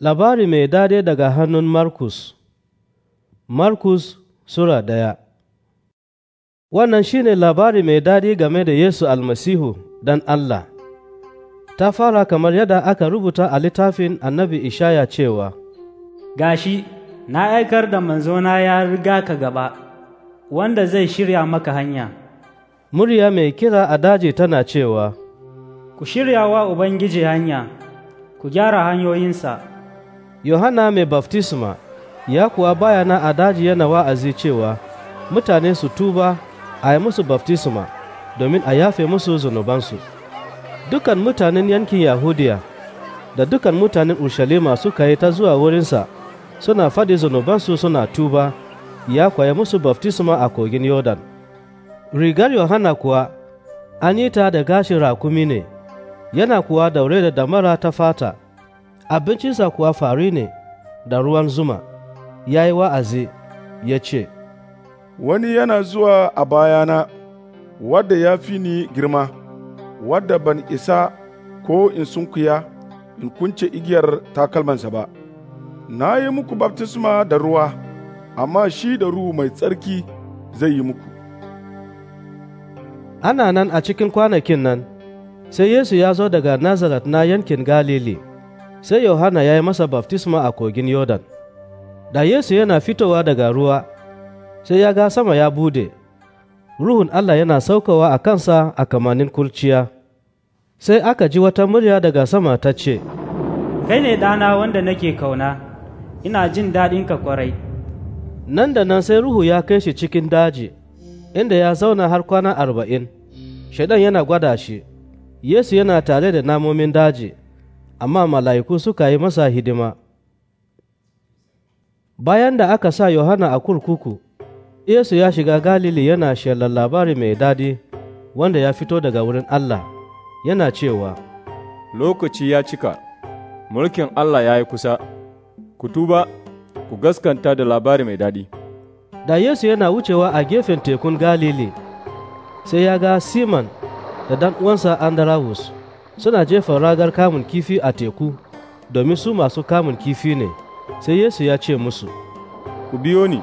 Labari mai dade daga hannun Markus Markus Sura ɗaya Wannan shi ne labari mai dadi game da Yesu almasihu dan Allah. Ta fara kamar yadda aka rubuta a littafin annabi Ishaya cewa, Gashi, na aikar da manzona ya riga ka gaba, wanda zai shirya maka hanya. Murya mai kira a daji tana cewa, Ku shirya wa Ubangiji hanya, ku gyara hanyoyinsa. Yohana mai baftisma ya kuwa baya na a daji yana wa'azi cewa mutane su tuba a yi musu baftisma domin a yafe musu zunubansu. Dukan mutanen yankin Yahudiya da dukan mutanen Urshalima suka yi ta zuwa wurinsa suna faɗi zunubansu suna tuba ya kwaye musu baftisma a kogin yordan Rigar Yohana kuwa an yi ta da gashin rakumi ne, yana kuwa daure da damara ta fata. abincinsa kuwa fari ne da ruwan zuma ya yi wa'azi ya ce wani yana zuwa a bayana wadda ya fi ni girma wadda ban isa ko in sunkuya in kunce igiyar takalmansa ba na yi muku baftisma da ruwa amma shi da ruhu mai tsarki zai yi muku ana nan a cikin kwanakin nan sai yesu ya zo daga nazaret na yankin galili sai Yohana ya yi masa baftisma a kogin Yodan. Da Yesu yana fitowa daga ruwa, sai ya ga sama ya bude, Ruhun Allah yana saukawa a kansa a kamanin kulciya. Sai aka ji wata murya daga sama ta ce, Kai ne dana wanda nake kauna, ina jin daɗinka kwarai. Nan da nan sai Ruhu ya kai shi cikin daji, inda ya zauna har kwana arba'in, shaidan yana gwada shi, Yesu yana tare da namomin daji. amma mala'iku suka yi masa hidima bayan da aka sa yohana a kurkuku yesu ya shiga galili yana shelar labari mai dadi wanda ya fito daga wurin allah yana cewa lokaci ya cika mulkin allah ya yi kusa ku tuba ku gaskanta da labari mai dadi da yesu yana wucewa a gefen tekun galili sai ya ga siman da dan uwansa andarawus suna jefa ragar kamun kifi a teku domin su masu kamun kifi ne sai yesu ya ce musu ku biyo ni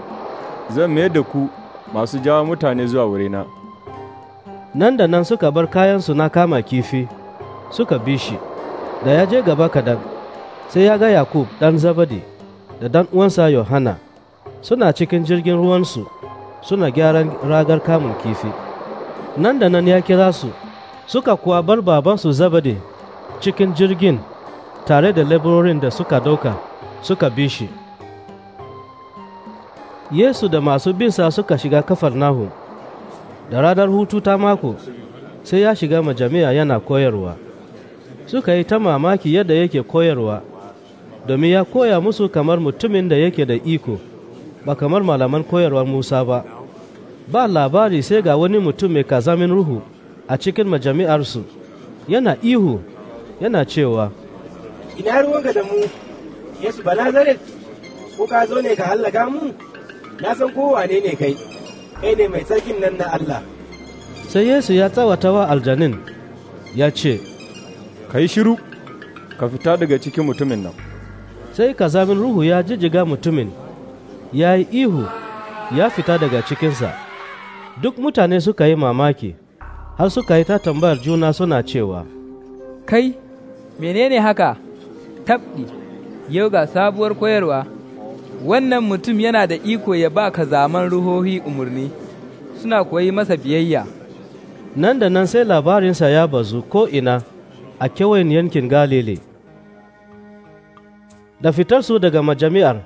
zan mayar da ku masu jawo mutane zuwa wurina nan da nan suka bar kayansu na kama kifi suka bi shi da ya je gaba kadan sai ya ga yakub ɗan zabadi da dan uwansa yohana suna cikin jirgin ruwansu suna gyaran ragar kamun kifi nan da nan ya kira su suka kuwa bar babansu zabade cikin jirgin tare da laborin da suka dauka suka bi shi yesu da masu binsa suka shiga kafar nahu da ranar hutu ta mako sai ya shiga majami'a yana koyarwa suka yi ta mamaki yadda yake koyarwa domin ya koya musu kamar mutumin da yake da iko ba kamar malaman koyarwar musa ba ba labari sai ga wani mutum mai kazamin ruhu a cikin majami'arsu yana ihu yana cewa ina ruwanka da mu yesu ba nazaret ko ka zo ne ka hallaka mu na san kowa ne kai kai ne mai tsarkin nan na allah sai yesu ya tsawata wa aljanin ya ce ka yi shiru ka fita daga cikin mutumin nan sai kazamin ruhu ya jijjiga mutumin ya yi ihu ya fita daga cikinsa duk mutane suka yi mamaki har suka yi ta tambayar juna suna cewa kai menene haka tabdi yau ga sabuwar koyarwa wannan mutum yana da iko ya ba ka zaman ruhohi umarni suna koyi masa biyayya nan da nan sai labarinsa ya bazu ko'ina a kewayen yankin galile da fitarsu daga majami'ar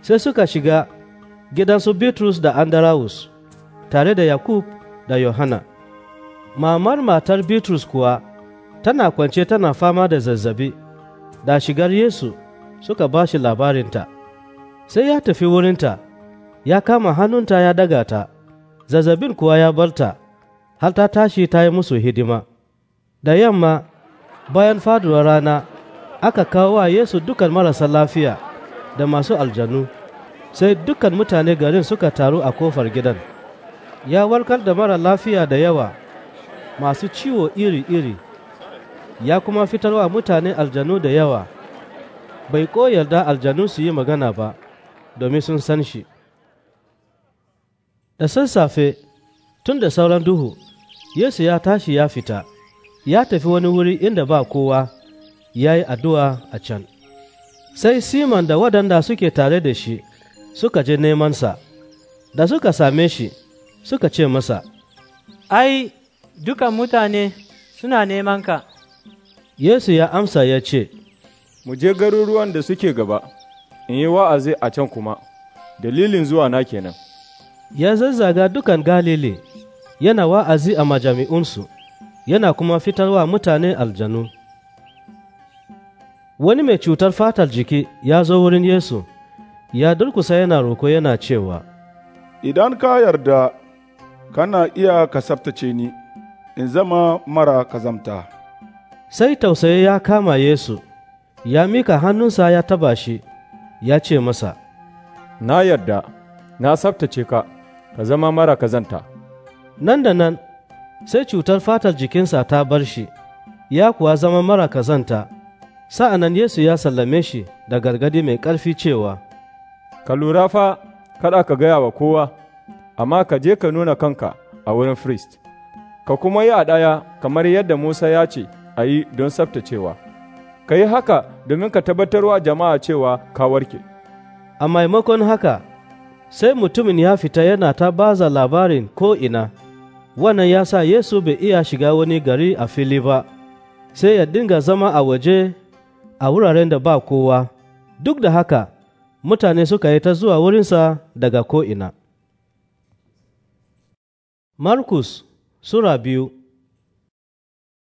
sai suka shiga gidansu bitrus da andarawus tare da yakub da yohana mamar matar Bitrus kuwa tana kwance tana fama da zazzabi, da shigar Yesu suka ba shi labarinta, sai ya tafi wurinta, ya kama hannunta ya daga ta, zazzabin kuwa ya barta, har ta tashi ta yi musu hidima. Da yamma, bayan faduwar rana, aka kawo wa Yesu dukan marasa lafiya da masu aljanu, sai dukan mutane garin suka taru a kofar gidan. Ya warkar da mara lafiya da yawa. masu ciwo iri-iri, ya kuma fitar wa mutane aljanu da yawa, bai ko yarda aljanu su yi magana ba, domin sun san shi. Da sassafe, tun da sauran duhu, Yesu ya tashi ya fita, ya tafi wani wuri inda ba kowa, ya yi addu'a a can. Sai Siman da waɗanda suke tare da shi suka je nemansa, da suka same shi suka ce masa, Ai, dukan mutane suna neman ka. Yesu ya amsa ya ce, Mu je garuruwan da suke gaba, in yi wa'azi a can kuma, dalilin zuwa na kenan. Ya zazzaga dukan Galile, yana wa'azi a majami'unsu, yana kuma fitar wa mutane aljanu. Wani mai cutar fatar jiki ya zo wurin Yesu, ya durkusa yana roko yana cewa, Idan ka yarda, kana iya ka tsaftace ni. in zama mara kazamta. Sai tausayi ya kama Yesu, ya mika hannunsa ya taba shi, ya ce masa, Na yarda, na tsabtace ka, ka zama mara kazanta. Nan da nan, sai cutar fatar jikinsa ta bar shi, ya kuwa zama mara kazanta. Sa'an nan Yesu ya sallame shi da gargadi mai ƙarfi cewa, Ka lura fa, kada ka gaya wa kowa, amma ka je ka nuna kanka a wurin firist. ka kuma yi a ɗaya kamar yadda Musa ya ce a yi don tsaftacewa. Ka yi haka domin ka tabbatarwa jama'a cewa ka warke. A maimakon haka, sai mutumin ya fita yana ta baza labarin ko'ina, wannan ya sa Yesu bai iya shiga wani gari a fili ba, sai ya dinga zama a waje a wuraren da ba kowa, duk da haka mutane suka yi ta zuwa wurinsa daga ko'ina. Markus Sura biyu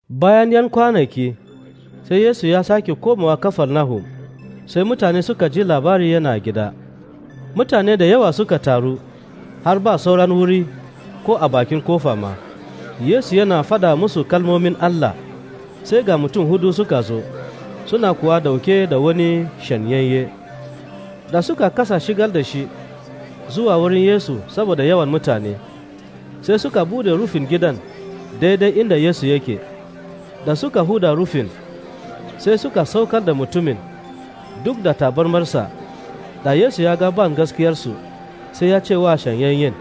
Bayan yan kwanaki, sai Yesu ya sake komawa kafar nahu, sai mutane suka ji labari yana gida. Mutane da yawa suka taru, har ba sauran wuri ko a bakin kofa ma. Yesu yana fada musu kalmomin Allah, sai ga mutum hudu suka zo, suna kuwa dauke da wani shanyayye. Da suka kasa shigar da shi zuwa wurin Yesu saboda yawan mutane. sai suka bude rufin gidan daidai inda Yesu yake, da suka huda rufin, sai suka saukar da mutumin duk da tabarmarsa, da Yesu ya ban gaskiyarsu sai ya ce wa shanyayyen.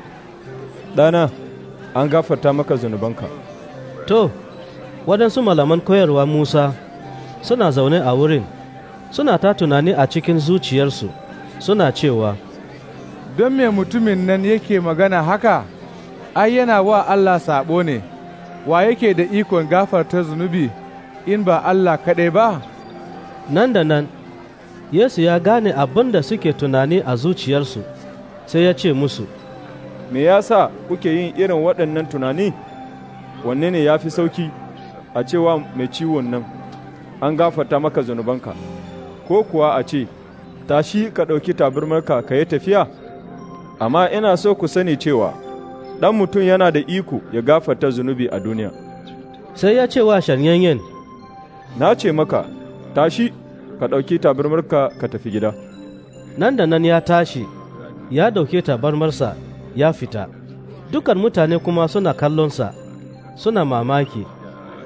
Ɗana, an gafarta maka zunubanka. To, waɗansu malaman koyarwa Musa suna zaune a wurin, suna ta tunani a cikin zuciyarsu, suna cewa, Don me mutumin nan yake magana haka? ai yana wa Allah saɓo ne, wa yake da ikon gafarta zunubi in ba Allah kaɗai ba? Nan da nan, Yesu ya gane abin da suke tunani a zuciyarsu, sai ya ce musu, Me ya sa kuke yin irin waɗannan tunani? Wanne ne ya fi sauki a cewa mai ciwon nan, an gafarta maka zunubanka, ko kuwa a ce, Tashi ka ɗauki tabirmarka ka yi tafiya? Amma ina so ku sani cewa, ɗan mutum yana da iko ya gafata zunubi a duniya. Sai ya ce wa shanyayyen, Na ce maka, tashi, ka ɗauki tabarmarka ka tafi gida. Nan da nan ya tashi, ya ɗauke tabarmarsa ya fita, dukan mutane kuma suna kallonsa, suna mamaki,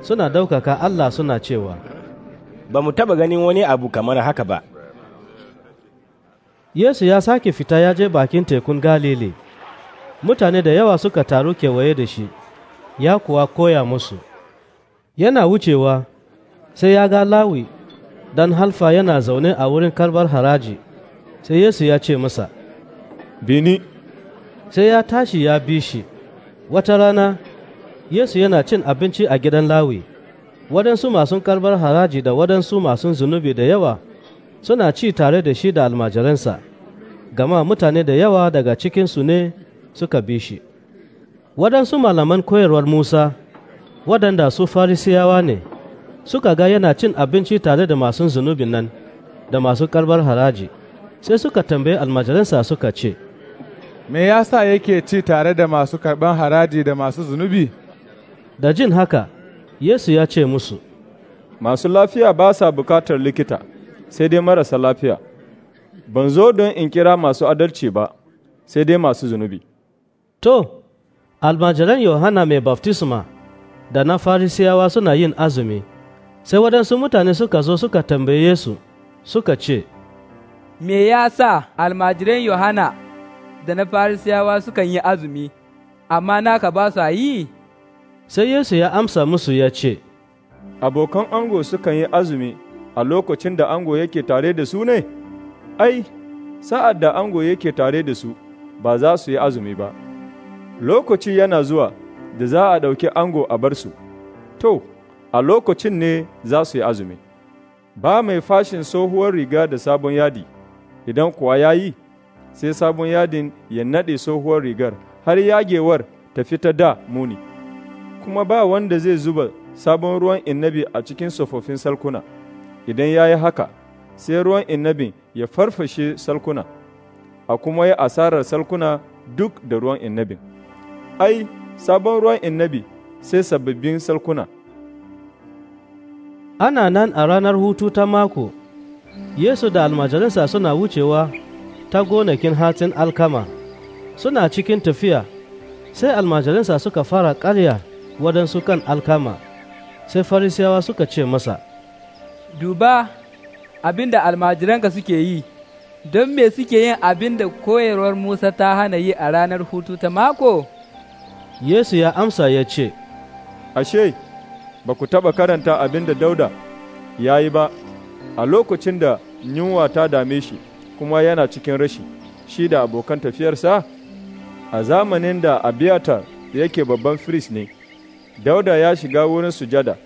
suna ɗaukaka Allah suna cewa. Ba mu taɓa ganin wani abu kamar haka ba. Yesu ya sake fita ya je bakin tekun Galili. mutane da yawa suka taru kewaye da shi ya kuwa koya musu yana wucewa sai ya ga lawi dan halfa yana zaune a wurin karbar haraji sai yesu ya ce masa bini sai ya tashi ya bi shi wata rana yesu yana cin abinci a gidan lawi waɗansu masu karbar haraji da waɗansu masu zunubi da yawa suna ci tare da shi da almajiransa gama mutane da yawa daga cikinsu ne suka bi shi waɗansu malaman koyarwar musa waɗanda su farisiyawa ne suka ga yana cin abinci tare da masu zunubin nan da masu karbar haraji sai suka tambayi almajiransa suka ce me yasa yake ci tare da masu karban haraji da masu zunubi da jin haka yesu ya ce musu masu lafiya ba sa bukatar likita sai dai marasa lafiya ban zo don in kira masu adalci ba sai dai masu zunubi To, almajiran Yohana mai baftisma da na farisiyawa suna yin azumi, sai waɗansu mutane suka zo suka tambaye su suka ce, Me ya sa almajiran Yohana da na farisiyawa sukan yi azumi, amma naka ba su yi? Sai Yesu ya amsa musu ya ce, Abokan ango sukan yi azumi a lokacin da ango yake tare da su ne? Ai, sa'ad da ango yake tare da su, ba za su yi azumi ba. lokaci yana zuwa da za a ɗauki ango a bar su, to, a lokacin ne za su yi azumi. Ba mai fashin tsohuwar riga da sabon yadi, idan kuwa ya yi, sai sabon yadin ya naɗe tsohuwar rigar har yagewar ta fita da muni. Kuma ba wanda zai zuba sabon ruwan inabi a cikin tsofaffin salkuna, idan ya yi haka, sai ruwan inabin ya farfashe salkuna, a kuma yi asarar salkuna duk da ruwan inabin. ai, sabon ruwan inabi sai sababbin salkuna. Ana nan a ranar hutu ta mako, Yesu da almajiransa suna wucewa ta gonakin hatin alkama, suna cikin tafiya, sai almajiransa suka fara ƙarya waɗansu kan alkama, sai farisiyawa suka ce masa, Duba abin da almajiranka suke yi, don me suke yin abin da koyarwar Musa ta hana yi a ranar hutu ta mako? Yesu ya amsa ya ce, Ashe, ba ku taɓa karanta abin da Dauda ya yi ba, a lokacin da yunwa ta dame shi kuma yana cikin rashi, shi da abokan tafiyarsa? A zamanin da Abiyatar yake babban firist ne, Dauda ya shiga wurin sujada,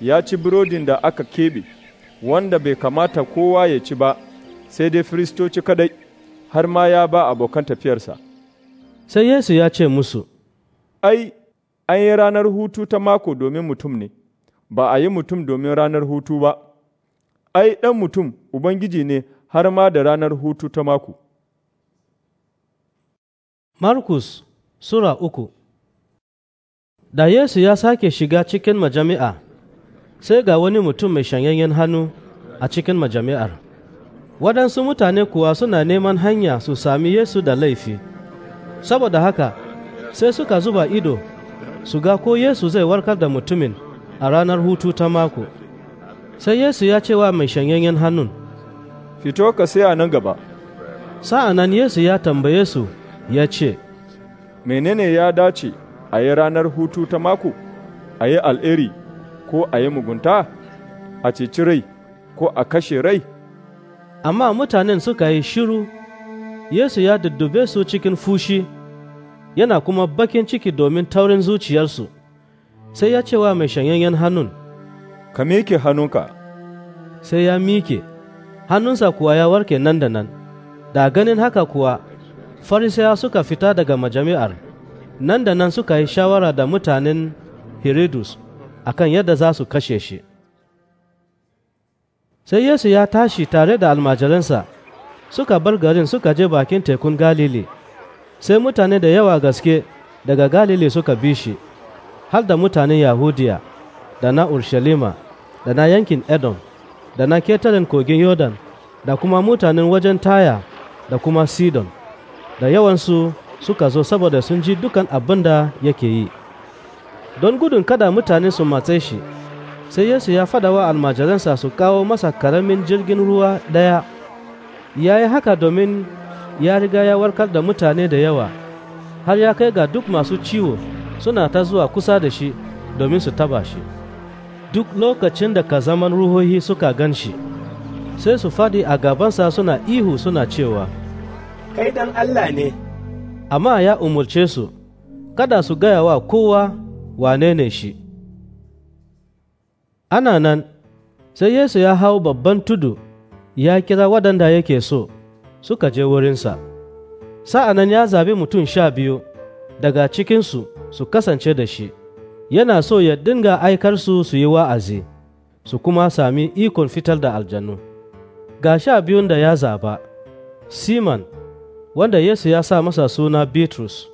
ya ci burodin da aka kebe, wanda bai kamata kowa ya ci ba, sai dai firistoci kadai, har ma ya ba abokan tafiyarsa. Sai Yesu ya ce musu, ai, an yi ranar hutu ta mako domin mutum ne, ba a yi mutum domin ranar hutu ba, ai, ɗan mutum Ubangiji ne har ma da ranar hutu ta mako. Markus Sura uku Da Yesu ya sake shiga cikin majami'a, sai ga wani mutum mai shanyayyen hannu a cikin majami'ar. Waɗansu mutane kuwa suna neman hanya su sami Yesu da laifi, saboda haka sai suka zuba ido su ga ko yesu zai warkar da mutumin a ranar hutu ta mako sai yesu ya ce wa mai shanyanyen hannun fito ka sai a nan gaba sa'an nan yesu ya tambaye su ya ce menene ya dace a yi ranar hutu ta mako a yi al'iri ko a yi mugunta a ceci rai ko a kashe rai amma mutanen suka yi shiru yesu ya dudube su cikin fushi yana kuma bakin ciki domin taurin zuciyarsu, sai ya ce wa mai shanyayyen hannun, Ka miƙe hannunka, sai ya miƙe, hannunsa kuwa ya warke nan da nan, da ganin haka kuwa farisaya suka fita daga majami'ar, nan da nan suka yi shawara da mutanen Hiridus kan yadda za su kashe shi. Sai Yesu ya tashi tare da almajiransa suka bar garin suka je bakin tekun Galili. sai mutane da yawa gaske daga galile suka bi shi har da mutanen yahudiya da na urshalima da na yankin edom da na ketaren kogin yordan da kuma mutanen wajen taya da kuma sidon da yawansu suka zo saboda sun ji dukan abin da yake yi don gudun kada mutane su matse shi sai yesu ya fada wa almajiransa su kawo masa karamin jirgin ruwa ɗaya ya yi haka domin ya riga ya warkar da mutane da yawa har ya kai ga duk masu ciwo suna ta zuwa kusa da shi domin su taba shi duk lokacin da ka zaman ruhohi suka gan shi sai su fadi a gabansa suna ihu suna cewa kai dan Allah ne amma ya umurce su kada su gaya wa kowa wane ne shi ana nan sai yesu ya hau babban tudu ya kira waɗanda yake so suka je wurinsa. Sa'an nan ya zaɓi mutum sha biyu daga cikinsu su kasance da shi, yana so ya dinga aikarsu su yi wa'azi, su kuma sami ikon fitar da aljanu. Ga sha biyun da ya zaba, simon wanda Yesu ya sa masa suna Bitrus,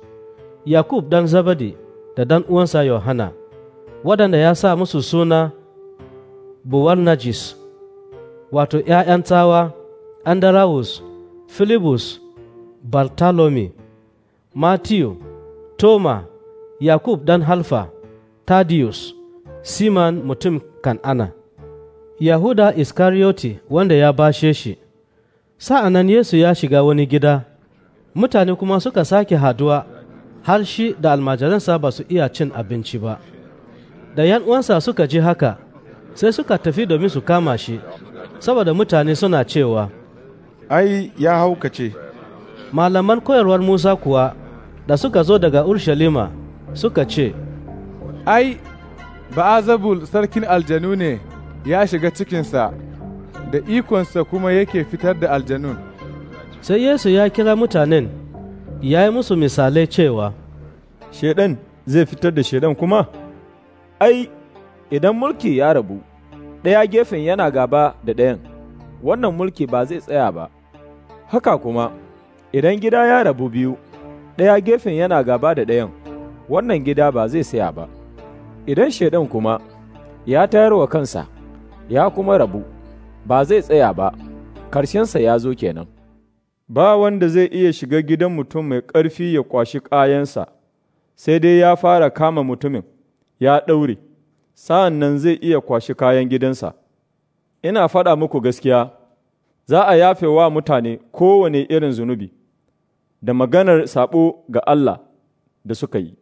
Yakub dan Zabadi da dan uwansa Yohana, waɗanda ya sa musu suna Buwar Najis, wato ’ya'yan tawa, Andarawus Filibus, Bartolome, matthew Toma, Yakub dan Halfa, Tadius, Siman mutum Kan'ana, Yahuda Iskariyoti wanda ya bashe shi. Sa'an nan Yesu ya shiga wani gida, mutane kuma suka sake haduwa har shi da almajiransa ba su iya cin abinci ba. Da ‘yan uwansa suka ji haka, sai suka tafi domin su kama shi, saboda mutane suna cewa, ai ya haukace malaman koyarwar musa kuwa da suka zo daga urshalima suka ce ai ba'azabul sarkin aljanu ne ya shiga cikinsa da ikonsa kuma yake fitar da aljanun sai yesu ya kira mutanen ya yi musu misalai cewa shedan zai fitar da shedan kuma ai idan mulki ya rabu ɗaya gefen yana gaba da ɗayan wannan mulki ba zai tsaya ba Haka kuma, idan gida ya rabu biyu, ɗaya gefen yana gaba da ɗayan, wannan gida ba zai saya ba. Idan shaidan kuma ya tayar wa kansa, ya kuma rabu, ba zai tsaya ba, ƙarshensa ya zo kenan. Ba wanda zai iya shiga gidan mutum mai ƙarfi ya kwashi ƙayansa, sai dai ya fara kama mutumin, ya ɗaure, sa'an nan zai iya kwashi kayan gidansa. Ina faɗa muku gaskiya. za a yafe wa mutane kowane irin zunubi da maganar saɓo ga Allah da suka yi,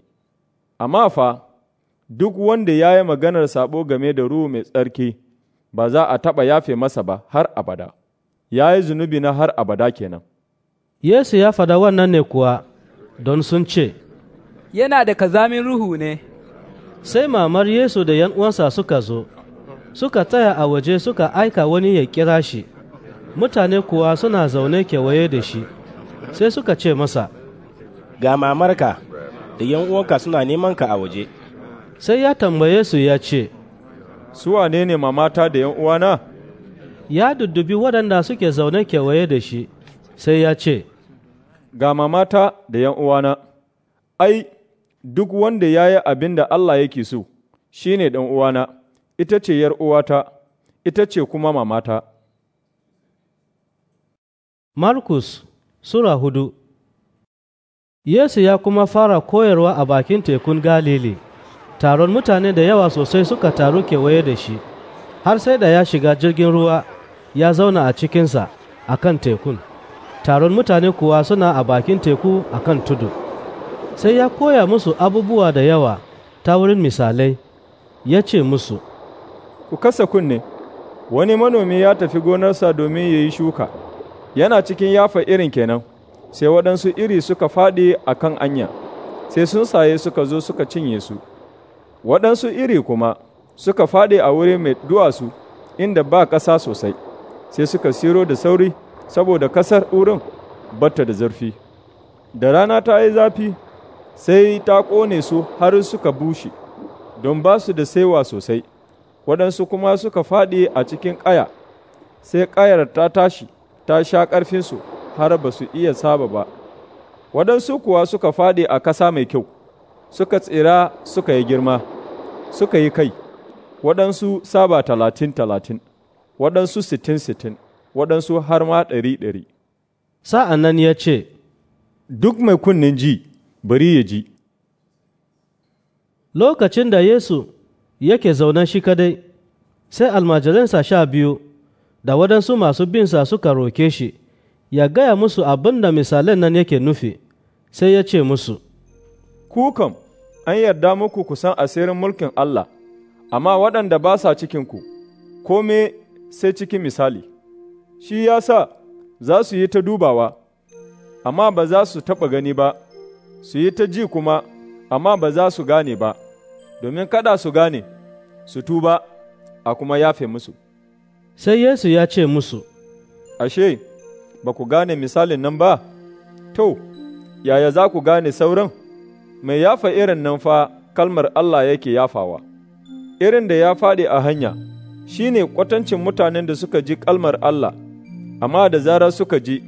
amma fa duk wanda ya yi maganar saɓo game da ruhu mai tsarki ba za a taɓa yafe masa ba har abada, ya yi zunubi na har abada kenan. Yesu ya fada wannan ne kuwa don sun ce, Yana da kazamin ruhu ne. Sai mamar Yesu da uwansa suka zo, suka taya a waje suka aika wani ya kira shi. mutane kuwa suna zaune kewaye da shi sai suka ce masa ga mamarka da yan uwanka suna neman ka a waje sai ya tambaye su ya ce su wane ne mamata da yan uwana ya duddubi waɗanda suke zaune kewaye da shi sai ya ce ga mamata da yan uwana ai duk wanda ya yi abin da Allah yake so shine ne uwana ita ce ‘yar uwata, ita ce kuma mamata’. Markus Sura hudu Yesu ya kuma fara koyarwa a bakin tekun Galili, taron mutane da yawa sosai suka taru kewaye da shi, har sai da ya shiga jirgin ruwa ya zauna a cikinsa a kan tekun, taron mutane kuwa suna a bakin teku a kan tudu. Sai ya koya musu abubuwa da yawa ta wurin misalai, ya ce musu, Ku kasa kunne, wani manomi ya tafi gonarsa domin ya yi shuka. yana cikin yafa irin kenan sai waɗansu iri suka faɗi a kan anya sai sun saye suka zo suka cinye su waɗansu iri kuma suka faɗi a wuri mai duwatsu inda ba ƙasa sosai sai suka siro da sauri saboda ƙasar wurin batta da zurfi da rana ta yi zafi sai ta ƙone su har suka bushe don ba su da saiwa sosai waɗansu kuma suka faɗi a cikin ƙaya sai ƙayar ta tashi ta sha ƙarfinsu har ba su iya saba ba waɗansu kuwa suka faɗi a ƙasa mai kyau suka tsira suka yi girma suka yi kai waɗansu saba talatin talatin waɗansu sittin sittin waɗansu har ma ɗari ɗari sa'an nan ya ce duk mai kunnen ji bari ya ji lokacin da yesu yake zaunan shi kadai sai almajiransa sha biyu da waɗansu masu binsa suka roke shi ya gaya musu abin da misalin nan yake nufi sai ya ce musu kukan an yarda muku kusan asirin mulkin Allah amma waɗanda ba sa cikinku kome sai cikin misali shi ya sa za su yi ta dubawa amma ba za su taɓa gani ba su yi ta ji kuma amma ba za su gane ba domin kada su gane su tuba a kuma yafe musu Sai Yesu ya ce musu, Ashe, ba ku gane misalin nan ba? To, yaya za ku gane sauran? Mai yafa irin nan fa kalmar Allah yake yafawa, irin da ya faɗi a hanya, shi ne kwatancin mutanen da suka ji kalmar Allah, amma da zarar suka ji,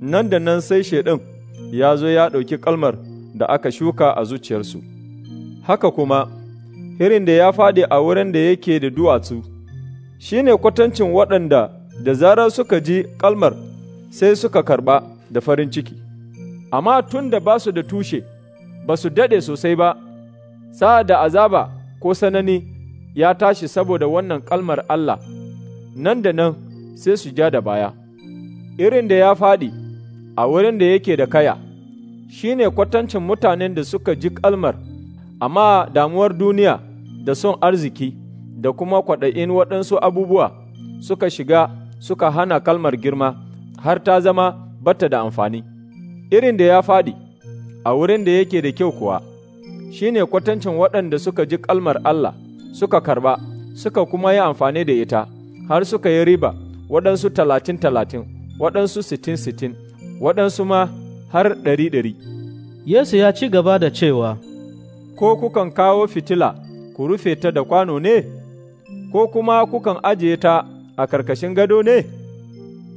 nan da nan sai shaiɗin ya zo ya ɗauki kalmar da aka shuka a zuciyarsu. Haka kuma, irin da ya faɗi a wurin da yake da duwatsu. shi ne kwatancin waɗanda da zarar suka ji kalmar sai suka karɓa da farin ciki, amma tun da ba su da tushe, ba su daɗe sosai ba, sa'ad da azaba ko sanani ya tashi saboda wannan kalmar Allah, nan da nan sai su ja da baya, irin da ya faɗi a wurin da yake da kaya, shi ne kwatancin mutanen da suka ji kalmar, amma damuwar duniya da son arziki. da kuma kwaɗa'in waɗansu abubuwa suka shiga suka hana kalmar girma har ta zama bata da amfani. Irin da ya faɗi a wurin da yake da kyau kuwa, shi ne kwatancin waɗanda suka ji kalmar Allah suka karba suka kuma yi amfani da ita har suka yi riba waɗansu talatin talatin, waɗansu sitin sitin waɗansu ma har ɗari ɗari. Yesu ya ci gaba da cewa, Ko kukan kawo fitila ku rufe ta da kwano ne? ko kuma kukan ajiye ta a karkashin gado ne?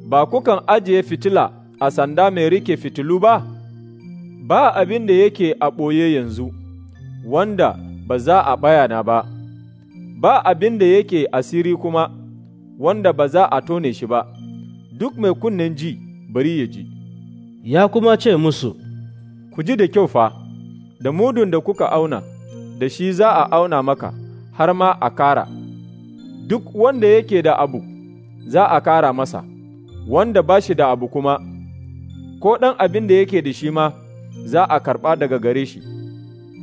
Ba kukan ajiye fitila a sanda mai rike fitilu ba? Ba abin da yake a ɓoye yanzu, wanda ba za a bayana ba, ba abin da yake asiri kuma, wanda ba za a tone shi ba, duk mai kunnen ji bari ya ji. Ya kuma ce musu, Ku ji da kyau fa, da mudun da kuka auna, da shi za a auna maka, har ma a kara. duk wanda yake da abu za a ƙara masa, wanda ba shi da abu kuma, ko ɗan abin da yake da shi ma za a karɓa daga gare shi.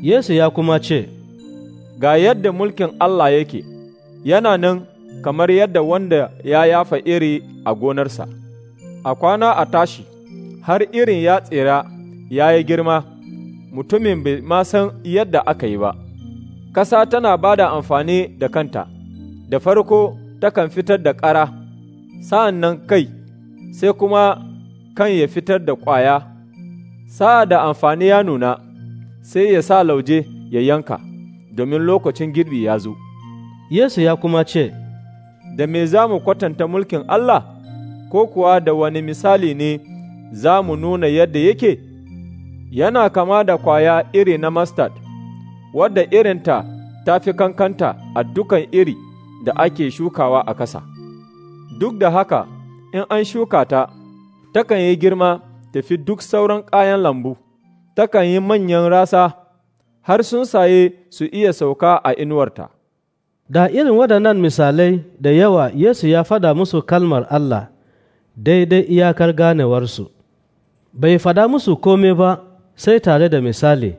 Yesu ya kuma ce, Ga yadda mulkin Allah yake, yana nan kamar yadda wanda ya yafa iri a gonarsa, a kwana a tashi, har irin ya tsira ya yi girma, mutumin bai ma san yadda aka yi ba. Ƙasa tana ba da amfani da kanta. da farko takan fitar da ƙara, sa'an nan kai, sai kuma kan ya fitar da ƙwaya, sa'a da amfani ya nuna, sai ya sa lauje ya yanka, domin lokacin girbi ya zo. Yesu ya kuma ce, Da me za mu kwatanta mulkin Allah, ko kuwa da wani misali ne za mu nuna yadda yake? Yana kama da kwaya iri na mustard, wadda irinta ta fi kankanta a dukan iri. da ake shukawa a ƙasa. Duk da haka, in an shuka ta, takan yi girma tafi duk sauran kayan lambu, takan yi manyan rasa har sun saye su iya sauka a inuwarta. Da irin waɗannan misalai da yawa Yesu ya fada musu kalmar Allah daidai iyakar ganewarsu. Bai fada musu kome ba sai tare da misali,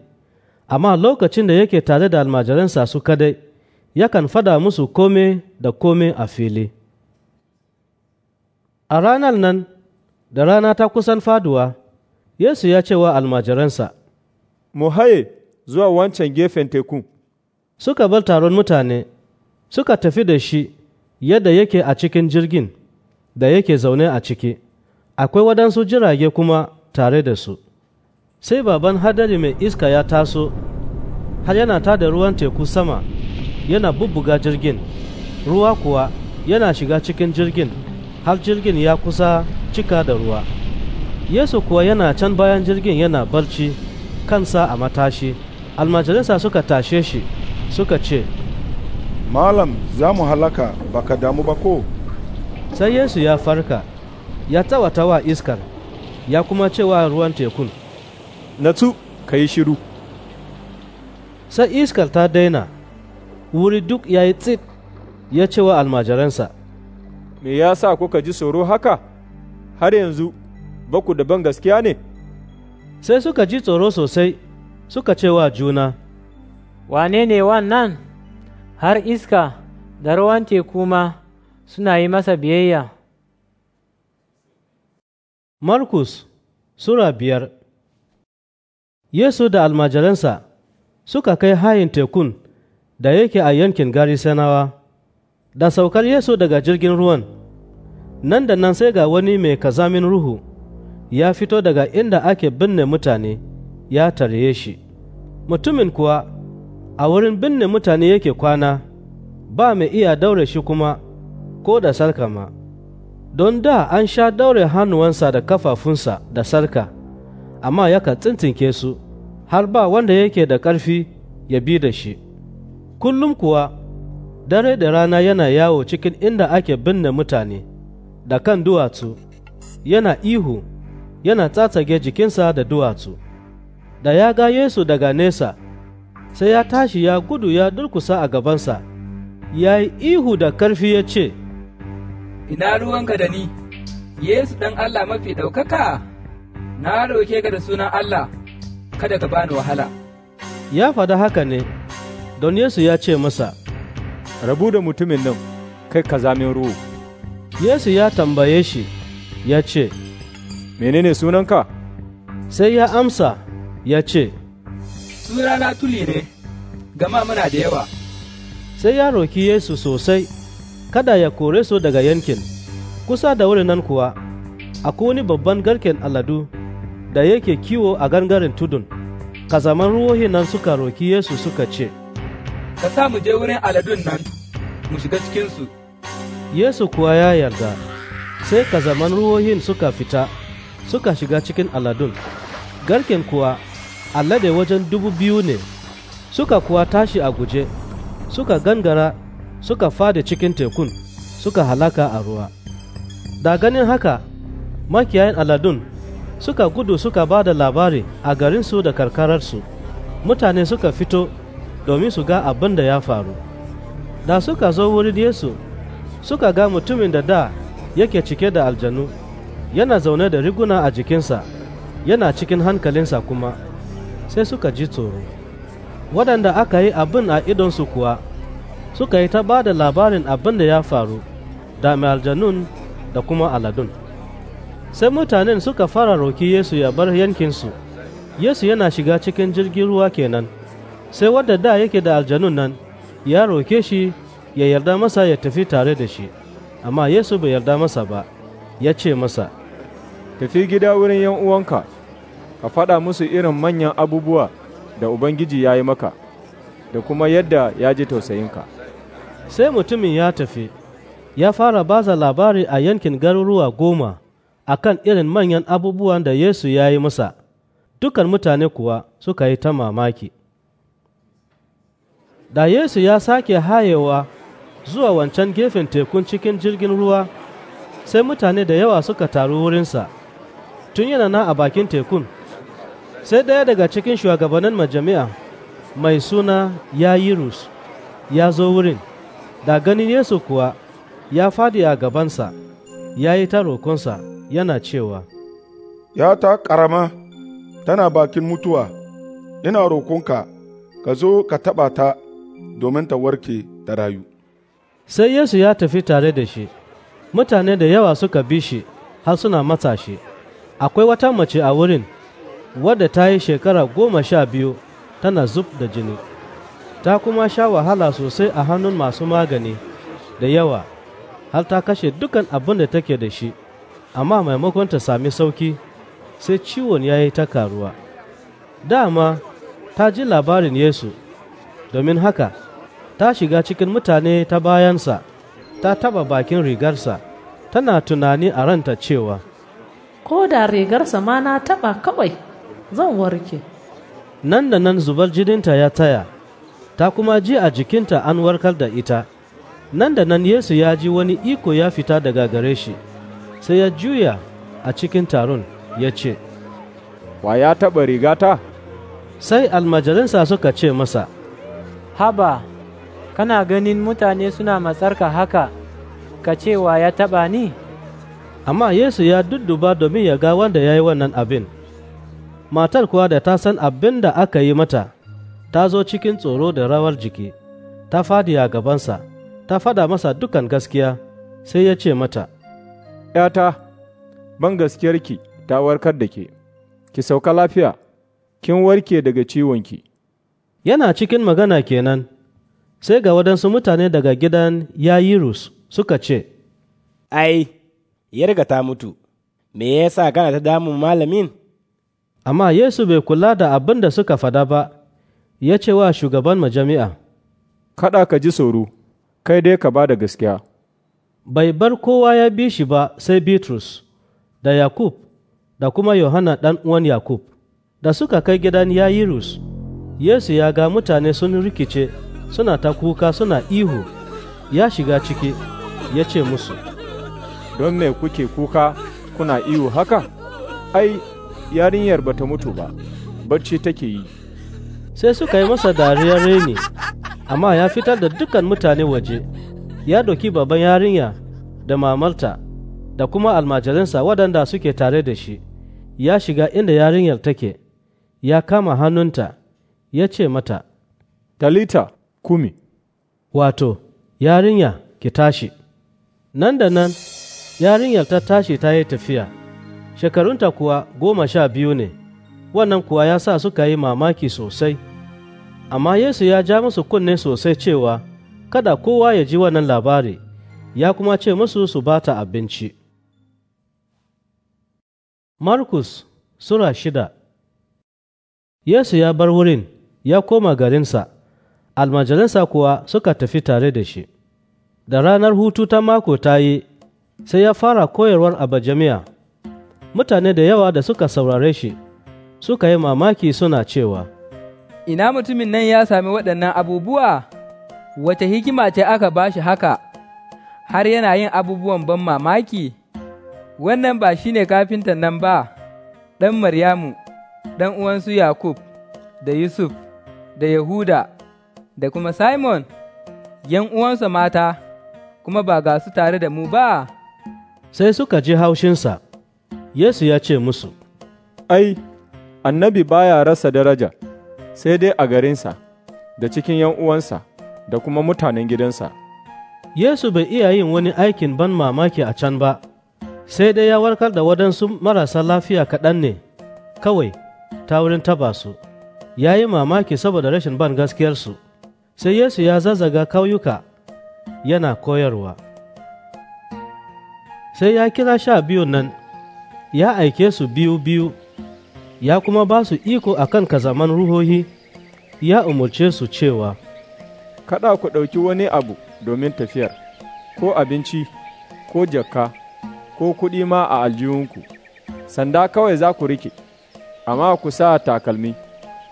amma lokacin da yake tare da almajiransa su kadai. yakan fada musu kome da kome a fili. A ranar nan, da rana ta kusan faduwa, Yesu ya ce wa almajiransa, Mu haye zuwa wancan gefen teku. Suka bar taron mutane, suka tafi da shi yadda yake a cikin jirgin da yake zaune a ciki, akwai waɗansu jirage kuma tare da su. Sai baban hadari mai iska ya taso, har yana tada ruwan teku sama. yana bubbuga jirgin ruwa kuwa yana shiga cikin jirgin har jirgin ya kusa cika da ruwa yesu kuwa yana can bayan jirgin yana barci kansa a matashi almajalisa suka tashe shi suka ce malam za mu halaka baka damu ba ko sai yesu ya farka ya tawata wa iskar ya kuma cewa ruwan tekun natsu ka yi shiru sai iskar ta daina wuri duk ya yi tsit ya ce wa almajiransa me ya sa kuka ji tsoro haka har yanzu ba ku daban gaskiya ne sai suka ji tsoro sosai suka ce wa juna wane ne wannan har iska da ruwan teku ma suna yi masa biyayya Markus Sura biyar Yesu da almajiransa suka kai hayin tekun da yake a yankin garisanawa da saukar yesu daga jirgin ruwan nan da nan sai ga wani mai kazamin ruhu ya fito daga inda ake binne mutane ya tare shi mutumin kuwa a wurin binne mutane yake kwana ba mai iya daure shi kuma ko da sarka ma don da an sha daure hannuwansa da kafafunsa da sarka amma yaka tsintsinke su har ba wanda yake da ƙarfi ya bi da shi kullum kuwa dare da rana yana yawo cikin inda ake binne mutane da kan duwatsu yana ihu yana tsatsage jikinsa da duwatsu da ya ga Yesu daga nesa sai ya tashi ya gudu ya durkusa a gabansa ya yi ihu da karfi ya ce ina ruwanka da ni Yesu ɗan Allah mafi ɗaukaka na roke ka da sunan Allah kada ka bani wahala ya fada haka ne don Yesu ya ce masa, Rabu da mutumin nan, kai ka zamin ruhu. Yesu ya tambaye shi, ya ce, Menene sunanka? Sai ya amsa, ya ce, Sunana tuli ne, gama muna da yawa. Sai ya roki Yesu sosai, kada ya kore su daga yankin, kusa da wurin nan kuwa, akwai wani babban garken aladu da yake kiwo a gangaren tudun, kazaman ruwohin nan suka roki Yesu suka ce, ka sa mu je wurin aladun nan mu shiga cikinsu. Yesu kuwa ya yarda, sai ka zaman ruwohin suka fita, suka shiga cikin aladun. Garken kuwa alade wajen dubu biyu ne, suka kuwa tashi a guje, suka gangara, suka fada cikin tekun, suka halaka a ruwa. Da ganin haka, makiyayin aladun suka gudu suka ba da labari a garinsu da karkararsu. Mutane suka fito domin su ga abin da ya faru da suka zo wurin yesu suka ga mutumin da da yake cike da aljanu yana zaune da riguna a jikinsa yana cikin hankalinsa kuma sai suka ji tsoro waɗanda aka yi abin a idonsu kuwa suka yi ta ba da labarin abin da ya faru da mai aljanun da kuma aladun sai mutanen suka fara roki yesu ya bar yankinsu yesu yana shiga cikin jirgin ruwa kenan sai wadda da yake da aljanun nan ya roke shi ya yarda masa ya tafi tare da shi amma yesu bai yarda masa ba ya ce masa tafi gida wurin yan uwanka ka faɗa musu irin manyan abubuwa da ubangiji ya yi maka da kuma yadda ya ji tausayinka sai mutumin ya tafi ya fara baza labari a yankin garuruwa goma a kan irin manyan abubuwan da yesu ya yi masa dukan mutane kuwa suka yi ta mamaki da Yesu ya sake hayewa zuwa wancan gefen tekun cikin jirgin ruwa sai mutane da yawa suka taru wurinsa tun yana na a bakin tekun sai ɗaya daga cikin shugabannin majami'a mai suna yayirus ya zo wurin da ganin yesu kuwa ya fadi a gabansa ya yi ta roƙonsa yana cewa ya ta ƙarama tana bakin mutuwa ina roƙonka ka zo ka taɓa ta domin ta warke ta rayu. Sai Yesu ya tafi tare da shi, mutane da yawa suka bi shi har suna matsa Akwai wata mace a wurin wadda ta yi shekara goma sha biyu tana zub da jini, ta kuma sha wahala sosai a hannun masu magani da yawa har ta kashe dukan abin da take da shi, amma maimakon ta sami sauki sai ciwon ya yi ta karuwa. Dama ta ji labarin Yesu, domin haka ta shiga cikin mutane ta bayansa ta taba bakin rigarsa tana tunani a ranta cewa ko da rigarsa ma na taba kawai zan warke nan da nan zubar jininta ya taya ta kuma ji a jikinta an warkar da ita nan da nan yesu ya ji wani iko ya fita daga gare shi sai ya juya a cikin taron ya ce wa ya taɓa rigata sai almajalinsa suka ce masa haba kana ganin mutane suna matsarka haka ka cewa ya taɓa ni amma yesu ya dudduba domin ya ga wanda ya yi wannan abin matar kuwa da ta san abin da aka yi mata ta zo cikin tsoro da rawar jiki ta fadi a gabansa ta fada masa dukan gaskiya sai ya ce mata ‘yata ban gaskiyarki ta warkar da ke ki sauka lafiya kin warke daga ciwonki yana cikin magana kenan sai ga waɗansu mutane daga gidan yayirus suka ce, Ai, yarga ta mutu, me ya sa gana ta damun malamin? Amma Yesu bai kula da abin da suka fada ba, ya ce wa shugaban majami'a, Kada ka ji tsoro, kai dai ka ba da gaskiya. Bai bar kowa ya bi shi ba sai Bitrus, da Yakub, da kuma Yohana ɗan uwan Yakub, da suka kai gidan Yayirus, Yesu ya ga mutane sun rikice. suna ta kuka suna ihu ya shiga ciki ya ce musu don me kuke kuka kuna ihu haka ai yarinyar bata mutu ba barci take yi sai suka yi masa dariyar reni amma ya fitar da dukkan mutane waje ya doki babban yarinya da mamarta da kuma almajiransa waɗanda suke tare da shi ya shiga inda yarinyar take ya kama hannunta ya ce mata talita kumi. Wato, yarinya ki tashi. Nan da nan, yarinyar ta tashi ta yi tafiya, shekarunta kuwa goma sha biyu ne, wannan kuwa ya sa suka yi mamaki sosai. Amma Yesu ya ja musu kunne sosai cewa, kada kowa ya ji wannan labari, ya kuma ce musu su bata abinci. Markus Sura shida Yesu ya bar wurin, ya koma garinsa. almajiransa kuwa suka tafi tare da shi da ranar hutu ta mako ta yi sai ya fara koyarwar a jami'a mutane da yawa da suka saurare shi suka yi mamaki suna cewa ina mutumin nan ya sami waɗannan abubuwa wace hikima ce aka ba shi haka har yana yin abubuwan ban mamaki wannan ba shi ne kafintan nan ba ɗan maryamu ɗan uwansu yakub da yusuf da yahuda da kuma Simon, ’yan uwansa mata, kuma ba ga su tare da mu ba. Sai suka ji haushinsa, Yesu ya ce musu, Ai, annabi baya rasa daraja, sai dai a garinsa, da cikin ’yan uwansa, da kuma mutanen gidansa. Yesu bai iya yin wani aikin ban mamaki a can ba, sai dai ya warkar da waɗansu marasa lafiya kaɗan ne, kawai ta wurin taba su, ya yi mamaki saboda rashin ban gaskiyarsu. sai Yesu ya zazzaga kauyuka yana koyarwa. Sai ya kira sha biyu nan, ya aike su biyu-biyu, ya kuma ba su iko a kan kazaman ruhohi, ya umarce su cewa, Kada ku ɗauki wani abu domin tafiyar, ko abinci, ko jakka, ko kuɗi ma a aljihunku, sanda kawai za ku rike, amma ku sa takalmi,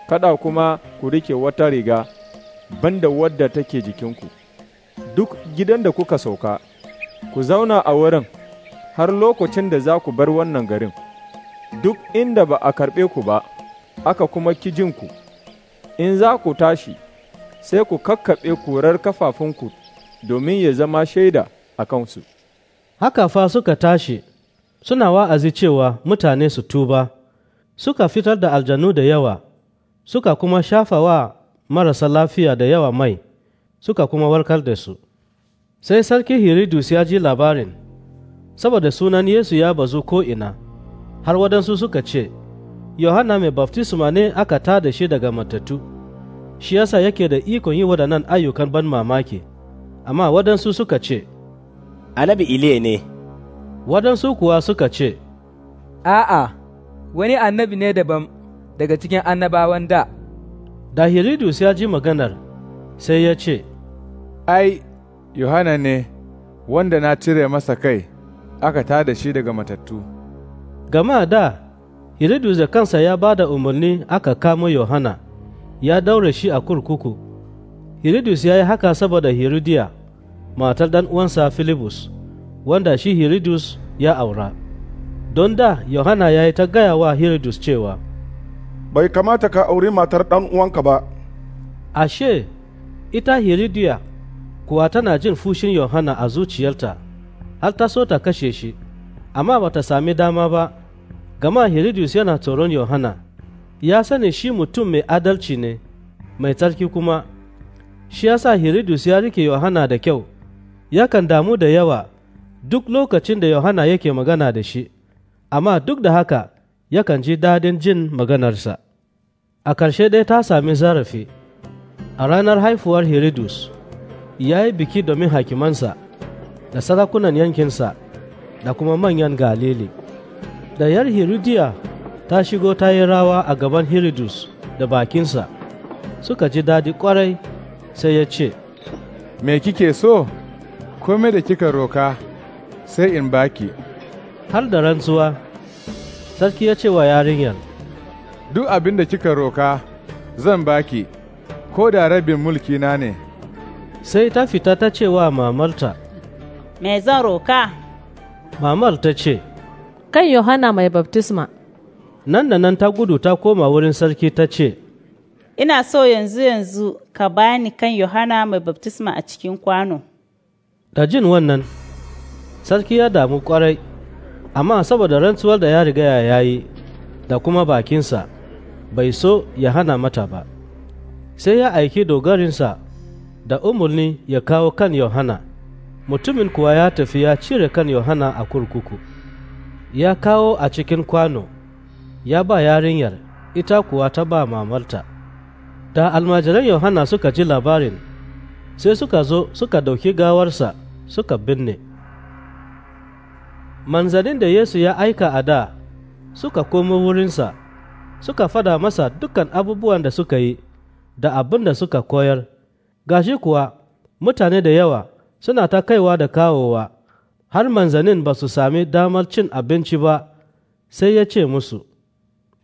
kada kuma ku rike wata riga. banda wadda take jikinku, duk gidan da kuka sauka, ku zauna a wurin har lokacin da za ku bar wannan garin, duk inda ba a karɓe ku ba, aka kuma kijinku, in za ku tashi, sai ku kakkaɓe kurar kafafunku domin ya zama shaida a kansu. Haka fa suka tashi, suna wa'azi cewa mutane su tuba, suka fitar da aljanu da yawa, suka kuma shafa wa marasa lafiya da yawa mai suka kuma warkar da su sai sarki hiridus ya ji labarin saboda sunan yesu ya bazu ko'ina har waɗansu suka ce yohana mai baftisma ne aka ta da shi daga matattu shi yasa yake da ikon yi waɗannan ayyukan ban mamaki amma waɗansu suka ce annabi ile ne waɗansu kuwa suka ce a'a wani annabi ne daban daga cikin annabawan da da Hiridus ya ji maganar sai ya ce, Ai, Yohana ne wanda na cire masa kai aka tada shi daga matattu. Gama da, Hiridus da kansa ya ba da umarni aka kama Yohana, ya daure shi a kurkuku. Hiridus ya yi haka saboda Hiridiya, matar dan uwansa Filibus, wanda shi Hiridus ya aura. Don da, Yohana ya yi ta gaya wa Hiridus cewa, bai kamata ka auri matar ɗan uwanka ba. Ashe, ita Hiridiya kuwa tana jin fushin Yohana a zuciyarta, har ta so ta kashe shi, amma ba ta sami dama ba, gama Hiridus yana tsoron Yohana, ya sani shi mutum mai adalci ne, mai tsarki kuma, shi ya sa Hiridus ya rike Yohana da kyau, yakan damu da yawa duk lokacin da Yohana yake magana da shi, amma duk da haka yakan ji daɗin jin maganarsa a ƙarshe dai ta sami zarafi a ranar haifuwar herodus ya yi biki domin hakimansa da sarakunan yankinsa da kuma manyan galili da yar hiridiya ta shigo ta yi rawa a gaban herodus da bakinsa suka ji daɗi ƙwarai sai ya ce me kike so kome da kika roka sai in baki har da rantsuwa sarki ya ce wa yarinyar duk abin da kika roka zan baki ko da rabin mulkina ne sai ta fita ta ce wa mamarta me zan roka mamar ta ce kan yohana mai Baptisma. nan da nan ta gudu ta koma wurin sarki ta ce ina so yanzu yanzu ka bani kan yohana mai Baptisma a cikin kwano da jin wannan sarki ya damu kwarai amma saboda rantsuwar da ya riga ya yi da kuma bakinsa bai so ya hana mata ba sai ya aiki dogarinsa da umarni ya kawo kan yohana mutumin kuwa ya tafi ya cire kan yohana a kurkuku ya kawo a cikin kwano ya ba yarinyar ita kuwa ta ba mamarta da almajiran yohana suka ji labarin sai suka zo suka dauki gawarsa suka binne manzanin da Yesu ya aika a da suka komo wurinsa suka fada masa dukkan abubuwan da suka yi da abin da suka koyar gashi kuwa mutane da yawa suna ta kaiwa da kawowa har manzanin ba su sami damar cin abinci ba sai ya ce musu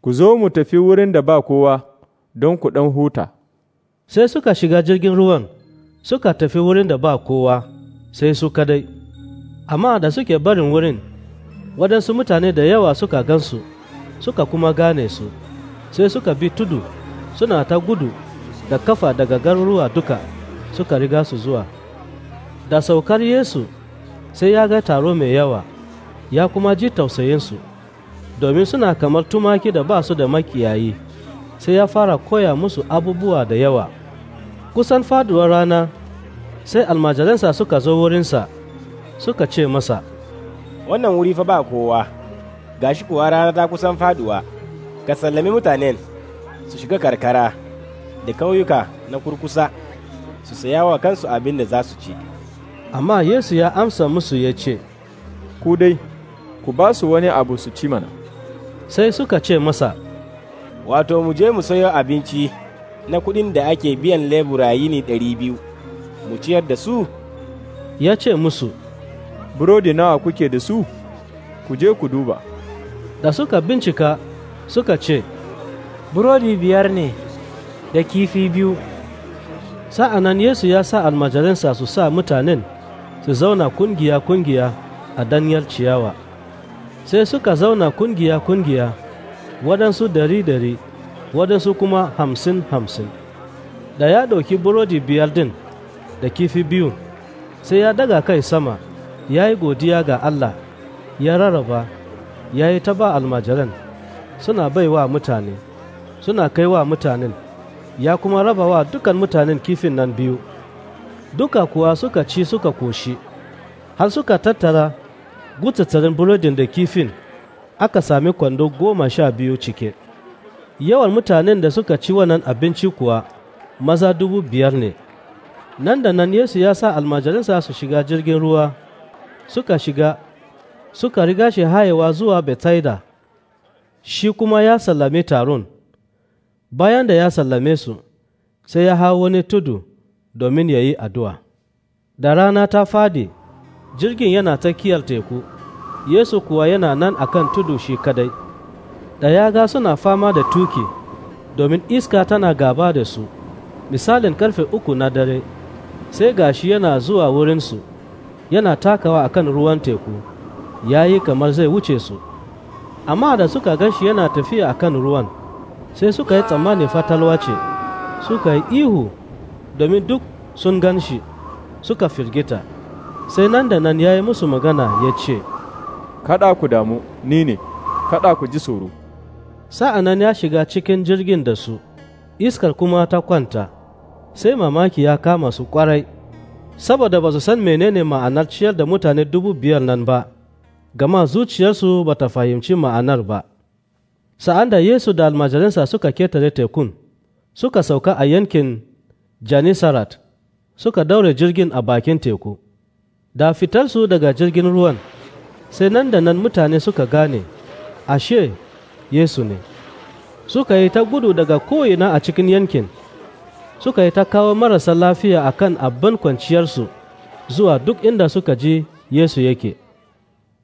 ku zo mu tafi wurin da ba kowa don ku ɗan huta sai suka shiga jirgin ruwan suka tafi wurin da ba kowa sai su kadai amma da suke barin wurin waɗansu mutane da yawa suka gansu suka kuma gane su sai suka bi tudu suna ta gudu da kafa daga garuruwa duka suka riga su zuwa da saukar yesu sai ya ga taro mai yawa ya kuma ji tausayinsu domin suna kamar tumaki da ba su da makiyayi sai ya fara koya musu abubuwa da yawa kusan faduwar rana sai almajiransa suka zo wurinsa suka ce masa wannan wuri fa ba kowa, ga shi kuwa rana ta kusan faduwa, ka sallami mutanen su shiga karkara da kauyuka na kurkusa su saya wa kansu abin da za su ci. Amma Yesu ya amsa musu ya ce, Ku dai, ku ba su wani abu su ci mana. Sai suka ce masa, Wato, mu je mu sayo abinci na kuɗin da ake biyan lebura yini ɗari biyu, mu ciyar da su? Ya ce musu, burodi nawa kuke da su, ku je ku duba. Da suka bincika suka ce, Burodi biyar ne da kifi biyu. Sa'an nan Yesu ya sa almajalinsa su sa mutanen su zauna kungiya-kungiya a danyar ciyawa. Sai suka zauna kungiya-kungiya waɗansu dari-dari, waɗansu kuma hamsin-hamsin. Da ya ɗauki burodi biyar din da kifi biyu, sai ya daga kai sama. ya yi godiya ga Allah ya rarraba ya yi ta ba almajiran suna baiwa mutane suna kaiwa mutanen ya kuma raba wa dukan mutanen kifin nan biyu duka kuwa suka ci suka koshi har suka tattara gutsattarin burodin da kifin aka sami kwando goma sha biyu cike yawan mutanen da suka ci wannan abinci kuwa maza dubu biyar ne nan da nan yesu ya sa almajiransa su shiga jirgin ruwa suka shiga suka riga shi hayewa zuwa Bethsaida shi kuma ya sallame taron bayan da ya sallame su sai ya hau wani tudu domin ya yi addu'a da rana ta fadi jirgin yana tsakiyar teku yesu kuwa yana nan akan tudu shi kadai da ya ga suna fama da tuki domin iska tana gaba da su misalin karfe uku na dare sai gashi yana zuwa wurinsu yana takawa a kan ruwan teku ya yi kamar zai wuce su amma da suka shi yana tafiya a kan ruwan sai suka yi tsammani fatalwa ce suka yi ihu domin duk sun gan shi suka firgita sai nan da nan ya yi musu magana ya ce kada ku damu ni ne kada ku ji tsoro Sa'a nan ya shiga cikin jirgin da su iskar kuma ta kwanta sai mamaki ya kama su kwarai saboda ba su san menene ma'anar ciyar da mutane dubu biyar nan ba gama zuciyarsu ba ta fahimci ma'anar ba sa'an da yesu da almajirinsa suka ketare tekun suka sauka a yankin janisarat suka daure jirgin a bakin teku da fitarsu daga jirgin ruwan sai nan da nan mutane suka gane ashe yesu ne suka yi ta gudu daga ko'ina a cikin yankin suka yi ta kawo marasa lafiya a kan abin kwanciyarsu zuwa duk inda suka je Yesu yake.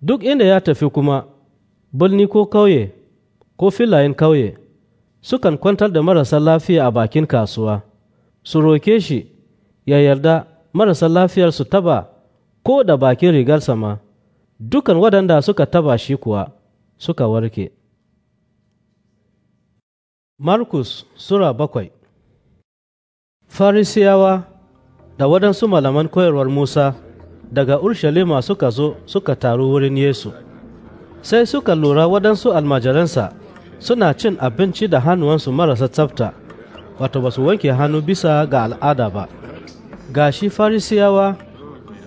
Duk inda ya tafi kuma, birni ko kauye, ko filayen kauye, sukan kwantar da marasa lafiya a bakin kasuwa, su roke shi ya yarda marasa lafiyar su taba ko da bakin rigarsa ma, dukan waɗanda suka taba shi kuwa suka warke. Markus Sura bakwai farisiyawa da waɗansu malaman koyarwar musa daga urshalima suka zo suka taru wurin yesu sai suka lura waɗansu almajiransa suna cin abinci da hannuwansu marasa tsafta wato ba su wanke hannu bisa ga al'ada ba Ga shi farisiyawa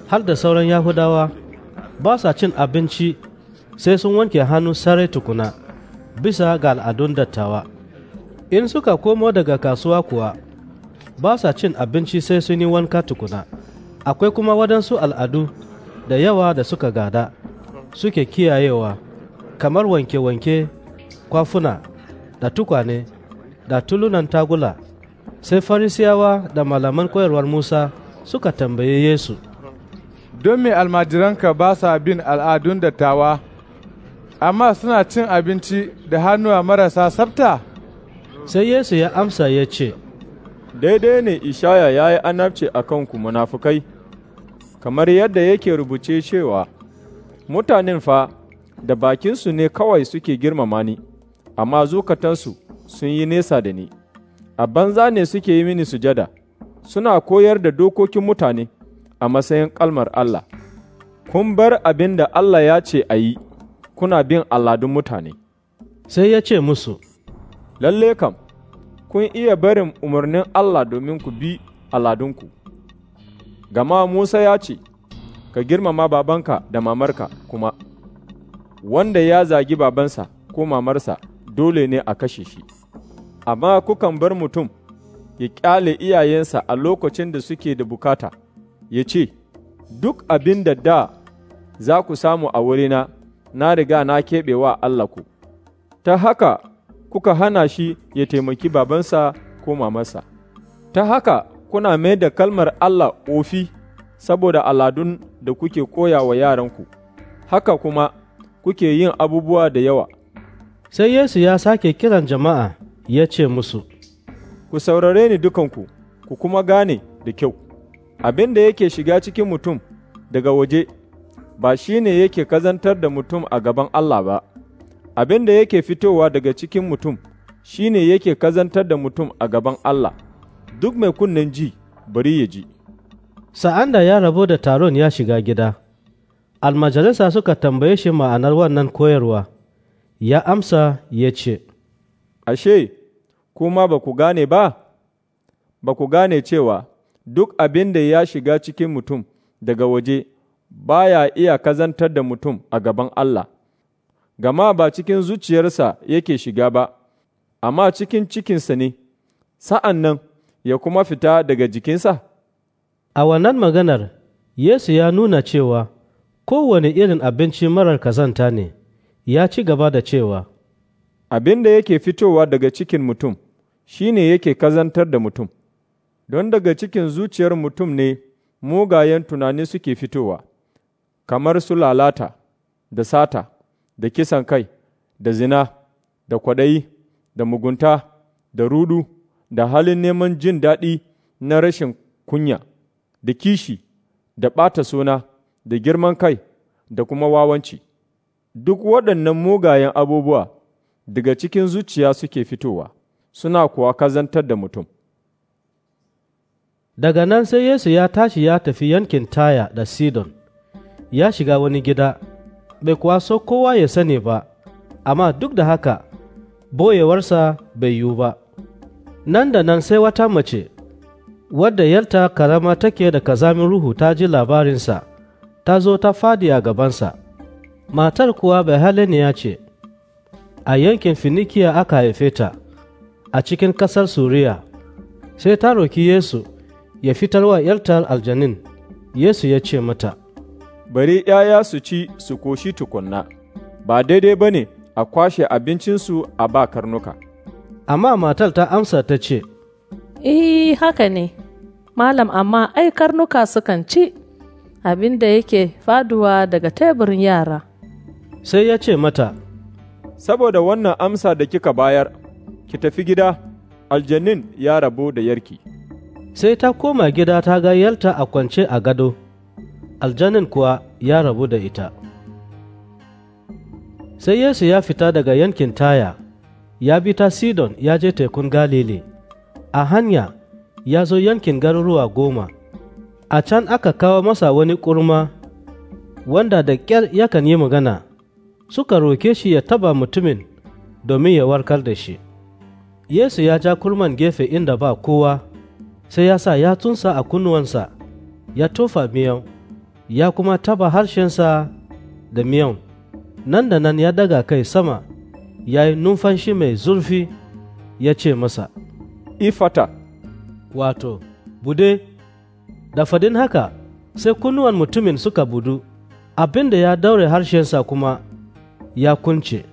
har da sauran yahudawa ba sa cin abinci sai sun wanke hannu sarai tukuna bisa ga al'adun dattawa in suka komo daga kasuwa kuwa ba sa cin abinci sai sun yi wanka tukuna akwai kuma waɗansu al'adu da yawa da suka gada suke kiyayewa kamar wanke-wanke kwafuna da tukwane da tulunan tagula sai farisiyawa da malaman koyarwar musa suka tambaye yesu don me almajiranka ba sa bin al'adun dattawa amma suna cin abinci da hannuwa marasa sabta sai yesu ya amsa ya ce daidai ne ishaya ya yi annabci a kanku munafukai, kamar yadda yake rubuce cewa, Mutanen fa da bakinsu ne kawai suke girmama ni, amma zukatansu sun yi nesa da ni, a banza ne suke yi mini sujada, suna koyar da dokokin mutane a matsayin kalmar Allah. Kun bar abin da Allah ya ce a yi, kuna bin aladun mutane. Sai ya ce musu, Lalle kam, kun iya barin umarnin Allah domin ku bi aladunku. Gama Musa ya ce, Ka girmama babanka da mamarka kuma, wanda ya zagi babansa ko mamarsa dole ne a kashe shi, amma kukan bar mutum ya ƙyale iyayensa a lokacin da suke da bukata, ya ce, Duk abin da da za ku samu a wurina, na riga na keɓe wa Allah ku, ta haka kuka hana shi ya taimaki babansa ko mamarsa. Ta haka kuna mai da kalmar Allah ofi saboda aladun da kuke koya wa yaranku, haka kuma kuke yin abubuwa da yawa. Sai Yesu ya sake kiran jama'a ya ce musu, Ku saurare ni dukanku, ku kuma gane da kyau, abin da yake shiga cikin mutum daga waje, ba shi ne yake kazantar da mutum a gaban Allah ba. abin da yake fitowa daga cikin mutum shi ne yake kazantar da mutum a gaban Allah, duk mai kunnen ji bari ya ji. Sa'an da ya rabu da taron ya shiga gida, almajalisa suka tambaye shi ma'anar wannan koyarwa, ya amsa ya ce, Ashe, kuma ba ku gane ba, ba ku gane cewa duk abin da ya shiga cikin mutum daga waje baya iya kazantar da mutum a gaban Allah. gama ba cikin zuciyarsa yake shiga ba, amma cikin cikinsa ne, sa'an nan ya kuma fita daga jikinsa? A wannan maganar, Yesu ya nuna cewa kowane irin abinci marar kazanta ne, ya ci gaba da cewa, Abin da yake fitowa daga cikin mutum, shi ne yake kazantar da mutum, don daga cikin zuciyar mutum ne mugayen tunani suke fitowa, kamar su lalata da sata. da kisan kai da zina da kwaɗayi da mugunta da rudu da halin neman jin daɗi na rashin kunya da kishi da ɓata suna da girman kai da kuma wawanci duk waɗannan mugayen abubuwa daga cikin zuciya suke fitowa suna kuwa kazantar da mutum daga nan sai yesu ya tashi ya tafi yankin taya da sidon ya shiga wani gida bai kuwa so kowa ya sani ba, amma duk da haka boyewarsa bai yiwu ba. Nan da nan sai wata mace, wadda yalta karama take da kazamin ruhu ta ji labarinsa, ta zo ta fadi a gabansa. Matar kuwa bai ya ce, a yankin Finikiya aka haife ta, a cikin ƙasar Suriya, sai ta roki Yesu ya fitarwa yaltar aljanin, Yesu ya ce mata, bari ’ya'ya su ci su koshi tukunna, ba daidai ba ne a kwashe abincinsu a ba karnuka. Amma matar ta amsa ta ce, Eh haka ne, malam amma ai karnuka sukan ci abin da yake faduwa daga teburin yara. Sai ya ce mata, Saboda wannan amsa da kika bayar, ki tafi gida, aljanin ya rabu da yarki. Sai ta koma gida ta ga yalta a kwance a gado. aljanin kuwa ya rabu da ita sai yesu ya fita daga yankin taya ya bi ta sidon ya je tekun galile a hanya ya zo yankin garuruwa goma a can aka kawo masa wani kurma wanda da ƙyar yakan yi magana suka roke shi ya taba mutumin domin ya warkar da shi yesu ya ja kurman gefe inda ba kowa sai ya sa ya tunsa a kunnuwansa ya tofa miyau ya kuma taba harshensa da miyan nan da nan ya daga kai sama ya yi numfashi mai zurfi ya ce masa ifata wato bude da fadin haka sai kunnuwan mutumin suka budu abinda ya daure harshensa kuma ya kunce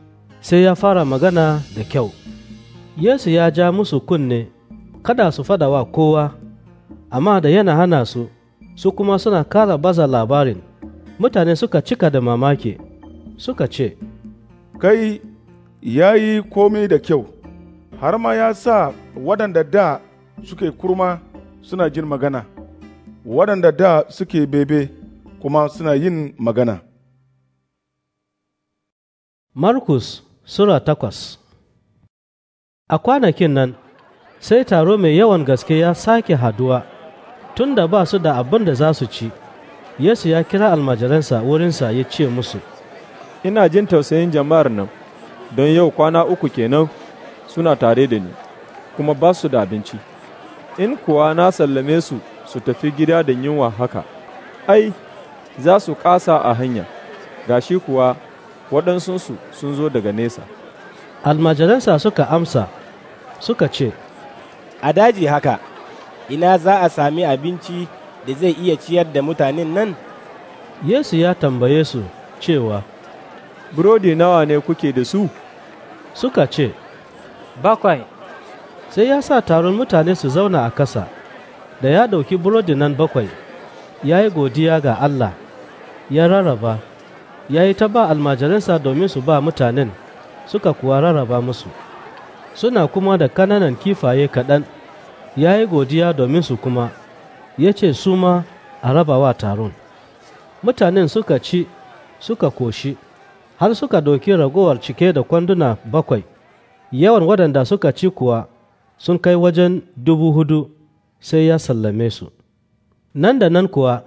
sai ya fara magana da kyau yesu ya ja musu kunne kada su fada wa kowa amma da yana hana su su kuma suna kara baza labarin mutane suka cika da mamaki suka ce kai ya yi komai da kyau har ma ya sa waɗanda da suke kurma suna jin magana waɗanda da suke bebe kuma suna yin magana Markus Sura takwas A kwanakin nan sai taro mai yawan gaske ya sake haduwa tun da ba su da abin da za su ci yesu ya kira almajiransa wurinsa ya ce musu ina jin tausayin jama'ar nan don yau kwana uku kenan suna tare da ni kuma ba su da abinci in kuwa na sallame su su tafi gida da yunwa haka ai za su kasa a hanya gashi kuwa waɗansunsu sun zo daga nesa almajiransa suka amsa suka ce a daji haka ina za a sami abinci da zai iya ciyar da mutanen nan? Yesu ya tambaye su cewa, Burodi nawa ne kuke da su? Suka ce, Bakwai. Sai ya sa taron mutane su zauna a kasa, da ya ɗauki burodi nan bakwai, ya yi godiya ga Allah, ya rarraba, ya yi ta ba almajiransa domin su ba mutanen, suka kuwa rarraba musu. Suna kuma da kananan kifaye kaɗan. ya yi godiya domin su kuma ya ce su ma a rabawa taron mutanen suka ci suka koshi har suka doki ragowar cike da kwanduna bakwai yawan waɗanda suka ci kuwa sun kai wajen dubu hudu sai ya sallame su nan da nan kuwa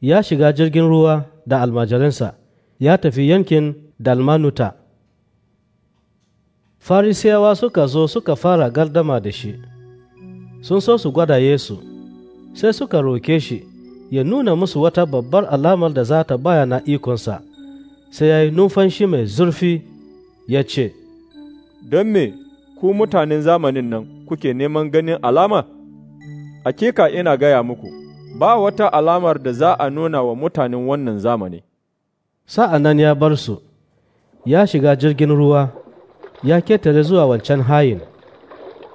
ya shiga jirgin ruwa da almajiransa ya tafi yankin dalmanuta farisiyawa suka zo suka fara gardama da shi sun so su gwada Yesu, sai suka roke shi ya nuna musu wata babbar alamar da za ta bayana ikonsa, sai ya yi numfanshi mai zurfi ya ce, Don me ku mutanen zamanin nan kuke neman ganin alama? Akeka ina gaya muku, ba wata alamar da za a nuna wa mutanen wannan zamani. Sa'an nan ya bar su, ya shiga jirgin ruwa, ya ketare zuwa wancan hayin.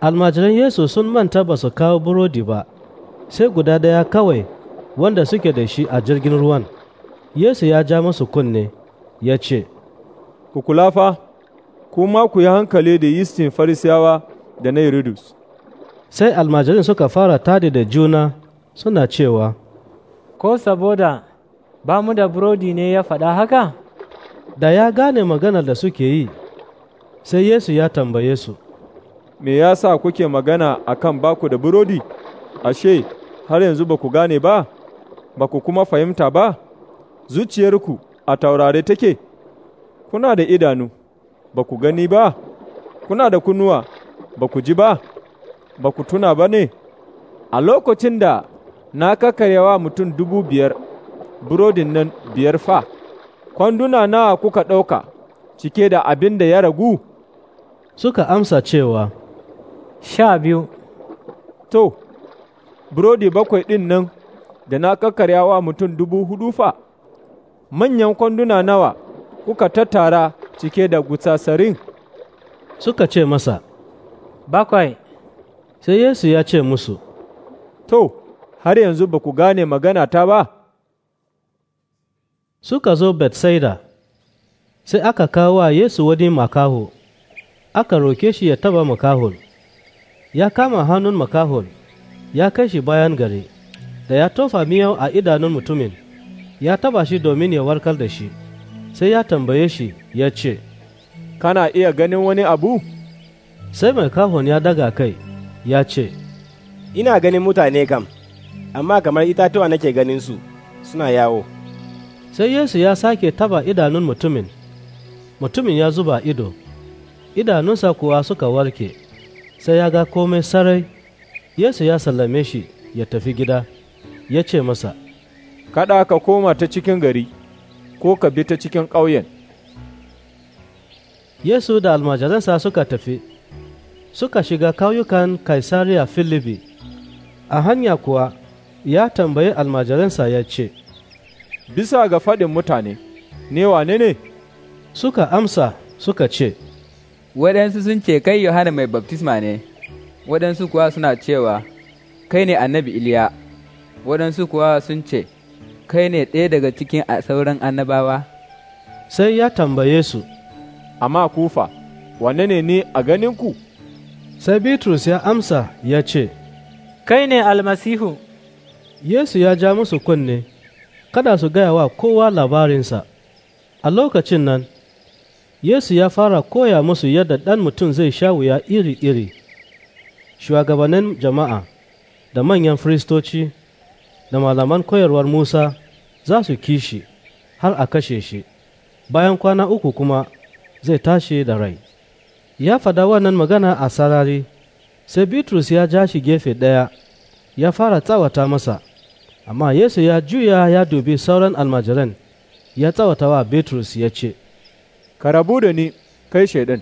almajiran yesu sun manta ba su kawo burodi ba sai guda daya kawai wanda suke da shi a jirgin ruwan yesu ya ja masu kunne ya ce ku kula fa kuma ku yi hankali da yistin farisiyawa da na iridus sai almajirin suka fara tadi da juna suna cewa ko saboda ba mu da burodi ne ya faɗa haka da ya gane maganar da suke yi sai yesu ya tambaye su me ya sa kuke magana a kan baku da burodi, ashe, har yanzu ba ku gane ba, ba ku kuma fahimta ba, zuciyarku a taurare take, kuna da idanu, ba ku gani ba, kuna da kunnuwa, ba ku ji ba, ba ku tuna ba ne, a lokacin da na kakarewa mutum dubu biyar, burodin nan biyar fa, kwanduna nawa kuka ɗauka, cike da abin da ya ragu? Suka amsa cewa, sha biyu to burodi bakwai ɗin nan da na wa mutum dubu hudu fa manyan kwanduna nawa kuka tattara cike da gutsasarin suka ce masa bakwai sai yesu ya ce musu to har yanzu ba ku gane magana ta ba suka zo betsaida sai aka kawo wa yesu wani makaho aka roke shi ya taba makahon ya kama hannun makahon ya kai shi bayan gari da ya tofa miyau a idanun mutumin ya taba shi domin ya warkar da shi sai ya tambaye shi ya ce kana iya ganin wani abu sai mai kahon ya daga kai ya ce ina ganin mutane kam amma kamar itatuwa nake ganin su suna yawo sai yesu ya sake taba idanun mutumin mutumin ya zuba ido idanunsa kuwa suka warke sai ya ga komai sarai yesu ya sallame shi ya tafi gida ya ce masa kada ka koma ta cikin gari ko ka bi ta cikin ƙauyen yesu da almajiransa suka tafi suka shiga kauyukan kaisariya filibi a hanya kuwa ya tambayi almajiransa ya ce bisa ga faɗin mutane ne wane ne suka amsa suka ce waɗansu sun ce kai Yohana mai baftisma ne, waɗansu kuwa suna cewa kai ne annabi Iliya, waɗansu kuwa sun ce kai ne ɗaya daga cikin sauran annabawa. Sai ya tambaye su, amma kufa, wanne ne ni a ganinku? Sai Bitrus ya amsa ya ce, Kai ne almasihu. Yesu ya ja musu kunne, kada su gaya wa kowa labarinsa. A lokacin nan, Yesu ya fara koya musu yadda ɗan mutum zai sha wuya iri-iri. Shugabannin jama'a da manyan firistoci da malaman koyarwar Musa za su kishi har a kashe shi, bayan kwana uku kuma zai tashi da rai. Ya fada wannan magana a sarari, sai Bitrus ya ja shi gefe ɗaya ya fara tsawata masa, amma Yesu ya juya ya dubi sauran almajiran ya tsawata wa Bitrus ya ce, ka rabu da ni kai shaidan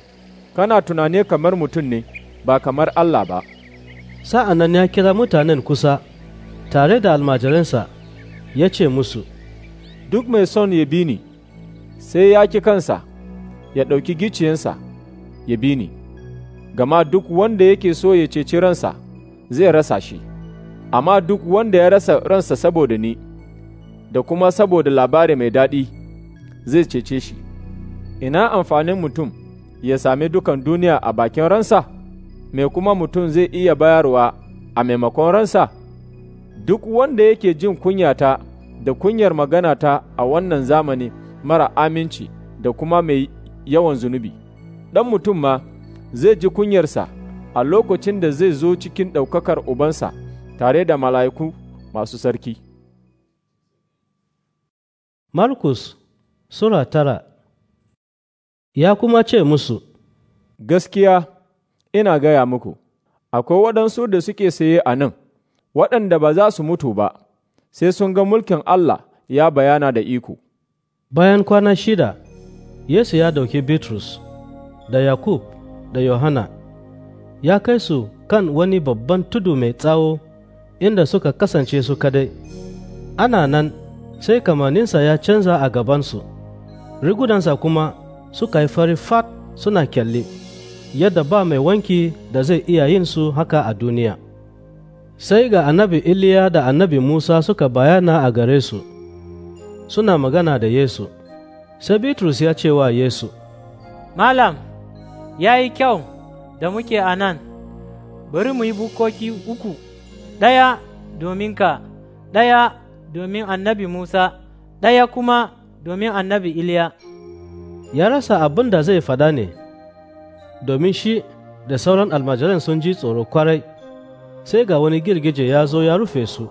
kana tunane kamar mutum ne ba kamar Allah ba sa'an nan ya kira mutanen kusa tare da almajiransa ya ce musu duk mai son ya bi ni sai ya ki kansa ya ɗauki giciyansa ya bi ni gama duk wanda yake so ya ceci ransa zai rasa shi amma duk wanda ya rasa ransa saboda ni da kuma saboda labari mai daɗi zai cece shi ina amfanin mutum ya sami dukan duniya a bakin ransa, me kuma mutum zai iya bayarwa a maimakon ransa? Duk wanda yake jin kunyata da kunyar maganata a wannan zamani mara aminci da kuma mai yawan zunubi, ɗan mutum ma zai ji kunyarsa a lokacin da zai zo cikin ɗaukakar Ubansa tare da mala'iku masu sarki. Markus Sura tara ya kuma ce musu, Gaskiya, ina gaya muku, akwai waɗansu da suke saye a nan, waɗanda ba za su mutu ba, sai sun ga mulkin Allah ya bayana da iko. Bayan kwana shida, Yesu ya dauki Bitrus da Yakub da Yohana, ya kai su kan wani babban tudu mai tsawo inda suka kasance su kadai. Ana nan sai kamaninsa ya canza a gabansu, rigudansa kuma suka yi fari fat suna kyalli yadda ba mai wanki da zai iya yin su haka a duniya sai ga annabi iliya da annabi musa suka bayana a gare su suna magana da yesu sai bitrus ya ce wa yesu malam ya yi kyau da muke a nan bari mu yi bukoki uku ɗaya domin ka ɗaya domin annabi musa ɗaya kuma domin annabi iliya ya rasa abin da zai fada ne domin shi da sauran almajiran sun ji tsoro kwarai sai ga wani girgije ya zo ya rufe su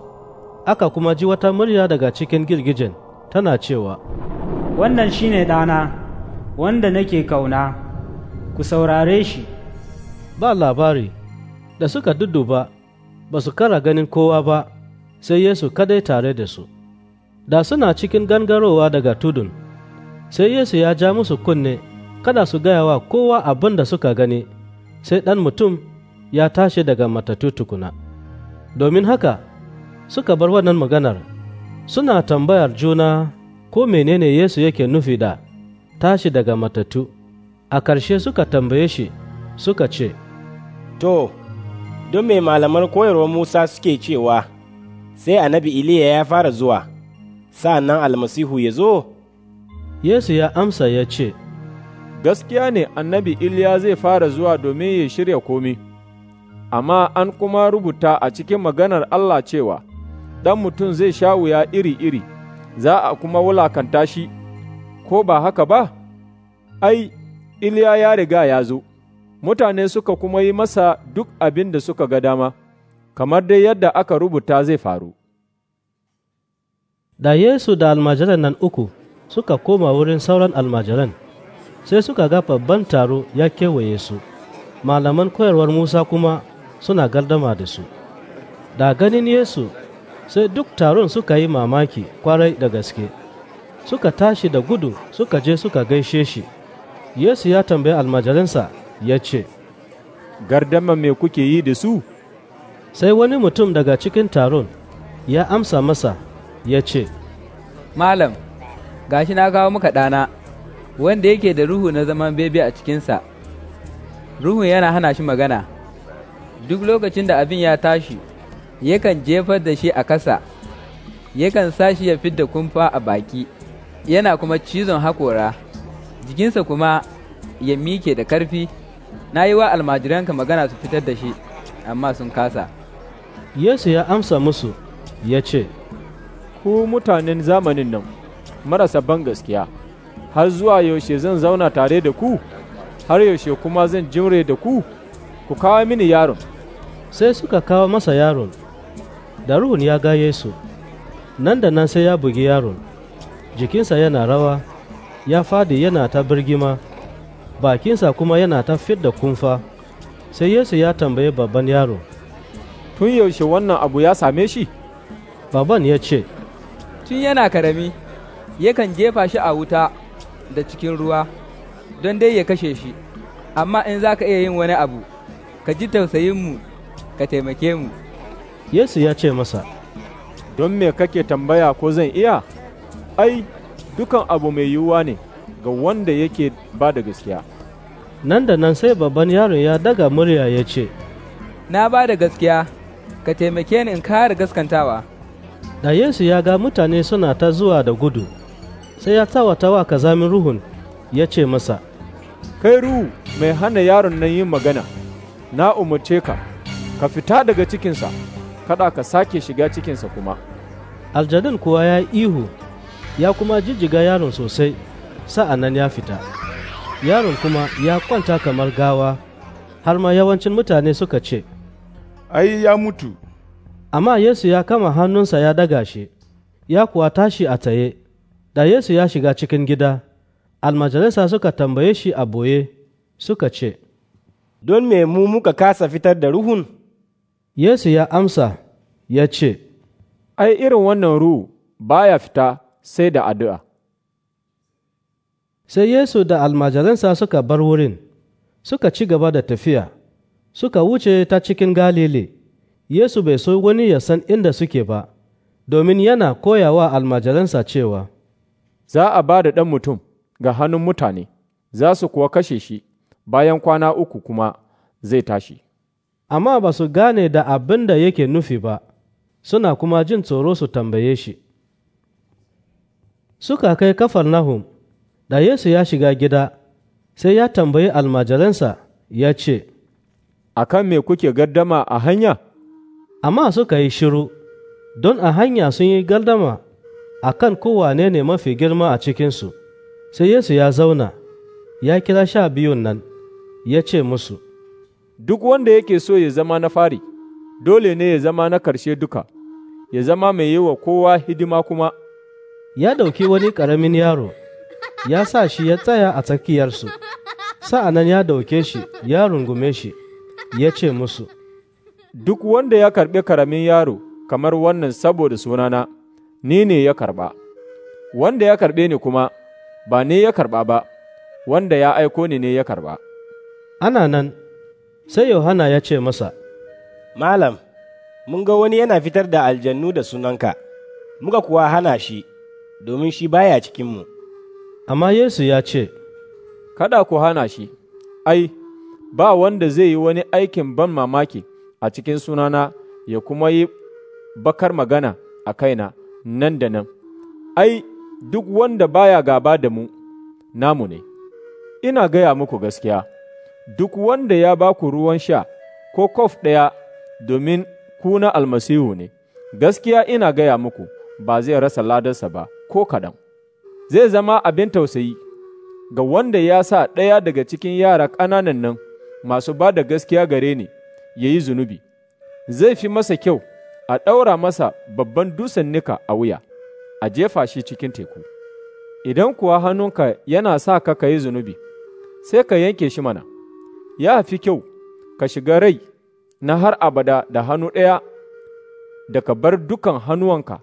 aka kuma ji wata murya daga cikin girgijen tana cewa wannan shine ɗana wanda nake kauna ku saurare shi ba labari da suka dudduba ba su kara ganin kowa ba sai yesu kadai tare da su da suna cikin gangarowa daga tudun sai Yesu ya ja musu kunne kada su gaya wa kowa abin da suka gani sai ɗan mutum ya tashi daga matattu tukuna domin haka suka bar wannan maganar suna tambayar juna ko menene Yesu yake nufi da tashi daga matattu a ƙarshe suka tambaye shi suka ce to don mai malaman koyarwar Musa suke cewa sai annabi Iliya ya fara zuwa sa'an nan almasihu ya zo Yesu ya amsa ya ce, Gaskiya ne annabi Iliya zai fara zuwa domin ya shirya komi, amma an kuma rubuta a cikin maganar Allah cewa, Ɗan mutum zai sha wuya iri-iri, za a kuma wulakanta shi, ko ba haka ba? Ai, Iliya ya riga ya zo, mutane suka kuma yi masa duk abin da suka ga dama, kamar dai yadda aka rubuta zai faru. Da Yesu da almajiran nan uku suka koma wurin sauran almajiran sai suka ga babban taro ya kewaye su malaman koyarwar musa kuma suna gardama da su da ganin yesu sai duk taron suka yi mamaki kwarai da gaske suka tashi da gudu suka je suka gaishe shi yesu ya tambayi almajiransa ya ce gardama me kuke yi da su sai wani mutum daga cikin taron ya amsa masa ya ce malam Ga shi na kawo muka ɗana wanda yake da ruhu na zaman bebe a cikinsa ruhu yana hana shi magana duk lokacin da abin ya tashi yakan jefar da shi a kasa yakan sa shi ya fidda kumfa a baki yana kuma cizon haƙora jikinsa kuma ya mike da ƙarfi na yi wa almajiranka magana su fitar da shi amma sun kasa yesu ya amsa musu ya ce ku mutanen zamanin nan marasa ban gaskiya har zuwa yaushe zan zauna tare da ku har yaushe kuma zan jimre da ku ku kawo mini yaron sai suka kawo masa yaron da ruhun ya ga yesu nan da nan sai ya bugi yaron jikinsa yana rawa ya fadi yana ta birgima bakinsa kuma yana ta fit da kumfa sai yesu ya tambaye babban yaro tun yaushe wannan abu ya same shi baban ya ce tun yana karami yakan jefa shi a wuta da cikin ruwa don dai ya kashe shi amma in za ka iya yin wani abu ka ji tausayinmu ka taimake mu yesu ya ce masa don me kake tambaya ko zan iya ai dukan abu mai yiwuwa ne ga wanda yake ba da gaskiya nan da nan sai babban yaron ya daga murya ya ce na ba da gaskiya ka taimake ni in kare gaskantawa da yesu ya ga mutane suna ta zuwa da gudu sai ya tsawata wa kazamin ruhun ya ce masa kai ruhu mai hana yaron nan yin magana na umarce ka ka fita daga cikinsa kada ka sake shiga cikinsa kuma Aljadin kuwa ya ihu ya kuma jijjiga yaron sosai nan ya fita yaron kuma ya kwanta kamar gawa har ma yawancin mutane suka ce ai ya mutu amma yesu ya kama hannunsa ya daga shi ya kuwa tashi a taye da Yesu ya shiga cikin gida, almajalisa suka tambaye shi a boye suka ce, Don me mu muka kasa fitar da ruhun? Yesu ya amsa ya ce, Ai, irin wannan ruhu baya fita sai da addu'a. Sai Yesu da almajalinsa suka bar wurin, suka ci gaba da tafiya, suka wuce ta cikin galili, Yesu bai so wani ya san inda suke ba, domin yana koyawa almajiransa cewa, za a ba da ɗan mutum ga hannun mutane, za su kuwa kashe shi, bayan kwana uku kuma zai tashi. Amma ba su gane da abin da yake nufi ba, suna kuma jin tsoro su tambaye shi. Suka kai kafar Nahum, da Yesu ya shiga gida, sai ya tambayi almajiransa ya ce, A kan me kuke gardama a hanya? Amma suka yi shiru, don a hanya sun yi gardama a kan kowane ne mafi girma a cikinsu, sai Yesu ya zauna, ya kira sha biyun nan, ya ce musu, Duk wanda yake so ya zama na fari, dole ne ya zama na karshe duka, ya zama mai yi wa kowa hidima kuma. Ya ɗauki wani ƙaramin yaro, ya sa shi ya tsaya a tsakiyarsu, nan ya ɗauke shi, ya rungume shi, ya ce musu, Duk wanda ya karɓi ƙaramin yaro kamar wannan saboda sunana. ni ne ya karɓa, wanda ya karɓe ni kuma ba ni ya karɓa ba, wanda ya aiko ni ne ya karɓa. Ana nan, sai Yohana ya ce masa, Malam, mun ga wani yana fitar da aljannu da sunanka, muka kuwa hana shi, domin shi baya cikinmu. Amma Yesu ya ce, Kada ku hana shi, ai, ba wanda zai yi wani aikin ban mamaki a cikin sunana ya kuma yi bakar magana a kaina. nan da nan, ai, duk wanda baya gaba da mu, namu ne, ina gaya muku gaskiya, duk wanda ya ba ku ruwan sha ko kof ɗaya domin kuna almasihu ne, gaskiya ina gaya muku ba zai rasa ladarsa ba ko kaɗan, zai zama abin tausayi ga wanda ya sa ɗaya daga cikin yara ƙananan nan masu ba da gaskiya gare ni ya yi zunubi, zai fi masa kyau. a ɗaura masa babban dusan nika a wuya, a jefa shi cikin teku. Idan kuwa hannunka yana sa ka ka yi zunubi, sai ka yanke shi mana, ya fi kyau ka shiga rai na har abada da hannu ɗaya da ka bar dukan hannuwanka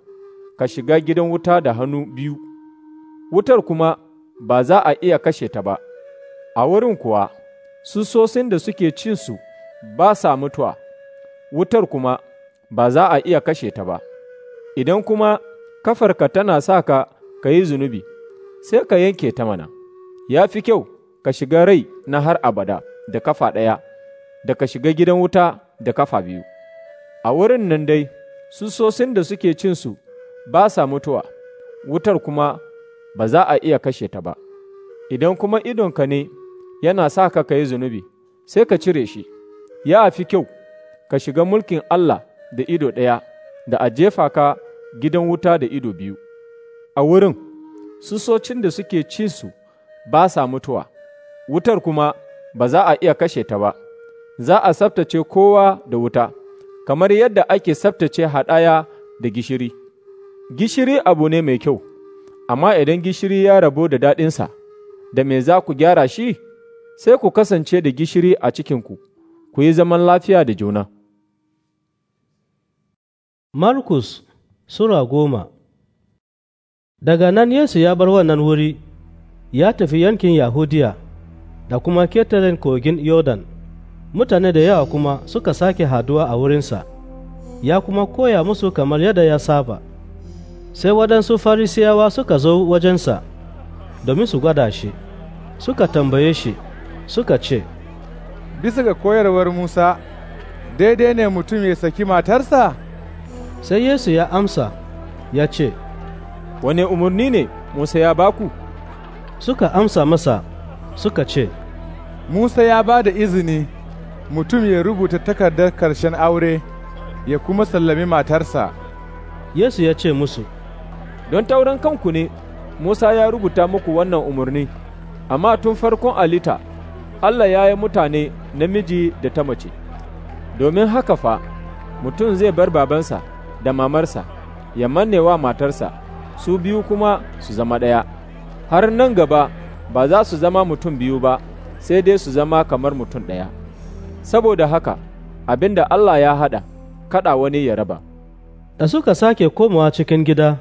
ka shiga gidan wuta da hannu biyu, wutar kuma ba za a iya kashe ta ba, a wurin kuwa susosin da suke cinsu ba sa mutuwa, wutar kuma ba za a iya kashe ta ba, idan kuma kafarka tana sa ka ka yi zunubi, sai ka yanke ta mana, ya fi kyau ka shiga rai na har abada da kafa ɗaya, da ka shiga gidan wuta da kafa biyu. A wurin nan dai, sussosin da suke cinsu ba sa mutuwa, wutar kuma ba za a iya kashe ta ba, idan kuma idonka ne yana sa ka ka yi zunubi, sai ka cire shi, ya fi kyau ka shiga mulkin Allah. da ido ɗaya da a jefa ka gidan wuta da ido biyu a wurin susocin da suke ci su ba sa mutuwa wutar kuma ba za a iya kashe ta ba za a tsaftace kowa da wuta kamar yadda ake tsaftace haɗaya da gishiri gishiri abu ne mai kyau amma idan gishiri ya rabu da daɗinsa da me za ku gyara shi sai ku kasance da gishiri a cikinku ku yi zaman lafiya da juna. Markus Sura goma Daga nan Yesu ya bar wannan wuri, ya tafi yankin Yahudiya da kuma ketaren kogin Yordan, mutane da yawa kuma suka sake haduwa a wurinsa, ya kuma koya musu kamar yadda ya saba. Sai waɗansu farisiyawa suka zo wajensa domin su gwada shi, suka tambaye shi, suka ce, Bisa ga koyarwar Musa, daidai ne mutum ya saki matarsa? sai Yesu ya amsa ya ce, Wane umarni ne Musa ya baku? Suka amsa masa suka ce, Musa ya ba da izini mutum ya rubuta takardar karshen aure ya kuma sallami matarsa. Yesu ya ce musu, Don tauran kanku ne, Musa ya rubuta muku wannan umarni, amma tun farkon alita, Allah ya yi mutane namiji da ta mace, domin haka fa mutum zai bar babansa. da mamarsa ya manne wa matarsa su biyu kuma su zama ɗaya har nan gaba ba za su zama mutum biyu ba sai dai su zama kamar mutum ɗaya saboda haka abin da Allah ya haɗa kaɗa wani ya raba da suka sake komawa cikin gida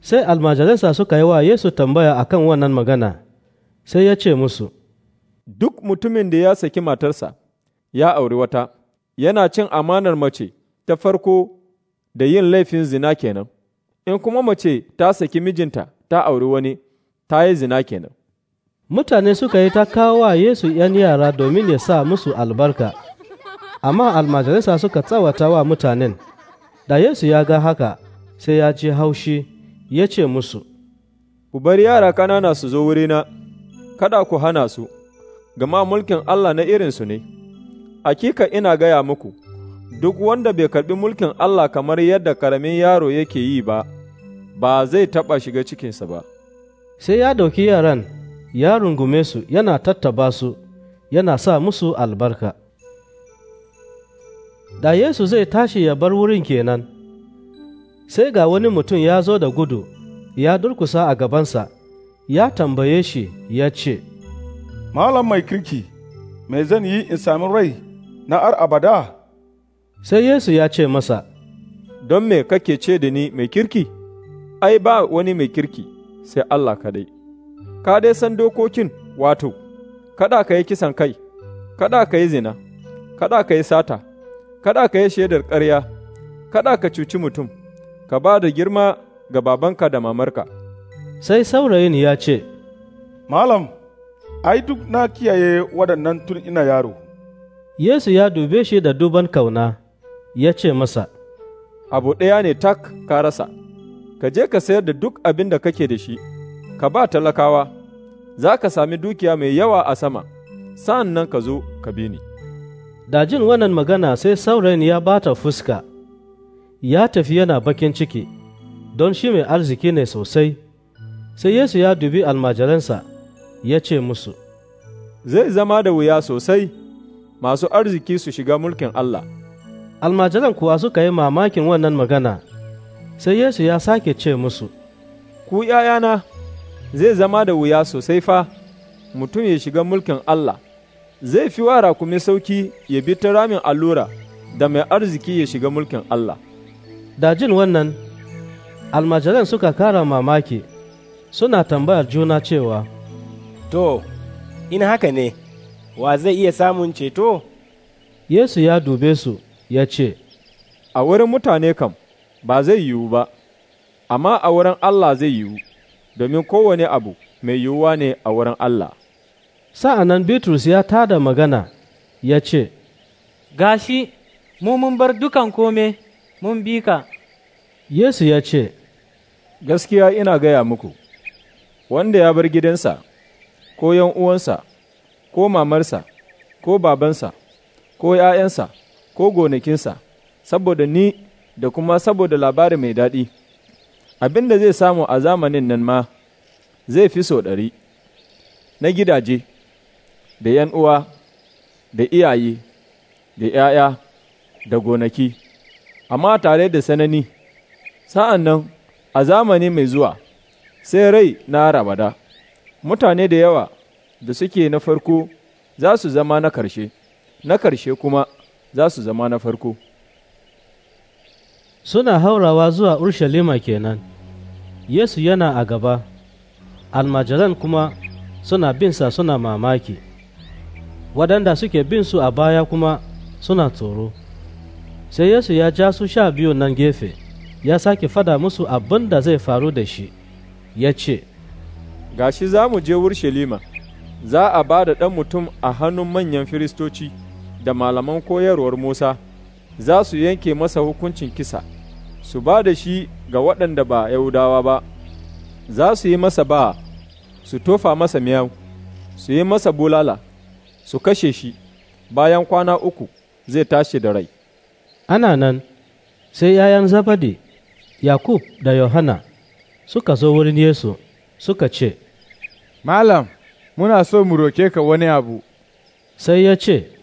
sai almajalinsa suka yi wa Yesu tambaya a kan wannan magana sai ya ce musu duk mutumin da ya saki matarsa ya auri wata yana cin amanar mace ta farko da yin laifin zina kenan, in kuma mace ta saki mijinta ta auri wani, ta yi zina kenan. Mutane suka yi ta kawo wa Yesu ‘yan yara domin ya sa musu albarka, amma almajalisa suka tsawata wa mutanen, da Yesu ya ga haka sai ya ce haushi ya ce musu, Ku bari yara ƙanana su zo wurina, kada ku hana su, gama mulkin Allah na irinsu ne, akika ina gaya muku. duk wanda bai karɓi mulkin Allah kamar yadda ƙaramin yaro yake yi ba, ba zai taɓa shiga cikinsa ba. Sai ya ɗauki yaran, ya rungume su yana tattaba su, yana sa musu albarka. Da Yesu zai tashi ya bar wurin kenan, sai ga wani mutum ya zo da gudu, ya durkusa a gabansa, ya tambaye shi ya ce, Malam mai kirki, mai zan yi in sami rai na ar abada? sai Yesu ya ce masa, Don me kake ce da ni mai kirki? Ai, ba wani mai kirki sai Allah kadai. Ka dai san dokokin wato, kada ka yi kisan kai, kada ka yi zina, kada ka yi sata, kada ka yi shaidar ƙarya, kada ka cuci mutum, ka ba da girma ga babanka da mamarka. Sai saurayin ya ce, Malam, ai duk na kiyaye waɗannan tun ina yaro. Yesu ya dube shi da duban kauna. ya ce masa, Abu ɗaya ne tak ka rasa, ka je ka sayar da duk abin da kake da shi, ka ba talakawa, za ka sami dukiya mai yawa a sama, sa'an nan ka zo ka bi ni. Da jin wannan magana sai saurayin ya bata fuska, ya tafi yana bakin ciki, don shi mai arziki ne sosai, sai Yesu ya dubi almajiransa ya ce musu, Zai zama da wuya sosai masu arziki su shiga mulkin Allah. almajiran kuwa suka yi mamakin wannan magana sai yesu ya sake ce musu ku ’ya'yana zai zama da wuya sosai fa mutum ya shiga mulkin allah zai fi wa kuma sauki ya bi ta ramin allura da mai arziki ya shiga mulkin allah da jin wannan almajiran suka kara mamaki suna tambayar juna cewa to in haka ne wa zai iya samun ceto yesu ya dube su ya ce, A wurin mutane kam ba zai yiwu ba, amma a wurin Allah zai yiwu, domin kowane abu mai yiwuwa ne a wurin Allah. Sa'an nan Bitrus ya tada magana ya ce, Gashi, mu mun bar dukan kome, mun bi ka. Yesu ya ce, Gaskiya ina gaya muku, wanda ya bar gidansa, ko uwansa, ko mamarsa, ko babansa, ko ‘ya'yansa, ko gonakinsa, saboda ni da kuma saboda labari mai daɗi, abin da zai samu a zamanin nan ma zai fi so ɗari, na gidaje, da ‘yan uwa, da iyaye, da ‘ya'ya, da gonaki, amma tare da sanani, sa'an nan a zamani mai zuwa, sai rai na rabada, mutane da yawa da suke na farko za su zama na ƙarshe, na ƙarshe kuma. za su zama na farko suna haurawa zuwa urshalima kenan yesu yana a gaba almajiran kuma suna binsa suna mamaki waɗanda suke bin su a baya kuma suna tsoro sai yesu ya ja su sha biyu nan gefe ya sake fada musu abin da zai faru da shi ya ce gashi za mu je urshalima za a ba da ɗan mutum a hannun manyan firistoci da malaman koyarwar Musa za su yanke masa hukuncin kisa, su ba da shi ga waɗanda ba Yahudawa ba, za su yi masa ba, su tofa masa miyau, su yi masa bulala, su kashe shi, bayan kwana uku zai tashi da rai. Ana nan, sai ’ya'yan Zabadi, Yakub da Yohana suka zo wurin Yesu suka ce, Malam, muna so mu roke ka wani abu. Sai ya ce,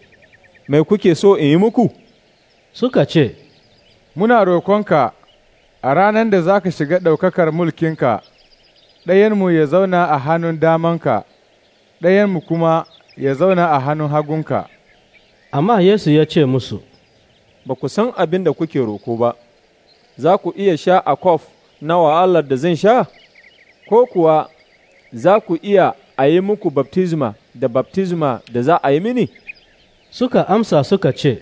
mai kuke so in yi muku? Suka ce, Muna roƙonka a ranar da za ka shiga ɗaukakar mulkinka, ɗayanmu ya zauna a hannun damanka, ɗayanmu kuma ya zauna a hannun hagunka. Amma Yesu ya ce musu, Ba ku san abin da kuke roƙo ba, za ku iya sha a kof na wa'alar da zan sha? Ko kuwa za ku iya a yi muku baptisma da baptisma da za a yi mini?’ Suka amsa suka ce,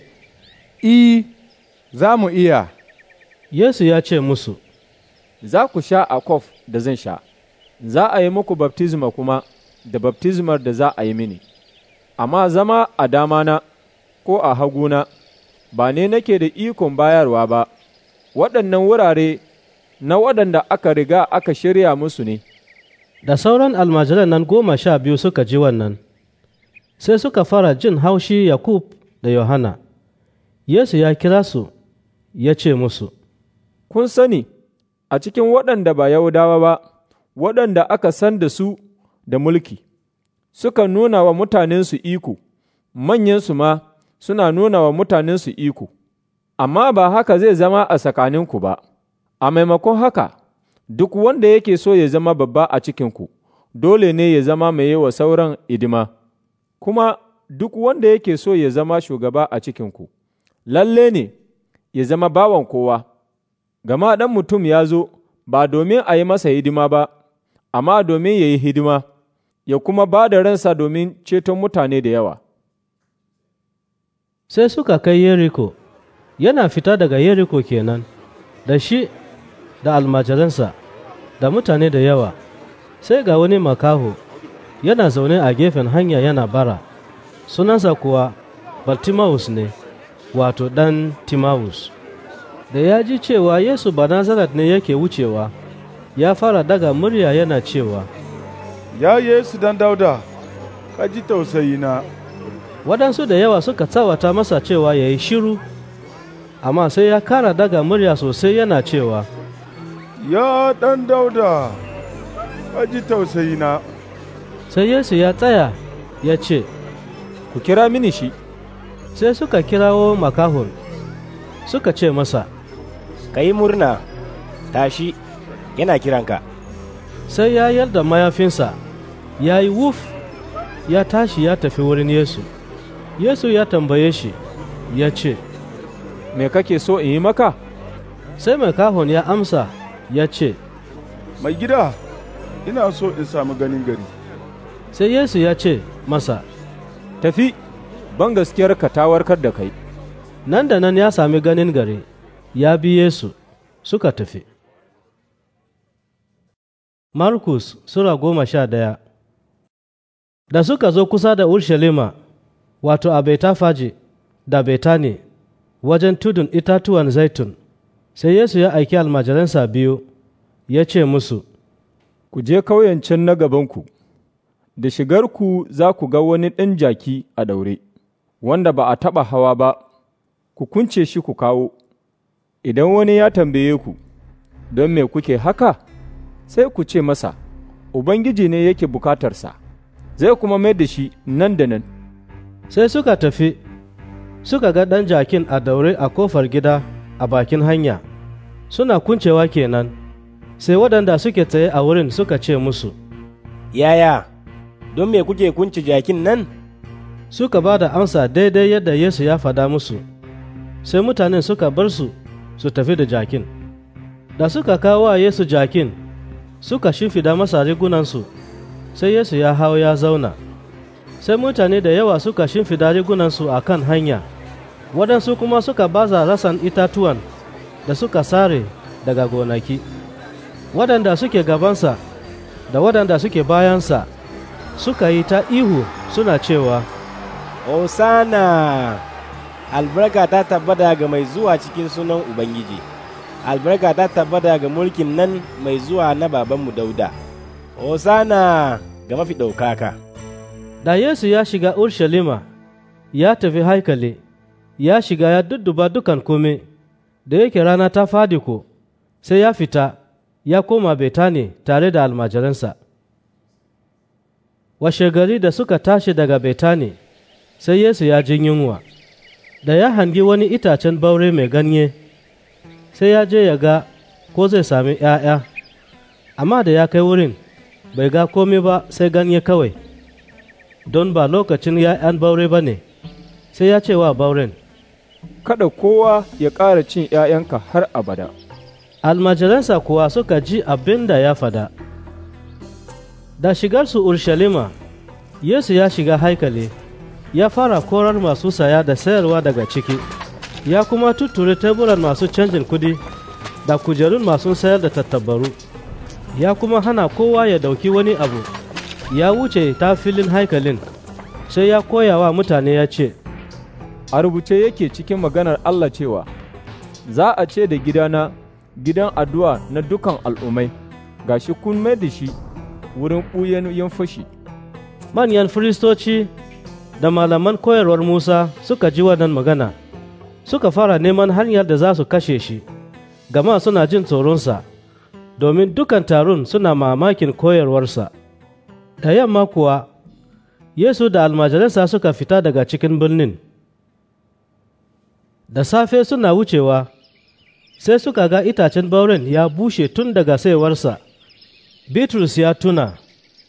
I, za mu iya. Yesu ya ce musu, Za ku sha a kof da zan sha, za a yi muku baptizma kuma da baptizmar da za a yi mini, amma zama a damana ko a haguna ba ne nake da ikon bayarwa ba, waɗannan wurare na waɗanda aka riga aka shirya musu ne. Da sauran almajiran nan goma sha biyu suka ji wannan. sai suka fara jin haushi yakub da yohana yesu ya kira su ya ce musu kun sani a cikin waɗanda ba yahudawa ba waɗanda aka san da su da mulki suka nuna wa mutanensu iko manyansu ma suna nuna wa mutanensu iko amma ba haka zai zama a tsakaninku ba a maimakon haka duk wanda yake so ya zama babba a cikinku dole ne ya zama mai yi wa sauran idima. kuma duk wanda yake so ya zama shugaba a cikinku, lalle ne ya zama bawan kowa, gama ɗan mutum ya zo ba domin a yi masa hidima ba, amma domin ya yi hidima, ya kuma ba da ransa domin ceton mutane da yawa. Sai suka kai Yeriko, yana fita daga Yeriko kenan, da shi da almajiransa, da mutane da yawa, sai ga wani makaho. yana zaune a gefen hanya yana bara sunansa kuwa baltimaus ne wato ɗan Timaus da ya ji cewa Yesu ba ne yake wucewa ya fara daga murya yana cewa ya Yesu dan dauda ka ji tausayina waɗansu da yawa suka tsawata masa cewa ya yi shiru amma sai ya kara daga murya sosai yana cewa ya ɗan dauda ka ji tausayina sai Yesu ya tsaya ya ce, Ku kira mini shi, sai suka kirawo makahon suka ce masa, Ka yi murna, tashi, yana kiranka. Sai ya yarda mayafinsa, ya yi wuf, ya tashi ya tafi wurin Yesu. Yesu ya tambaye shi, ya ce, Me kake so in yi maka? Sai makahon ya amsa, ya ce, Mai gida, ina so in sami ganin gari. sai Yesu ya ce masa, Tafi, ban gaskiyarka ta warkar da kai. Nan da nan ya sami ganin gari, ya bi Yesu suka tafi. Markus Sura goma sha ɗaya Da suka zo kusa da Urshalima, wato a Betafaji da Betani, wajen tudun itatuwan zaitun, sai Yesu ya aiki almajiransa biyu, ya ce musu, Ku je ƙauyen can na gabanku. da shigarku za ku ga wani ɗan jaki a daure, wanda ba a taɓa hawa ba, ku kunce shi ku kawo, idan wani ya tambaye ku, don me kuke haka, sai ku ce masa, Ubangiji ne yake bukatarsa, zai kuma mai da shi nan da nan. Sai suka tafi, suka ga ɗan jakin a daure a kofar gida a bakin hanya, suna kuncewa kenan, sai waɗanda suke tsaye a wurin suka ce musu, Yaya, don me kuke kunci jakin nan? Suka ba da amsa daidai yadda Yesu ya faɗa musu, sai mutanen suka bar su su tafi da jakin. Da suka kawo wa Yesu jakin, suka shimfida masa rigunansu, sai Yesu ya hau ya zauna. Sai mutane da yawa suka shimfida rigunansu a kan hanya, waɗansu kuma suka baza rasan itatuwan da suka sare daga gonaki, waɗanda suke gabansa da waɗanda suke bayansa. suka yi ta ihu suna cewa, Osana! Albarka ta tabbata ga mai zuwa cikin sunan Ubangiji, albarka ta tabbata ga mulkin nan mai zuwa na babanmu Dauda. Osana ga mafi ɗaukaka. Da Yesu ya shiga Urshalima, ya tafi haikali, ya shiga ya dudduba dukan kome, da yake rana ta fadi ko, sai ya fita, ya koma Betani tare da almajiransa. washe gari da suka tashi daga betani sai yesu ya jin yunwa da ya hangi wani itacen baure mai ganye sai ya je ya ga ko zai sami ‘ya'ya amma da ya kai wurin bai ga komi ba sai ganye kawai don ba lokacin ‘ya'yan baure ba ne sai ya ce wa bauren kada kowa ya ƙara cin ‘ya'yanka har abada almajiransa kuwa suka ji abin da ya fada da shigar su urshalima yesu ya shiga haikali ya fara korar masu saya da sayarwa daga ciki ya kuma tutture teburan masu canjin kudi da kujerun masu sayar da tattabaru ya kuma hana kowa ya dauki wani abu ya wuce ta filin haikalin sai ya koya wa mutane ya ce a rubuce yake cikin maganar allah cewa za a ce da gidana gidan addu'a na dukan al'ummai gashi kun mai da shi wurin ɓuyan yan fashi manyan firistoci da malaman koyarwar musa suka ji wannan magana suka fara neman hanyar da za su kashe shi gama suna jin tsoronsa domin dukan taron suna mamakin koyarwarsa da yamma kuwa yesu da almajalinsa suka fita daga cikin birnin da safe suna wucewa sai suka ga itacen bauren ya bushe tun daga saiwarsa Bitrus ya tuna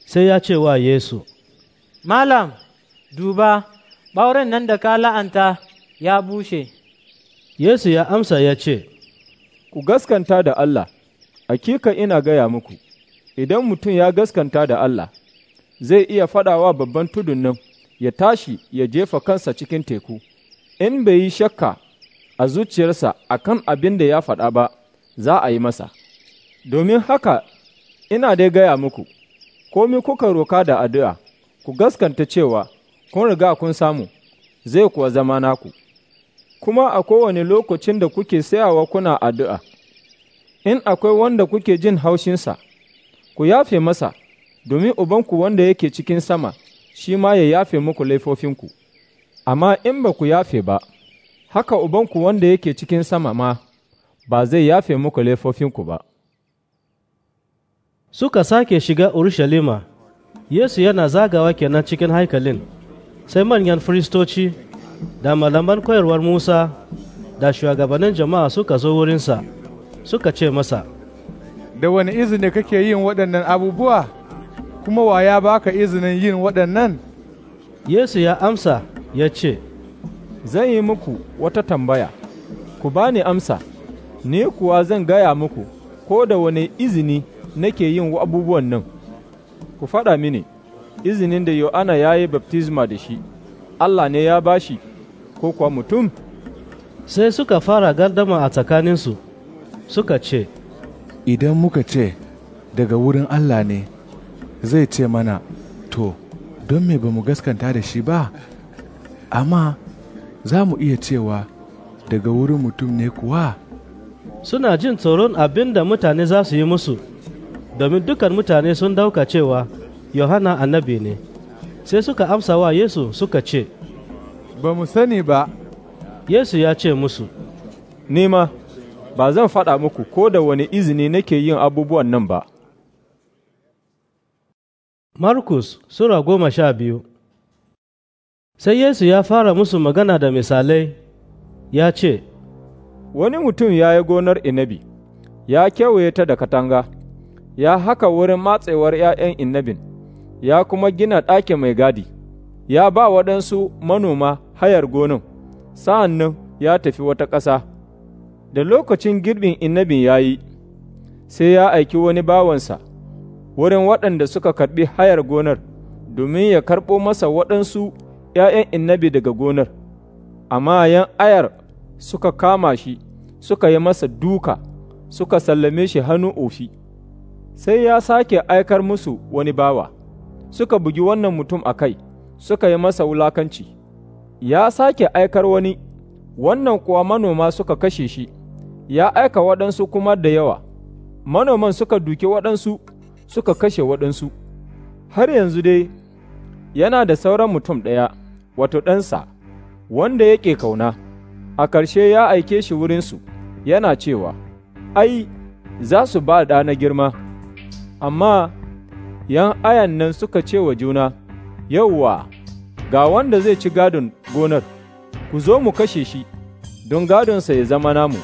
sai ya ce wa Yesu, Malam, duba, bauren nan da ka la'anta ya bushe. Yesu ya amsa ya ce, Ku gaskanta da Allah, hakika ina gaya muku, idan mutum ya gaskanta da Allah, zai iya faɗawa babban tudun nan ya tashi ya jefa kansa cikin teku, in bai yi shakka a zuciyarsa a kan abin da ya faɗa ba, za a yi masa. Domin haka Ina dai gaya muku, komi kuka roka da addu'a, ku gaskanta cewa kun riga kun samu, zai kuwa zama naku. Kuma a kowane lokacin da kuke sayawa kuna addu'a, in akwai wanda kuke jin haushinsa, ku yafe masa, domin Ubanku wanda yake cikin sama, shi ma ya yafe muku laifofinku. Amma in ba ku yafe ba, haka Ubanku wanda yake cikin sama ma, ba zai yafe muku laifofinku ba. suka sake shiga Urushalima, Yesu yana zagawa kenan cikin haikalin, sai manyan firistoci da malaman koyarwar Musa da shugabannin jama'a suka zo wurinsa suka ce masa, Da wani izini kake yin waɗannan abubuwa, kuma wa ya baka izinin yin waɗannan? Yesu ya amsa ya ce, Zan yi muku wata tambaya, ku bani amsa, ni kuwa zan gaya muku, ko da wani izini nake yin abubuwan nan ku faɗa mini izinin da yohana ya yi baptisma da shi allah ne ya bashi ko kuwa mutum sai suka fara gardama a tsakaninsu suka ce idan muka ce daga wurin allah ne zai ce mana to don me ba mu gaskanta da shi ba amma za mu iya cewa daga wurin mutum ne kuwa suna jin tsoron abin da mutane za su yi musu domin dukan mutane sun dauka cewa Yohana annabi ne, sai suka amsa wa Yesu suka ce, Ba mu sani ba, Yesu ya ce musu, Nima, ba zan faɗa muku ko da wani izini nake yin abubuwan nan ba. Markus Sura goma sha biyu Sai Yesu ya fara musu magana da misalai, ya ce, Wani mutum ya yi gonar inabi, ya kewaye ta da katanga. ya haka wurin matsewar ’ya'yan inabin, ya kuma gina ɗaki mai gadi, ya ba waɗansu manoma hayar gonan, sa'an nan ya tafi wata ƙasa. Da lokacin girbin inabin ya yi, sai ya aiki wani bawansa wurin waɗanda suka karɓi hayar gonar domin ya karɓo masa waɗansu ’ya'yan inabi daga gonar, amma yan ayar suka kama shi, suka yi masa duka, suka sallame shi hannu ofi. sai ya sake aikar musu wani bawa, suka bugi wannan mutum a kai, suka yi masa wulakanci, ya sake aikar wani, wannan kuwa manoma suka kashe shi, ya aika waɗansu kuma da yawa, manoman suka duke waɗansu, suka kashe waɗansu, har yanzu dai yana da sauran mutum ɗaya, wato ɗansa, wanda yake kauna, a ƙarshe ya aike shi wurinsu, yana cewa, Ai, za su ba ɗa na girma. amma ’yan ayan nan suka ce wa juna, Yauwa, ga wanda zai ci gadon gonar, ku zo mu kashe shi, don gadonsa ya zama namu,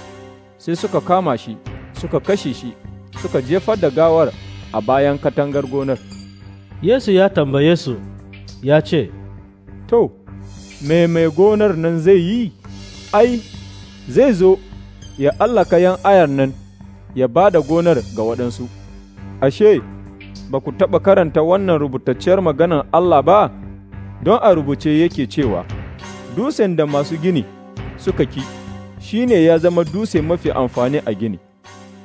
sai suka kama shi, suka kashe shi, suka jefar da gawar a bayan katangar gonar. Yesu ya tambaye su, ya ce, To, me mai gonar nan zai yi, ai, zai zo, ya allaka ’yan ayar nan, ya ba da gonar ga waɗansu. Ashe, ba ku taɓa karanta wannan rubutacciyar maganar Allah ba, don a rubuce yake cewa, Dusen da masu gini suka ki, shi ne ya zama dutse mafi amfani a gini.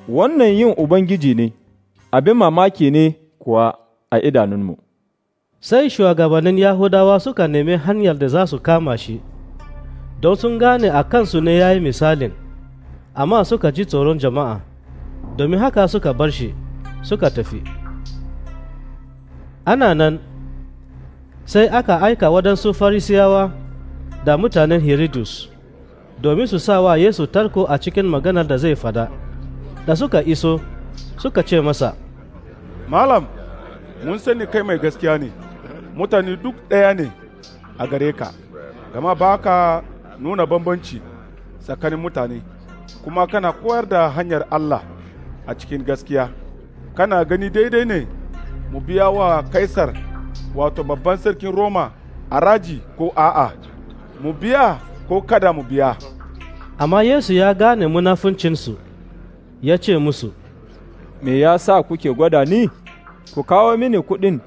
Wannan yin Ubangiji ne, abin mamaki ne kuwa a idanunmu. Sai shugabannin Yahudawa suka nemi hanyar da za su kama shi, don sun gane a kansu ne ya yi misalin, amma suka ji tsoron jama'a, domin haka suka bar shi. suka tafi ana nan sai aka aika waɗansu farisiyawa da mutanen herodus domin su sa wa yesu tarko a cikin maganar da zai fada da suka iso suka ce masa malam mun sani kai mai gaskiya ne mutane duk ɗaya ne a gare ka gama ba ka nuna bambanci tsakanin mutane kuma kana koyar da hanyar allah a cikin gaskiya kana gani daidai ne mu biya wa kaisar wato babban sarkin roma Araji ko a'a mu biya ko kada mu biya amma yesu ya gane munafuncinsu ya ce musu me ya sa kuke gwada ni ku kawo mini kuɗin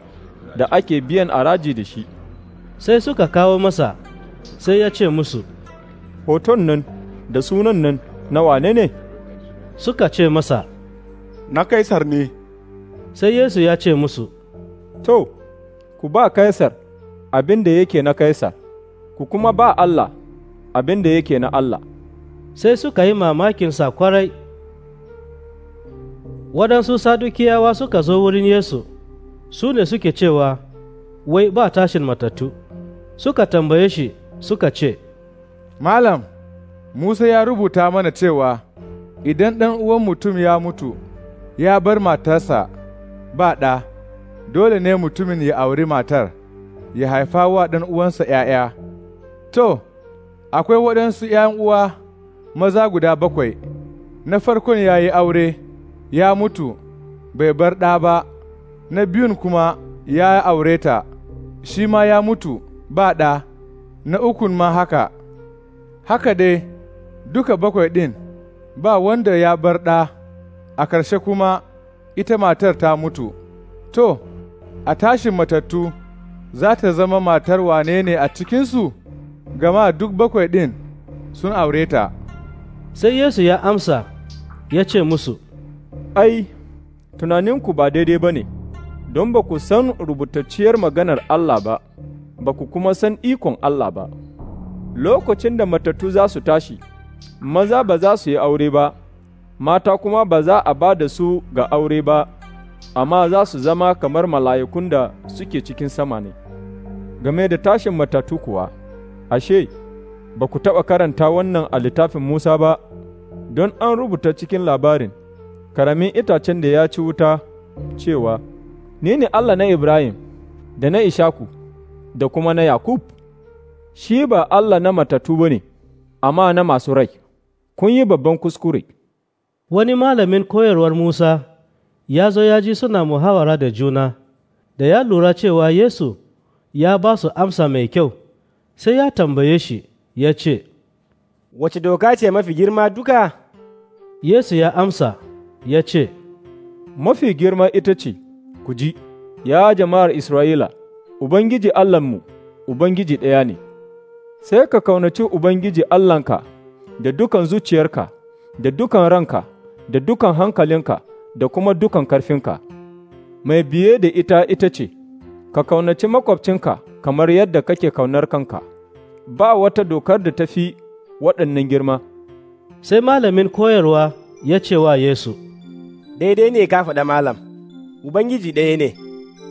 da ake biyan araji da shi sai suka kawo masa sai ya ce musu hoton nan da sunan nan na wane ne suka ce masa na Kaisar ne. Sai Yesu ya ce musu, To, ku ba Kaisar abin da yake na Kaisar, ku kuma ba Allah abin da yake na Allah. Sai suka yi mamakinsa kwarai. Waɗansu sadukiyawa suka zo wurin Yesu, su ne suke cewa, Wai ba tashin matattu, suka tambaye shi suka ce, Malam, Musa ya rubuta mana cewa, Idan ɗan uwan mutum ya mutu, ya bar matarsa ba ɗa, dole ne mutumin ya auri matar, ya haifa wa ɗan uwansa ’ya'ya. To, akwai waɗansu ’yan uwa maza guda bakwai, na farkon ya yi aure, ya mutu, bai bar ɗa ba, na biyun kuma ya aure ta, shi ma ya mutu ba ɗa, na ukun ma haka. Haka dai, duka bakwai ɗin, ba wanda ya bar ɗa. a ƙarshe kuma ita matar ta mutu, to, a tashin matattu za ta zama matar wane ne a cikinsu, gama duk bakwai ɗin sun aure ta. Sai Yesu ya amsa ya ce musu, Ai, tunaninku ba daidai ba ne, don ba ku san rubutacciyar maganar Allah ba, ba ku kuma san ikon Allah ba. Lokacin da matattu za su tashi, maza ba za su yi aure ba. mata kuma ba za a ba da su ga aure ba, amma za su zama kamar mala'ikun da suke cikin sama ne. Game da tashin matatu kuwa, ashe, ba ku taɓa karanta wannan a littafin Musa ba, don an rubuta cikin labarin, karamin itacen da ya ci wuta cewa, Ni ne Allah na Ibrahim, da na Ishaku, da kuma na Yakub, shi ba Allah na matatu ba ne, amma na masu rai, kun yi babban kuskure. wani malamin koyarwar Musa ya zo ya ji suna muhawara da juna, da ya lura cewa Yesu ya ba su amsa mai kyau, sai ya tambaye shi ya ce, Wace doka ce mafi girma duka? Yesu ya amsa ya ce, Mafi girma ita ce, ku ji, ya jama'ar Isra'ila, Ubangiji Allahnmu, Ubangiji ɗaya ne, sai ka kaunaci Ubangiji Allahnka da dukan zuciyarka, da dukan ranka. da dukan hankalinka da kuma dukan karfinka. Mai biye da ita ita ce, ka kaunaci makwabcinka kamar yadda kake kaunar kanka, ba wata dokar da ta fi waɗannan girma. Sai malamin koyarwa ya ce wa Yesu, Daidai ne ka faɗa malam, Ubangiji ɗaya ne,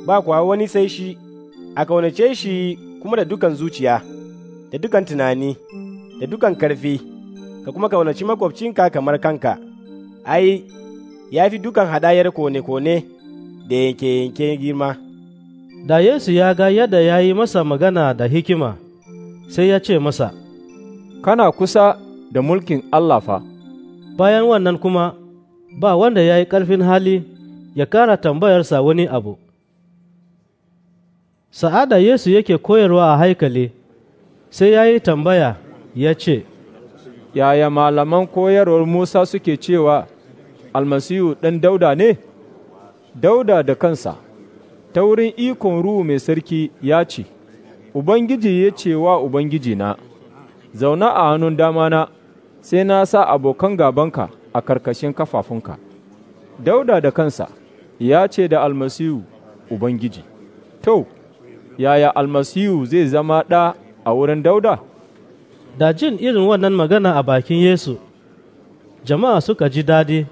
ba kuwa wani sai shi, a kaunace shi kuma da dukan zuciya, da dukan tunani, da dukan karfi, ka kuma kaunaci makwabcinka kamar kanka. ai, ya fi dukan hadayar kone-kone da yanke-yanke girma. Da Yesu ya ga yadda ya yi masa magana da hikima, sai ya ce masa, Kana kusa da mulkin Allah fa. Bayan wannan kuma, ba wanda ya yi ƙarfin hali ya ƙara tambayarsa wani abu. Sa'ada Yesu yake koyarwa a haikali, sai ya yi tambaya ya ce, Yaya malaman koyarwar Musa suke cewa almasihu ɗan dauda ne? Dauda da kansa, ta wurin ikon ruhu mai sarki ya ce, Ubangiji ya ce wa ubangiji na. zauna a hannun damana, sai na sa abokan gabanka a karkashin kafafunka. Dauda da kansa ya ce da almasihu Ubangiji, To, yaya almasihu zai zama ɗa a wurin dauda? Da jin irin wannan magana a bakin Yesu, jama'a suka ji daɗi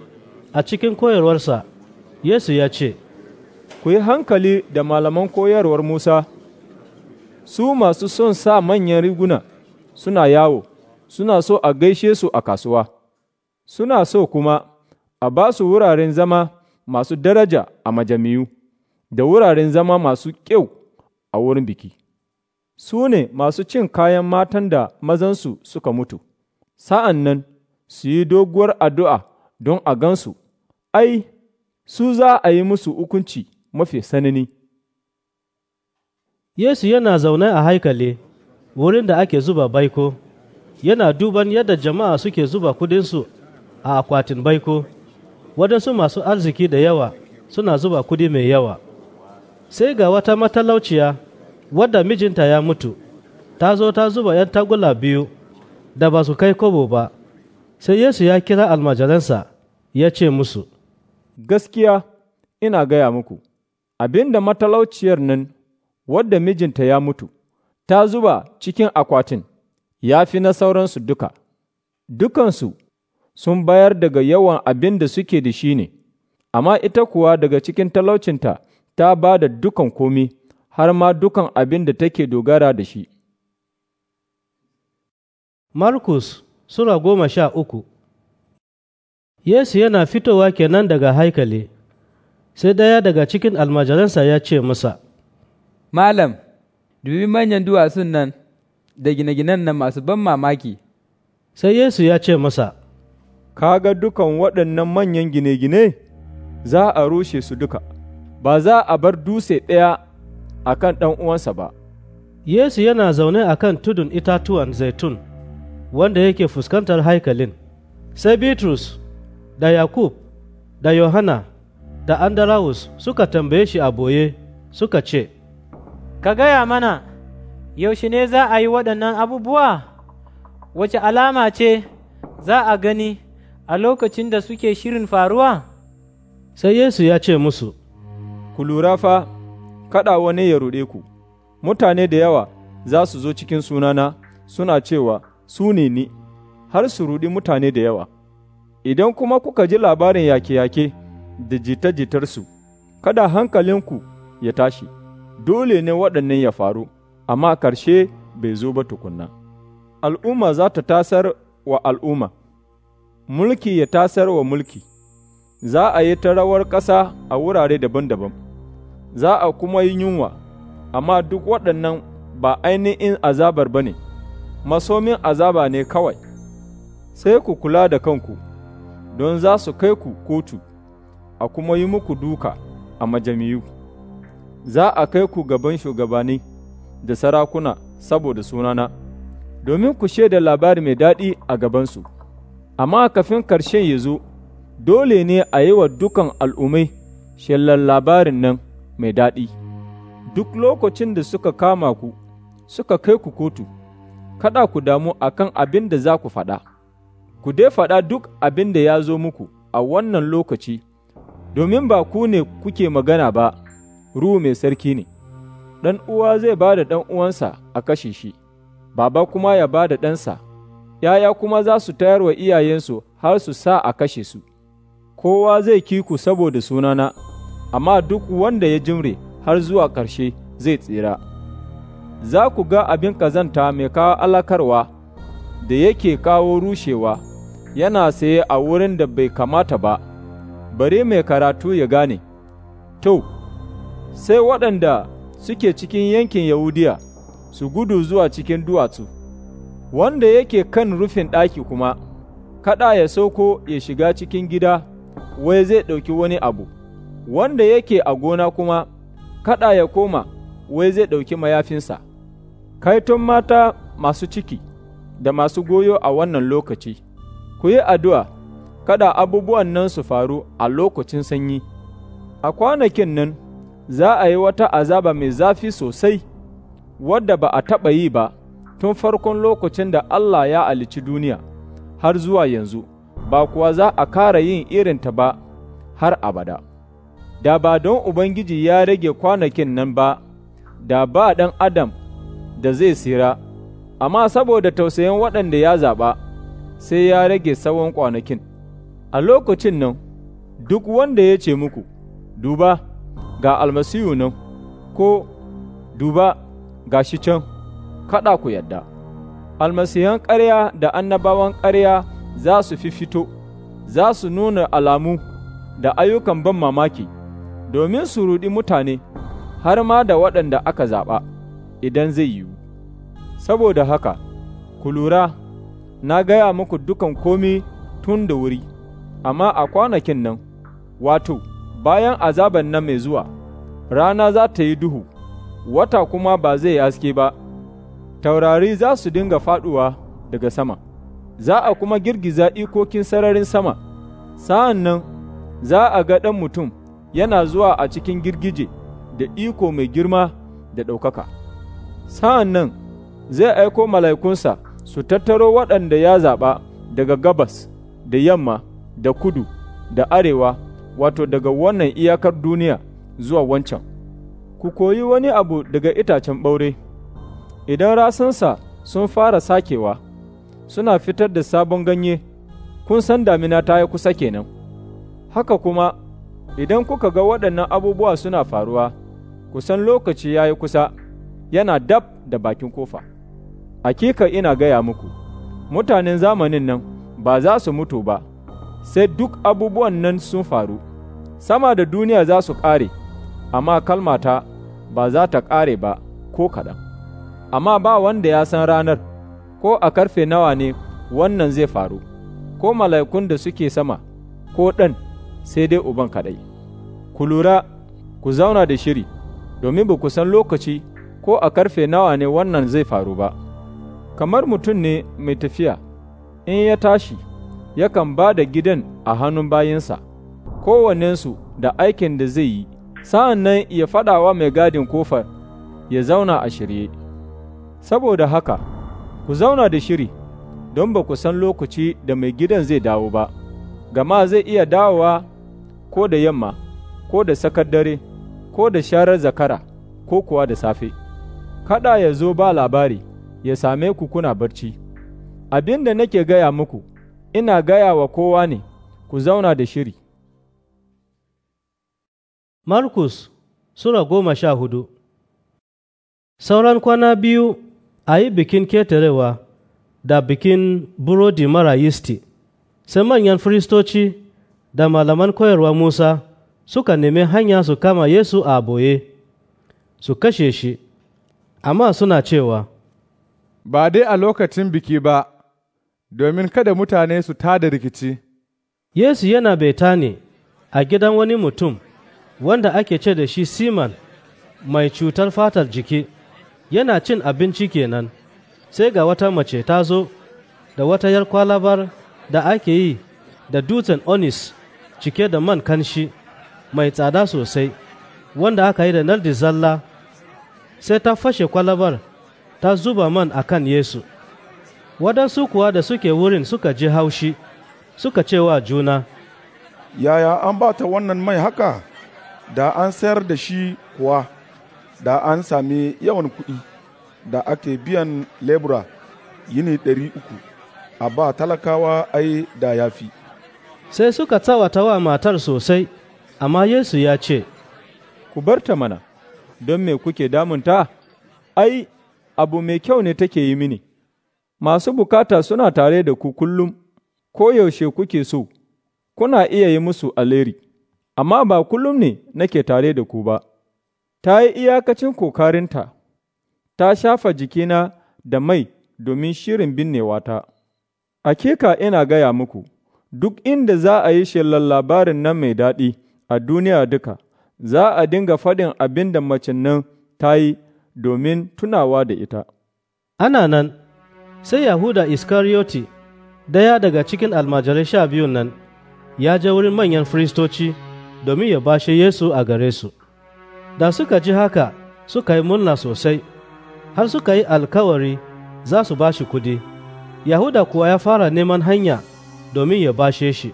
a cikin koyarwarsa Yesu ya ce, Ku yi hankali da malaman koyarwar Musa, su masu son sa manyan riguna suna yawo, suna so a gaishe su a kasuwa, suna so kuma a ba su wuraren zama masu daraja a majami'u, da wuraren zama masu kyau a wurin biki. Su ne masu cin kayan matan da mazansu suka mutu, sa'an nan su yi doguwar addu'a don a gansu ai, su za a yi musu hukunci mafi sanani. Yesu yana zaune a haikali wurin da ake zuba baiko, yana duban yadda jama'a suke zuba kudinsu a akwatin baiko, waɗansu masu arziki da yawa suna zuba kudi mai yawa. Sai ga wata matalauciya wadda mijinta ya mutu, ta zo ta zuba ‘yan tagula biyu da ba su kai kobo ba, sai Yesu ya kira almajiransa ya ce musu, gaskiya ina gaya muku, abinda matalauciyar nan wadda mijinta ya mutu, ta zuba cikin akwatin ya fi na sauransu duka, dukansu sun bayar daga yawan abin da suke da shi ne, amma ita kuwa daga cikin talaucinta ta ba da dukan komi har ma dukan abin da take dogara da shi. Markus Sura goma sha uku Yesu yana fitowa kenan daga haikali, sai ɗaya daga cikin almajiransa ya ce masa, Malam, dubi manyan duwatsun nan da gine-ginen nan masu ban mamaki. Sai Yesu ya ce masa, Ka ga dukan waɗannan manyan gine-gine, za a rushe su duka, ba za a bar dutse ɗaya a kan uwansa ba. Yesu yana zaune a kan tudun itatuwan zaitun, wanda yake fuskantar haikalin. Sai Bitrus, da Yakub da Yohana da Andarawus suka tambaye shi a boye suka ce, Ka gaya mana, yaushe ne za a yi waɗannan abubuwa, wace alama ce za a gani a lokacin da suke shirin faruwa? Sai Yesu ya ce musu, Ku lura fa, kaɗa wani ya ruɗe ku, mutane da yawa za su zo cikin sunana suna cewa su ne ni, har su ruɗi mutane da yawa. Idan kuma kuka ji labarin yake-yake da jita-jitarsu, kada hankalinku ya tashi, dole ne waɗannan ya faru, amma ƙarshe bai zo ba tukunna. Al'umma za ta tasar wa al'umma, mulki ya tasar wa mulki, za a yi ta rawar ƙasa a wurare daban-daban, za a kuma yi yunwa, amma duk waɗannan ba ainihin azabar ba ne, masomin azaba ne kawai, sai ku kula da kanku. don za su kai ku kotu, a kuma yi muku duka a majami'u. Za a kai ku gaban shugabanni da sarakuna saboda sunana, domin ku shaida labari mai daɗi a gabansu. Amma kafin ƙarshen ya zo, dole ne a yi wa dukan al'ummai shellar labarin nan mai daɗi. Duk lokacin da suka kama ku, suka kai ku kotu, kada ku damu akan abin da za ku faɗa. ku dai faɗa duk abin da ya zo muku a wannan lokaci, domin ba ku ne kuke magana ba, ruhu mai sarki ne, ɗan uwa zai ba da ɗan uwansa a kashe shi, baba kuma ya ba da ɗansa, ’ya'ya kuma za su tayar wa iyayensu har su sa a kashe su, kowa zai kiku saboda sunana, amma duk wanda ya jimre har zuwa ƙarshe zai tsira. Za ku ga abin ƙazanta mai kawo alakarwa da yake kawo rushewa. yana saye a wurin da bai kamata ba, bari mai karatu ya gane. To, sai waɗanda suke cikin yankin Yahudiya su gudu zuwa cikin duwatsu, wanda yake kan rufin ɗaki kuma, kaɗa ya sauko ya shiga cikin gida, wai zai ɗauki wani abu, wanda yake a gona kuma, kaɗa ya koma, wai zai ɗauki mayafinsa. Kaiton mata masu ciki da masu goyo a wannan lokaci. ku yi addu'a, kada abubuwan nan su faru a lokacin sanyi, a kwanakin nan za a yi wata azaba mai zafi sosai, wadda ba a taɓa yi ba tun farkon lokacin da Allah ya alici duniya har zuwa yanzu, ba kuwa za a kara yin irin ta ba har abada. Da ba don Ubangiji ya rage kwanakin nan ba, da ba ɗan Adam da zai sira, amma saboda tausayin waɗanda ya zaɓa. sai ya rage tsawon kwanakin. A lokacin nan, duk wanda ya ce muku, Duba, ga almasihu nan, ko Duba, ga shi can, kaɗa ku yadda. Almasihan ƙarya da annabawan ƙarya za su fito, za su nuna alamu da ayyukan ban mamaki, domin su ruɗi mutane, har ma da waɗanda aka zaɓa, idan zai yiwu. Saboda haka, ku lura. na gaya muku dukan komi tun da wuri, amma a kwanakin nan, wato, bayan azaban nan mai zuwa, rana za ta yi duhu, wata kuma ba zai haske ba, taurari za su dinga faɗuwa daga sama, za a kuma girgiza ikokin sararin sama, sa'an nan za a ga ɗan mutum yana zuwa a cikin girgije da iko mai girma da ɗaukaka. Sa'an nan zai aiko mala'ikunsa su tattaro waɗanda ya zaɓa daga gabas da yamma da kudu da arewa wato daga wannan iyakar duniya zuwa wancan ku koyi wani abu daga itacen ɓaure idan rasansa sun fara sakewa suna fitar da sabon ganye kun san damina ta yi kusa kenan haka kuma idan kuka ga waɗannan abubuwa suna faruwa kusan lokaci ya yi kusa yana dab da bakin kofa. Hakika ina gaya muku, mutanen zamanin nan ba za su mutu ba, sai duk abubuwan nan sun faru, sama da duniya za su ƙare, amma kalmata ba za ta ƙare ba ko kaɗan. Amma ba wanda ya san ranar, ko a karfe nawa ne wannan zai faru, ko mala'ikun da suke sama, ko ɗan sai dai uban kaɗai. Ku lura, ku zauna da shiri, domin ba ku san lokaci ko a karfe nawa ne wannan zai faru ba. kamar mutum ne mai tafiya, in ya tashi, yakan ba da gidan a hannun bayansa, kowannensu da aikin da zai yi, sa'an nan ya faɗawa mai gadin kofar ya zauna a shirye. Saboda haka, ku zauna da shiri, don ba ku san lokaci da mai gidan zai dawo ba, gama zai iya dawowa ko da yamma, ko da sakar dare, ko da sharar zakara, ko kuwa da safe. Kada ya zo ba labari. ya same ku kuna barci. Abin da nake gaya muku, ina gaya wa kowa ne, ku zauna da shiri. Markus Sura goma sha hudu Sauran kwana biyu a yi bikin ketarewa da bikin burodi mara yisti, sai manyan firistoci da malaman koyarwa Musa suka nemi hanya su kama Yesu a boye, su kashe shi, amma suna cewa, ba dai a lokacin biki ba, domin kada mutane su tada rikici. Yesu yana beta ne a gidan wani mutum wanda ake ce da shi Siman mai cutar fatar jiki, yana cin abinci kenan, sai ga wata mace ta zo da wata yar kwalabar da ake yi da dutsen onis cike da man kanshi mai tsada sosai, wanda aka yi da zalla sai ta fashe kwalabar. ta zuba man a kan Yesu, waɗansu kuwa da suke wurin suka ji haushi suka ce wa juna, Yaya an ba ta wannan mai haka, da an sayar da shi kuwa, da an sami yawan kuɗi, da ake biyan lebura yini ɗari uku, a ba talakawa ai da ya fi. Sai suka tsawata wa matar sosai, amma Yesu ya ce, Ku bar ta mana, don me kuke damunta? Ai, abu mai kyau ne take yi mini, masu bukata suna tare da ku kullum, ko yaushe kuke so, kuna iya yi musu aleri, amma ba kullum ne nake tare da ku ba, ta yi iyakacin kokarinta, ta shafa jikina da mai domin shirin binnewata. Akeka ina gaya muku, duk inda za a yi shelar labarin nan mai daɗi a duniya duka, za a dinga faɗin abin da macin nan ta yi domin tunawa da ita. Ana nan, sai Yahuda Iskariyoti, ɗaya daga cikin almajirai sha biyun nan, ya je wurin manyan firistoci domin ya bashe Yesu a gare su. Da suka ji haka suka yi murna sosai, har suka yi alkawari za su bashi kudi. Yahuda kuwa ya fara neman hanya domin ya bashe shi.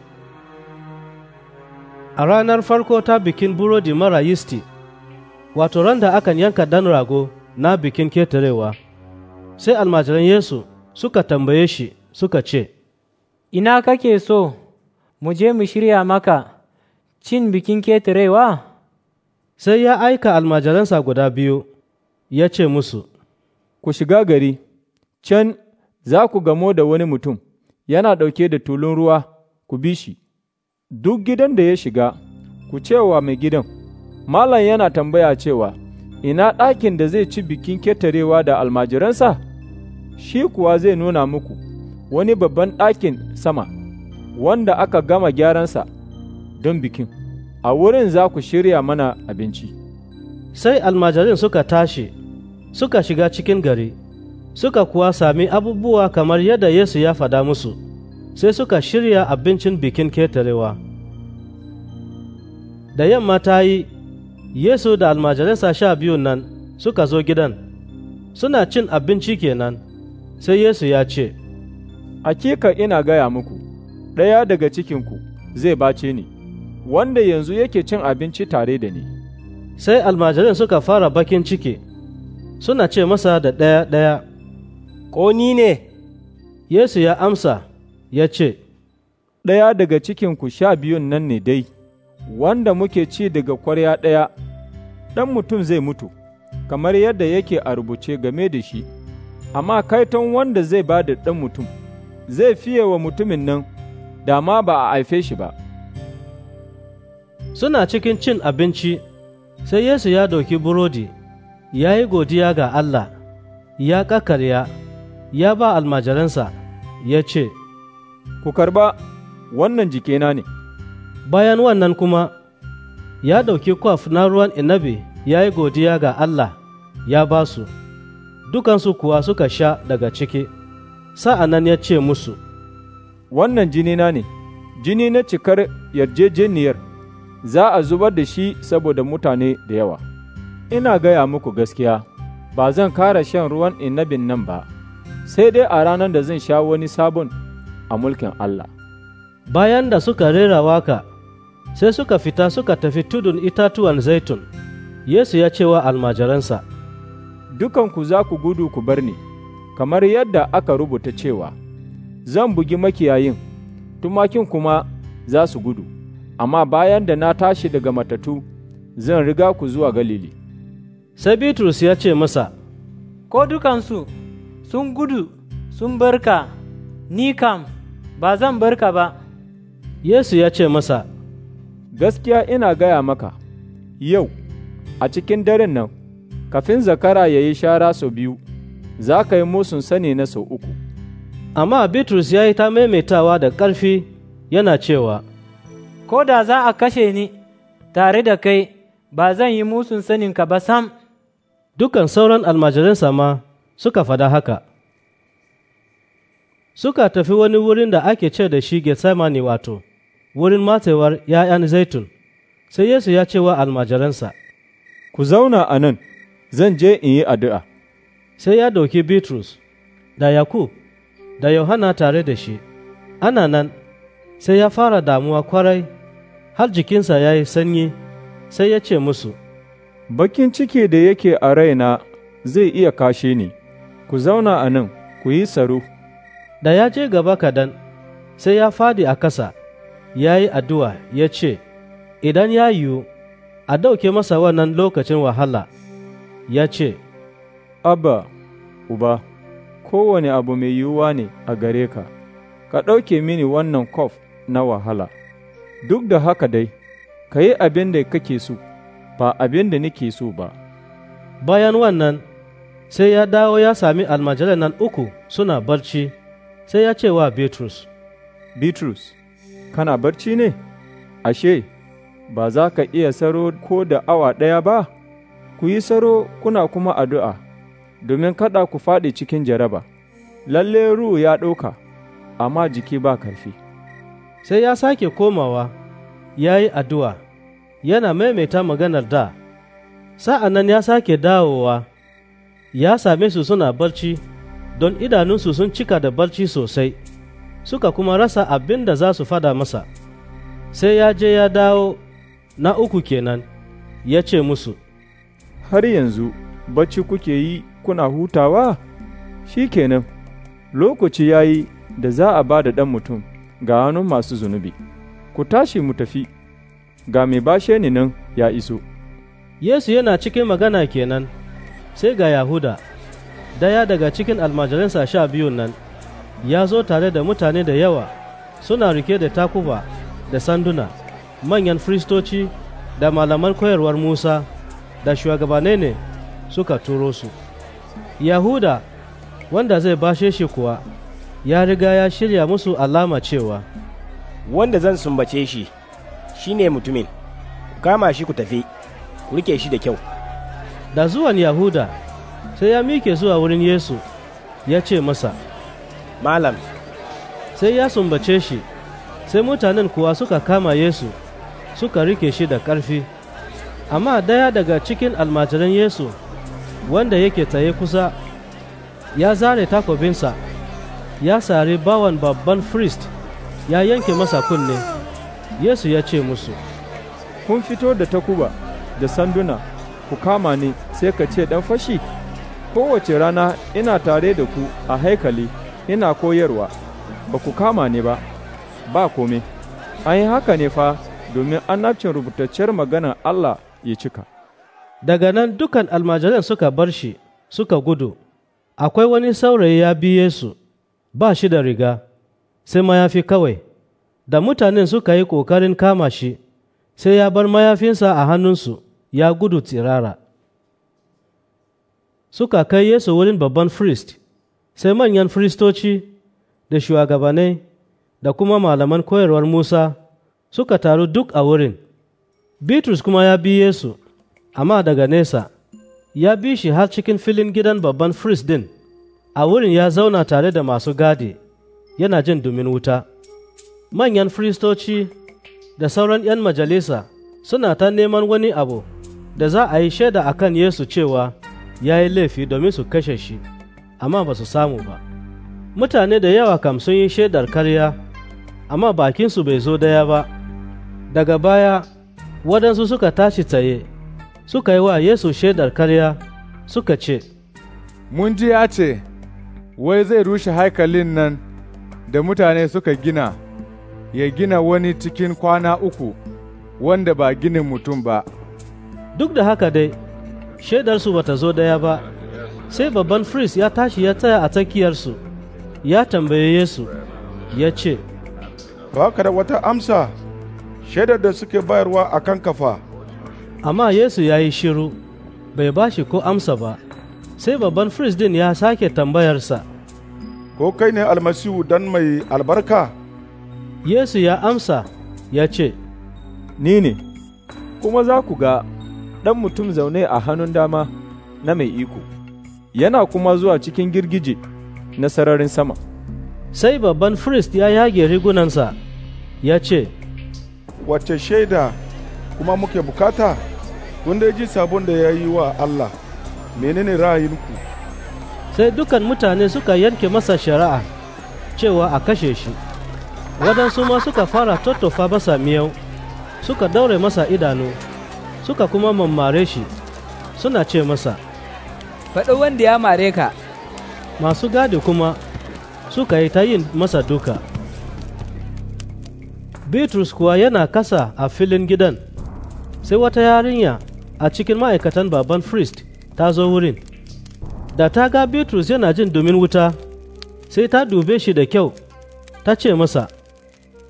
A ranar farko ta bikin burodi mara yisti, wato ran da akan yanka dan rago na bikin ketarewa sai almajiran yesu suka tambaye shi suka ce ina kake so mu je mu shirya maka cin bikin ketarewa sai ya aika almajiransa guda biyu ya ce musu ku shiga gari can za ku gamo da wani mutum yana ɗauke da tulun ruwa ku bi shi duk gidan da ya shiga ku cewa mai gidan Malam yana tambaya cewa, Ina ɗakin da zai ci bikin ketarewa da almajiransa? Shi kuwa zai nuna muku wani babban ɗakin sama, wanda aka gama gyaransa don bikin, a wurin za ku shirya mana abinci. Sai almajirin suka tashi, suka shiga cikin gari, suka kuwa sami abubuwa kamar yadda Yesu ya fada musu, sai suka shirya abincin bikin ketarewa. Da yamma ta yi, Yesu da almajiransa sha biyun nan suka zo gidan, suna cin abinci kenan, sai Yesu ya ce, Akika ina gaya muku, ɗaya daga cikinku zai bace ni, wanda yanzu yake cin abinci tare da ni. Sai almajiran suka fara bakin ciki, suna ce masa da ɗaya-ɗaya, Ko ni ne? Yesu ya amsa, ya ce, Ɗaya daga cikinku sha biyun nan ne dai. wanda muke ci daga kwarya ɗaya, ɗan mutum zai mutu, kamar yadda yake a rubuce game da shi, amma kaiton wanda zai ba da ɗan mutum, zai fiye wa mutumin nan, dama ba a haife shi ba. Suna cikin cin abinci, sai Yesu ya ɗauki burodi, ya yi godiya ga Allah, ya ƙakarya, ya ba almajiransa, ya ce, Ku karba, wannan jikena ne. bayan wannan kuma ya ɗauki kwaf na ruwan inabi ya yi godiya ga Allah ya ba su, dukansu kuwa suka sha daga ciki, sa'an nan ya ce musu, Wannan jinina ne, jini na cikar yarjejeniyar za a zubar da shi saboda mutane da yawa. Ina gaya muku gaskiya, ba zan kara shan ruwan inabin nan ba, sai dai a ranar da zan sha wani sabon a mulkin Allah. Bayan da suka rera waka, sai suka fita suka tafi tudun itatuwan zaitun yesu ya ce wa almajiransa dukanku za ku gudu ku bar ni kamar yadda aka rubuta cewa zan bugi makiyayin tumakin kuma za su gudu amma bayan da na tashi daga matatu zan riga ku zuwa galili sai bitrus ya ce masa ko dukansu sun gudu sun barka ni kam ba zan barka ba yesu ya ce masa gaskiya ina gaya maka, yau, a cikin daren nan, kafin zakara ya yi shara sau biyu, za ka yi musun sani na sau uku. Amma Bitrus ya yi ta maimaitawa da ƙarfi yana cewa, Ko da za a kashe ni tare da kai, ba zan yi musun saninka ba sam. Dukan sauran almajiransa ma suka fada haka. Suka tafi wani wurin da ake ce da shi Getsemani wato. wurin matewar ‘ya'yan zaitun, sai Yesu ya ce wa almajiransa, Ku zauna a nan, zan je in yi addu'a. Sai ya ɗauki Bitrus, da Yakub, da Yohana tare da shi, ana nan, sai ya fara damuwa kwarai, har jikinsa ya yi sanyi, sai ya ce musu, Bakin ciki da yake a raina zai iya kashe ni, ku zauna a nan, ku yi saru. Da ya je gaba kadan, sai ya fadi a kasa. ya yi addu'a ya ce, Idan ya yiwu, a ɗauke masa wannan lokacin wahala, ya ce, Abba, Uba, kowane abu mai yiwuwa ne a gare ka, ka ɗauke mini wannan kof na wahala, duk da haka dai, ka yi abin da kake so, ba abin da nake so ba. Bayan wannan, sai ya dawo ya sami almajiran nan uku suna barci, sai ya ce wa Bitrus, Bitrus, kana barci ne? Ashe, ba za ka iya saro ko da awa ɗaya ba, ku yi saro kuna kuma addu'a, domin kada ku faɗi cikin jaraba, lalle ruhu ya ɗauka, amma jiki ba karfi. Sai ya sake komawa, ya yi addu'a, yana maimaita maganar da, sa'an nan ya sake dawowa, ya same su suna barci, don idanunsu sun cika da barci sosai. suka kuma rasa abin da za su fada masa sai ya je ya dawo na uku kenan ya ce musu har yanzu bacci kuke yi kuna hutawa shi kenan lokaci ya yi da za a ba da ɗan mutum ga hannun masu zunubi ku tashi mu tafi ga mai bashe ni nan ya iso yesu yana cikin magana kenan sai ga yahuda daya daga cikin almajiransa sha biyun nan ya zo tare da mutane da yawa suna rike da takuba da sanduna manyan firistoci da malaman koyarwar musa da shugabanai ne suka turo su yahuda wanda zai bashe shi kuwa ya riga ya shirya musu alama cewa wanda zan sumbace shi shine mutumin kama shi ku tafi ku rike shi da kyau da zuwan yahuda sai ya mike zuwa wurin yesu ya ce masa malam sai ya sumbace shi sai mutanen kuwa suka kama yesu suka rike shi da ƙarfi amma daya daga cikin almajiran yesu wanda yake taye kusa ya zare takobinsa ya sari bawan babban frist ya yanke masa kunne yesu ya ce musu kun fito da takuba da sanduna ku kama ni sai ka ce dan fashi kowace rana ina tare da ku a haikali ina koyarwa ba ku kama ne ba ba kome an yi haka ne fa domin an annabcin rubutacciyar maganar Allah ya cika daga nan dukan almajiran suka bar shi suka gudu akwai wani saurayi ya bi Yesu ba shi da riga sai mayafi kawai da mutanen suka yi kokarin kama shi sai ya bar mayafinsa a hannunsu ya gudu tsirara suka kai Yesu wurin babban firist sai manyan firistoci da shugabanai da kuma malaman koyarwar Musa suka taru duk a wurin. Bitrus kuma ya bi Yesu, amma daga nesa, ya bi shi har cikin filin gidan babban firist din, a wurin ya zauna tare da masu gadi yana jin dumin wuta. Manyan firistoci da sauran ‘yan majalisa suna ta neman wani abu da za a yi shaida a kan Yesu cewa ya yi laifi domin su kashe shi. amma ba su samu ba mutane da yawa kam sun yi shaidar karya amma bakinsu bai zo daya ba daga baya waɗansu suka tashi tsaye suka yi wa yesu shaidar karya suka ce mun ji ya ce wai zai rushe haikalin nan da mutane suka gina ya gina wani cikin kwana uku wanda ba ginin mutum ba duk da haka dai shaidarsu bata zo daya ba sai babban firist ya tashi ya tsaya a tsakiyarsu ya tambaye yesu ya ce ba ka da wata amsa shaidar da suke bayarwa a kan kafa amma yesu ya yi shiru bai ba shi ko amsa ba sai babban firist din ya sake tambayarsa ko kai ne almasihu dan mai albarka yesu ya amsa ya ce ni ne kuma za ku ga ɗan mutum zaune a hannun dama na mai iko yana kuma zuwa cikin girgije na sararin sama. Sai babban firist ya yage rigunansa ya ce, Wace shaida kuma muke bukata? Kun ji sabon da ya yi wa Allah, menene ra'ayinku? Sai dukan mutane suka yanke masa shari'a cewa a kashe shi, waɗansu ma suka fara tattofa masa miyau, suka daure masa idanu, suka kuma mammare shi, suna ce masa. faɗi wanda ya mare ka masu gadi kuma suka yi ta yin masa duka bitrus kuwa yana kasa a filin gidan sai wata yarinya a cikin ma'aikatan baban frist ta zo wurin da ta ga bitrus yana jin domin wuta sai ta dube shi da kyau ta ce masa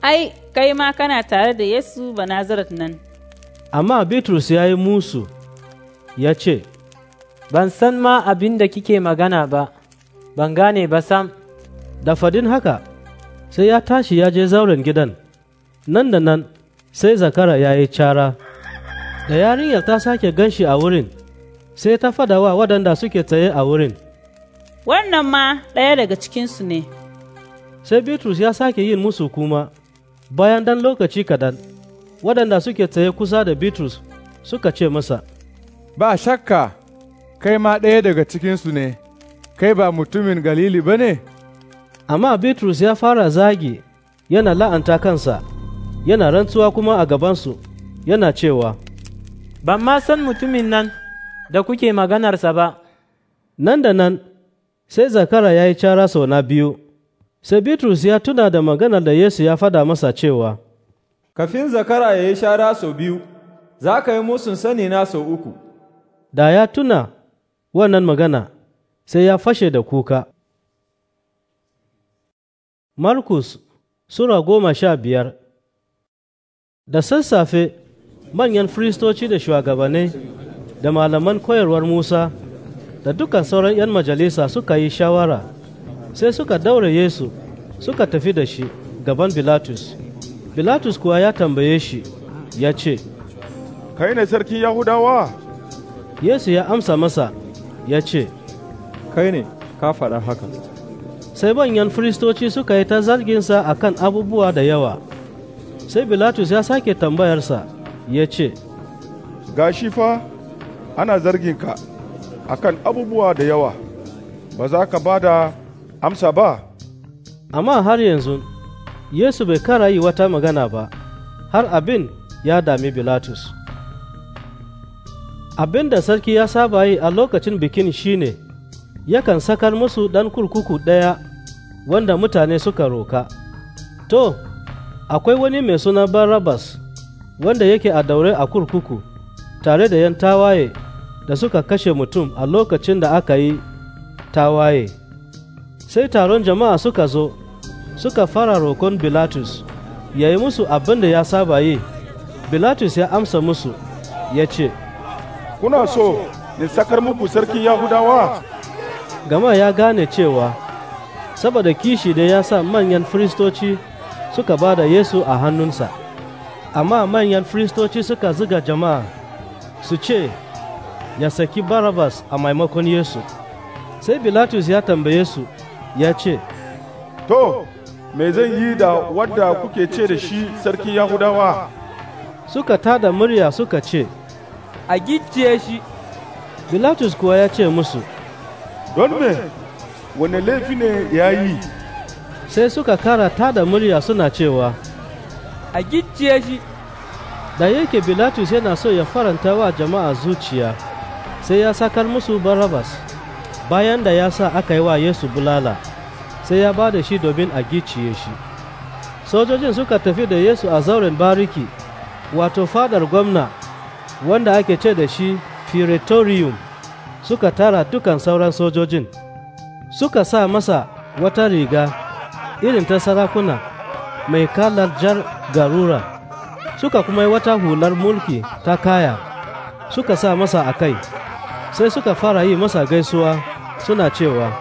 ai kai ma kana tare da yesu banazaret nan amma bitrus ya yi musu ya ce ban san ma abin da kike magana ba, ban gane ba sam. Da fadin haka, sai ya tashi ya je zauren gidan, nan da nan sai zakara ya yi cara. Da yarinyar ta sake ganshi a wurin, sai ta fada wa waɗanda suke tsaye a wurin. Wannan ma ɗaya daga cikinsu ne. Sai Bitrus ya sake yin musu kuma, bayan dan lokaci kaɗan, waɗanda suke tsaye kusa da Bitrus suka ce masa, Ba shakka kai ma ɗaya daga cikinsu ne, kai ba mutumin Galili ba ne? Amma Bitrus ya fara zagi, yana la'anta kansa, yana rantsuwa kuma a gabansu, yana cewa, Ban ma san mutumin nan da kuke maganarsa ba. Nan da nan, sai zakara ya yi cara sau na biyu, sai Bitrus ya tuna da maganar da Yesu ya fada masa cewa, Kafin zakara ya yi shara sau biyu, za ka yi musun sani na sau uku. Da ya tuna, wannan magana sai ya fashe da kuka. Markus Sura goma sha biyar Da sassafe manyan firistoci da shugabanni da malaman koyarwar Musa da dukan sauran 'yan majalisa suka yi shawara sai suka daure Yesu suka tafi da shi gaban Bilatus. Bilatus kuwa ya tambaye shi ya ce, Kai ne sarkin Yahudawa? Yesu ya amsa masa. ya ce, Kai ne, ka faɗa haka. Sai manyan firistoci suka yi ta zarginsa a kan abubuwa da yawa. Sai Bilatus ya sake tambayarsa ya ce, Gashi fa, ana zarginka a kan abubuwa da yawa, ba za ka ba da amsa ba. Amma har yanzu, Yesu bai kara yi wata magana ba, har abin ya dami Bilatus. abin da sarki ya saba yi a lokacin bikin shine yakan sakar musu ɗan kurkuku ɗaya wanda mutane suka roka to akwai wani mai suna barabas wanda yake a daure a kurkuku tare da yan tawaye da suka kashe mutum a lokacin da aka yi tawaye sai taron jama'a suka zo suka fara rokon bilatus ya yi musu abin da ya saba yi bilatus ya amsa musu ya ce kuna so ne sakar muku sarkin Yahudawa? Gama ya gane cewa, saboda kishi da ya sa manyan firistoci suka ba da Yesu a hannunsa, amma manyan firistoci suka zuga jama'a su ce, ya saki Barabas a maimakon Yesu. Sai Bilatus ya tambaye su ya ce, To, me zan yi da wadda kuke ce da shi sarkin Yahudawa? Suka tada murya suka ce, a gicciye shi Bilatus kuwa ya ce musu don me wane laifi ne ya yi sai suka karata da murya suna cewa a gicciye shi da yake Bilatus yana so ya faranta wa jama'a zuciya sai ya sakar musu barabas bayan da ya sa aka yi wa Yesu bulala sai ya ba da shi domin a gicciye shi sojojin suka tafi da Yesu a zauren bariki wato fadar gwamna wanda ake ce da shi firetorium suka tara dukan sauran sojojin, suka sa masa wata riga irin ta sarakuna mai kalar jar garura, suka kuma yi wata hular mulki ta kaya, suka sa masa a kai, sai suka fara yi masa gaisuwa suna cewa,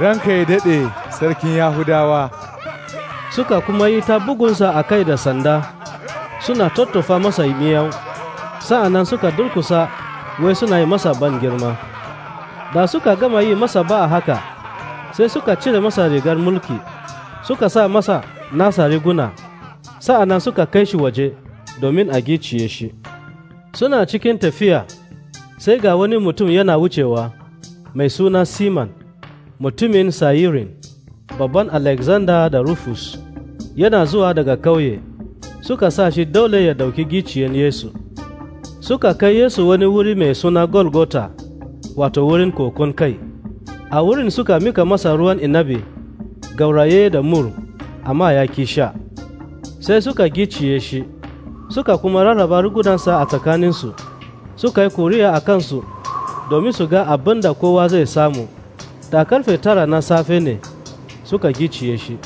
Ranka ya daɗe sarkin Yahudawa. Suka kuma yi ta bugunsa a kai da sanda, suna tattofa masa miyau. nan suka durkusa wai suna yi masa ban girma da suka gama yi masa ba a haka sai suka cire masa rigar mulki suka sa masa nasa riguna nan suka kai shi waje domin a giciye shi suna cikin tafiya sai ga wani mutum yana wucewa mai suna siman mutumin sayirin babban alexander da rufus yana zuwa daga kauye suka sa shi dole ya dauki giciyen yesu suka kai Yesu wani wuri mai suna Golgota, wato wurin kokon kai. A wurin suka mika masa ruwan inabi, gauraye da mur, amma ya kisha. Sai suka giciye shi, suka kuma rarraba rugunansa a tsakaninsu, suka yi kuriya a kansu domin su ga abin da kowa zai samu. Da karfe tara na safe ne suka giciye shi.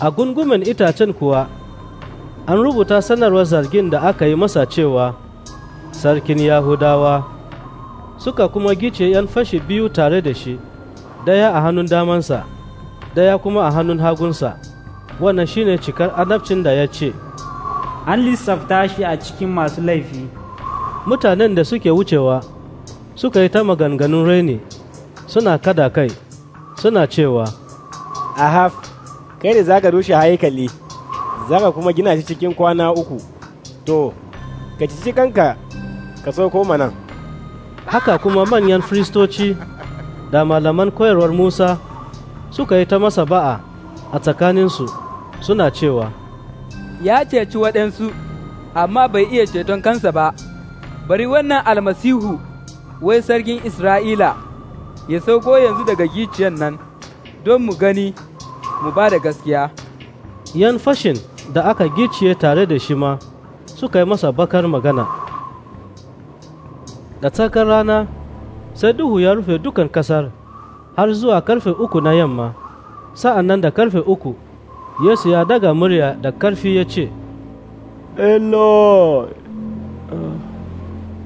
A gungumen itacen kuwa, an rubuta sanarwar zargin da aka yi masa cewa sarkin Yahudawa, suka kuma gice ‘yan fashi biyu tare da shi, ɗaya a hannun damansa, ɗaya kuma a hannun hagunsa, wannan shine cikar annabcin da ya ce, An lissafta shi a cikin masu laifi. Mutanen da suke wucewa suka yi ta maganganun raini suna kada kai, suna cewa, Ahaf, kai da za ka rushe haikali, za ka kuma gina shi cikin kwana uku, to, ka ci kanka ka sauko mana haka kuma manyan firistoci da malaman koyarwar musa suka yi ta masa ba'a a tsakaninsu suna cewa ya ceci waɗansu amma bai iya ceton kansa ba bari wannan almasihu wai sarkin isra'ila ya sauko yanzu daga giciyan nan don mu gani mu ba da gaskiya yan fashin da aka giciye tare da shi ma suka yi masa bakar magana da tsakar rana sai duhu ya rufe dukan kasar har zuwa karfe uku na yamma sa'an nan da karfe uku yesu ya daga murya da karfi ya ce eloi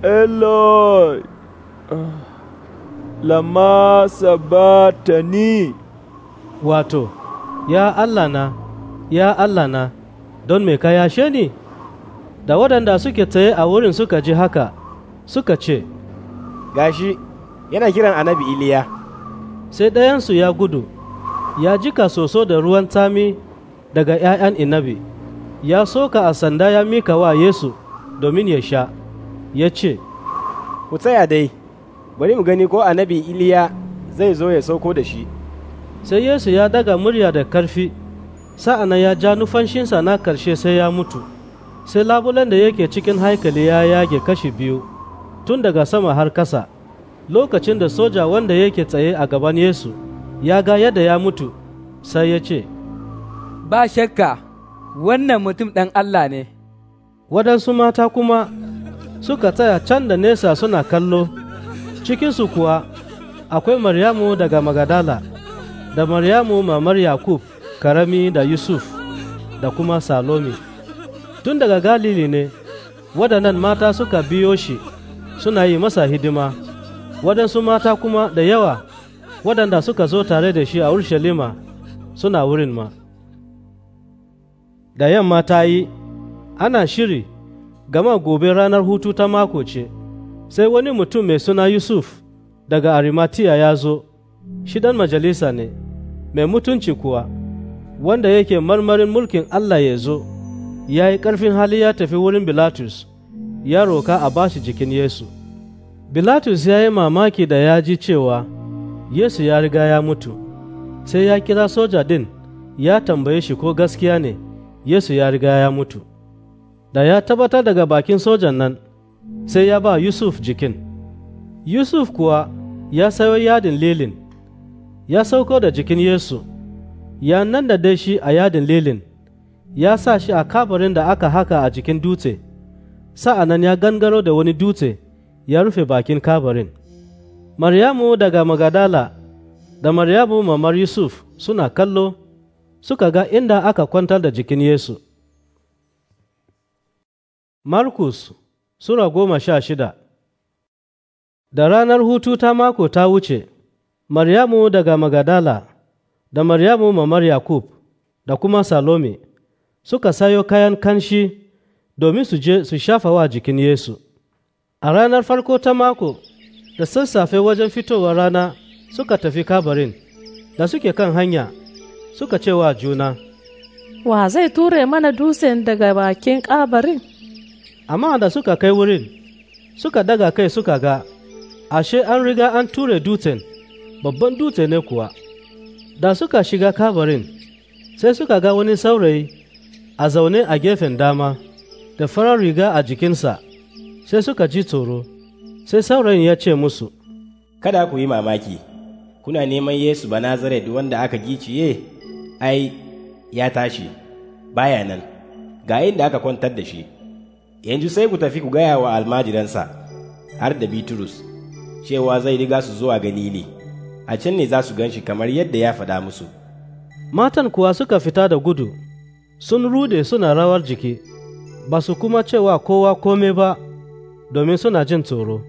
eloi lama sabatani wato ya allah na ya allah na don me ka yashe ni da waɗanda suke tsaye a wurin suka ji haka suka ce, Gashi, yana kiran annabi Iliya. Sai ɗayansu ya gudu, ya jika soso da ruwan tami daga ’ya'yan inabi, ya soka a sanda ya mika wa Yesu domin ya sha, ya ce, Ku tsaya dai, bari mu gani ko annabi Iliya zai zo ya sauko da shi. Sai Yesu ya daga murya da karfi, sa'an ya ja nufanshinsa na ƙarshe sai ya mutu, sai labulen da yake cikin haikali ya yage kashi biyu. tun daga sama har kasa lokacin da soja wanda yake tsaye a gaban Yesu ya ga yadda ya mutu sai ya ce, Ba shakka wannan mutum ɗan Allah ne. Waɗansu mata kuma suka tsaya can da nesa suna kallo, cikinsu kuwa akwai Maryamu daga Magadala, da Maryamu mamar Yakub, Karami da Yusuf, da kuma Salomi. Tun daga Galili ne, waɗannan mata suka biyo shi. suna yi masa hidima waɗansu mata kuma da yawa waɗanda suka zo tare da shi a urshalima suna wurin ma da yamma ta yi ana shiri gama gobe ranar hutu ta mako ce sai wani mutum mai suna yusuf daga arimatiya ya zo shi ɗan majalisa ne mai mutunci kuwa wanda yake marmarin mulkin allah ya zo ya yi ƙarfin hali ya tafi wurin bilatus ya roka a bashi jikin Yesu. Bilatus ya yi mamaki da ya ji cewa Yesu ya riga ya mutu, sai ya kira soja din ya tambaye shi ko gaskiya ne Yesu ya riga ya mutu. Da ya tabbatar daga bakin sojan nan, sai ya ba Yusuf jikin. Yusuf kuwa ya sayo yadin lilin, ya sauko da jikin Yesu, ya nan da dai shi a yadin lilin, ya sa shi a kabarin da aka haka a jikin dutse. sa'an nan ya gangaro da wani dutse ya rufe bakin kabarin. Maryamu daga Magadala da Maryamu mamar Yusuf suna kallo suka ga inda aka kwantar da jikin Yesu. Markus Sura goma sha shida Da ranar hutu ta mako ta wuce, Maryamu daga Magadala da Maryamu mamar Yakub da kuma Salome suka sayo kayan kanshi domin su je su shafa wa jikin Yesu. A ranar farko ta mako, da sassafe wajen fitowa rana suka tafi kabarin, da suke kan hanya suka ce wa juna. Wa zai ture mana dutsen daga bakin kabarin? Amma da suka kai wurin, suka daga kai suka ga, ashe an riga an ture dutsen, babban dutse ne kuwa. Da suka shiga kabarin, sai suka ga wani saurayi a zaune a gefen dama. da farar riga a jikinsa sai suka ji tsoro sai saurayin ya ce musu kada ku yi mamaki kuna neman yesu ba nazaret wanda aka giciye ai ya tashi baya nan ga inda aka kwantar da shi yanzu sai ku tafi ku gaya wa almajiransa har da bitrus cewa zai riga su zuwa galili a can ne za su gan shi kamar yadda ya faɗa musu matan kuwa suka fita da gudu sun rude suna rawar jiki ba su kuma cewa kowa kome ba domin suna jin tsoro.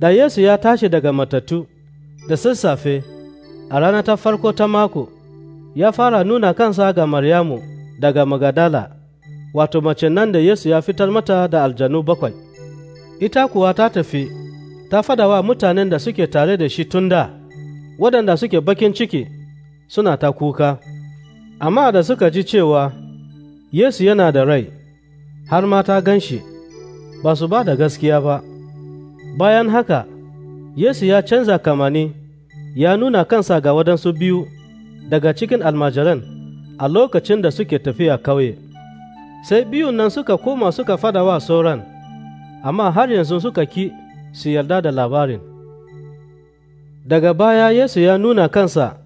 Da Yesu ya tashi daga matattu da sassafe a rana ta farko ta mako, ya fara nuna kansa ga Maryamu daga Magadala, wato mace nan da Yesu ya fitar mata da aljanu bakwai. Ita kuwa ta tafi, ta wa mutanen da suke tare da shi tun da, waɗanda suke bakin ciki suna ta kuka, amma da suka ji cewa Yesu yana da rai, har ma ta gan shi, ba su ba da gaskiya ba. Bayan haka, Yesu ya canza kamani, ya nuna kansa ga waɗansu biyu daga cikin almajiran a lokacin da suke tafiya kauye. Sai biyun nan suka koma suka fada wa sauran, amma har yanzu suka ki su yarda da labarin. Daga baya Yesu ya nuna kansa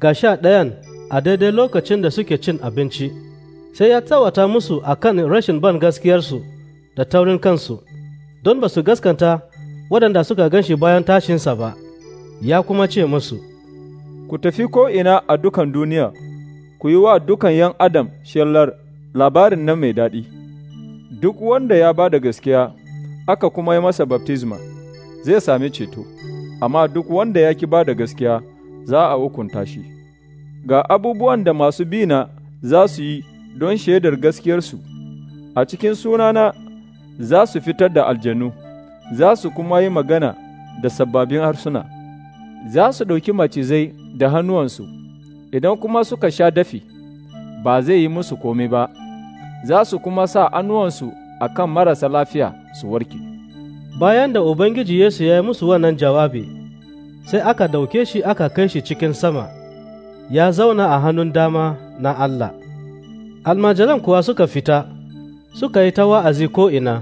ga sha ɗayan a daidai lokacin da suke cin abinci. sai ya tsawata musu a kan rashin ban gaskiyarsu da taurin kansu, don ba su gaskanta waɗanda suka gan shi bayan tashinsa ba, ya kuma ce musu, Ku tafi ko'ina a dukan duniya, ku yi wa dukan ’yan Adam shellar labarin nan mai daɗi. Duk wanda ya ba da gaskiya, aka kuma yi masa baptisma, zai sami ceto, amma duk wanda ya ki ba da gaskiya, za a hukunta shi. Ga abubuwan da masu bina za su yi don shaidar gaskiyarsu, a cikin sunana za su fitar da aljanu, za su kuma yi magana da sababbin harsuna, za su ɗauki macizai da hannuwansu, idan kuma suka sha dafi, ba zai yi musu komai ba, za su kuma sa hannuwansu a kan marasa lafiya su warke. Bayan da Ubangiji Yesu ya yi musu wannan jawabi, sai aka ɗauke shi aka kai shi cikin sama, ya zauna a hannun dama na Allah. almajiran kuwa suka fita suka yi ta wa'azi ko'ina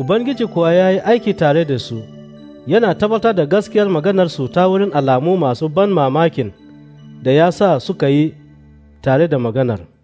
ubangiji kuwa ya yi aiki tare da su yana tabbatar da gaskiyar maganar su ta wurin alamu masu ban mamakin da ya sa suka yi tare da maganar.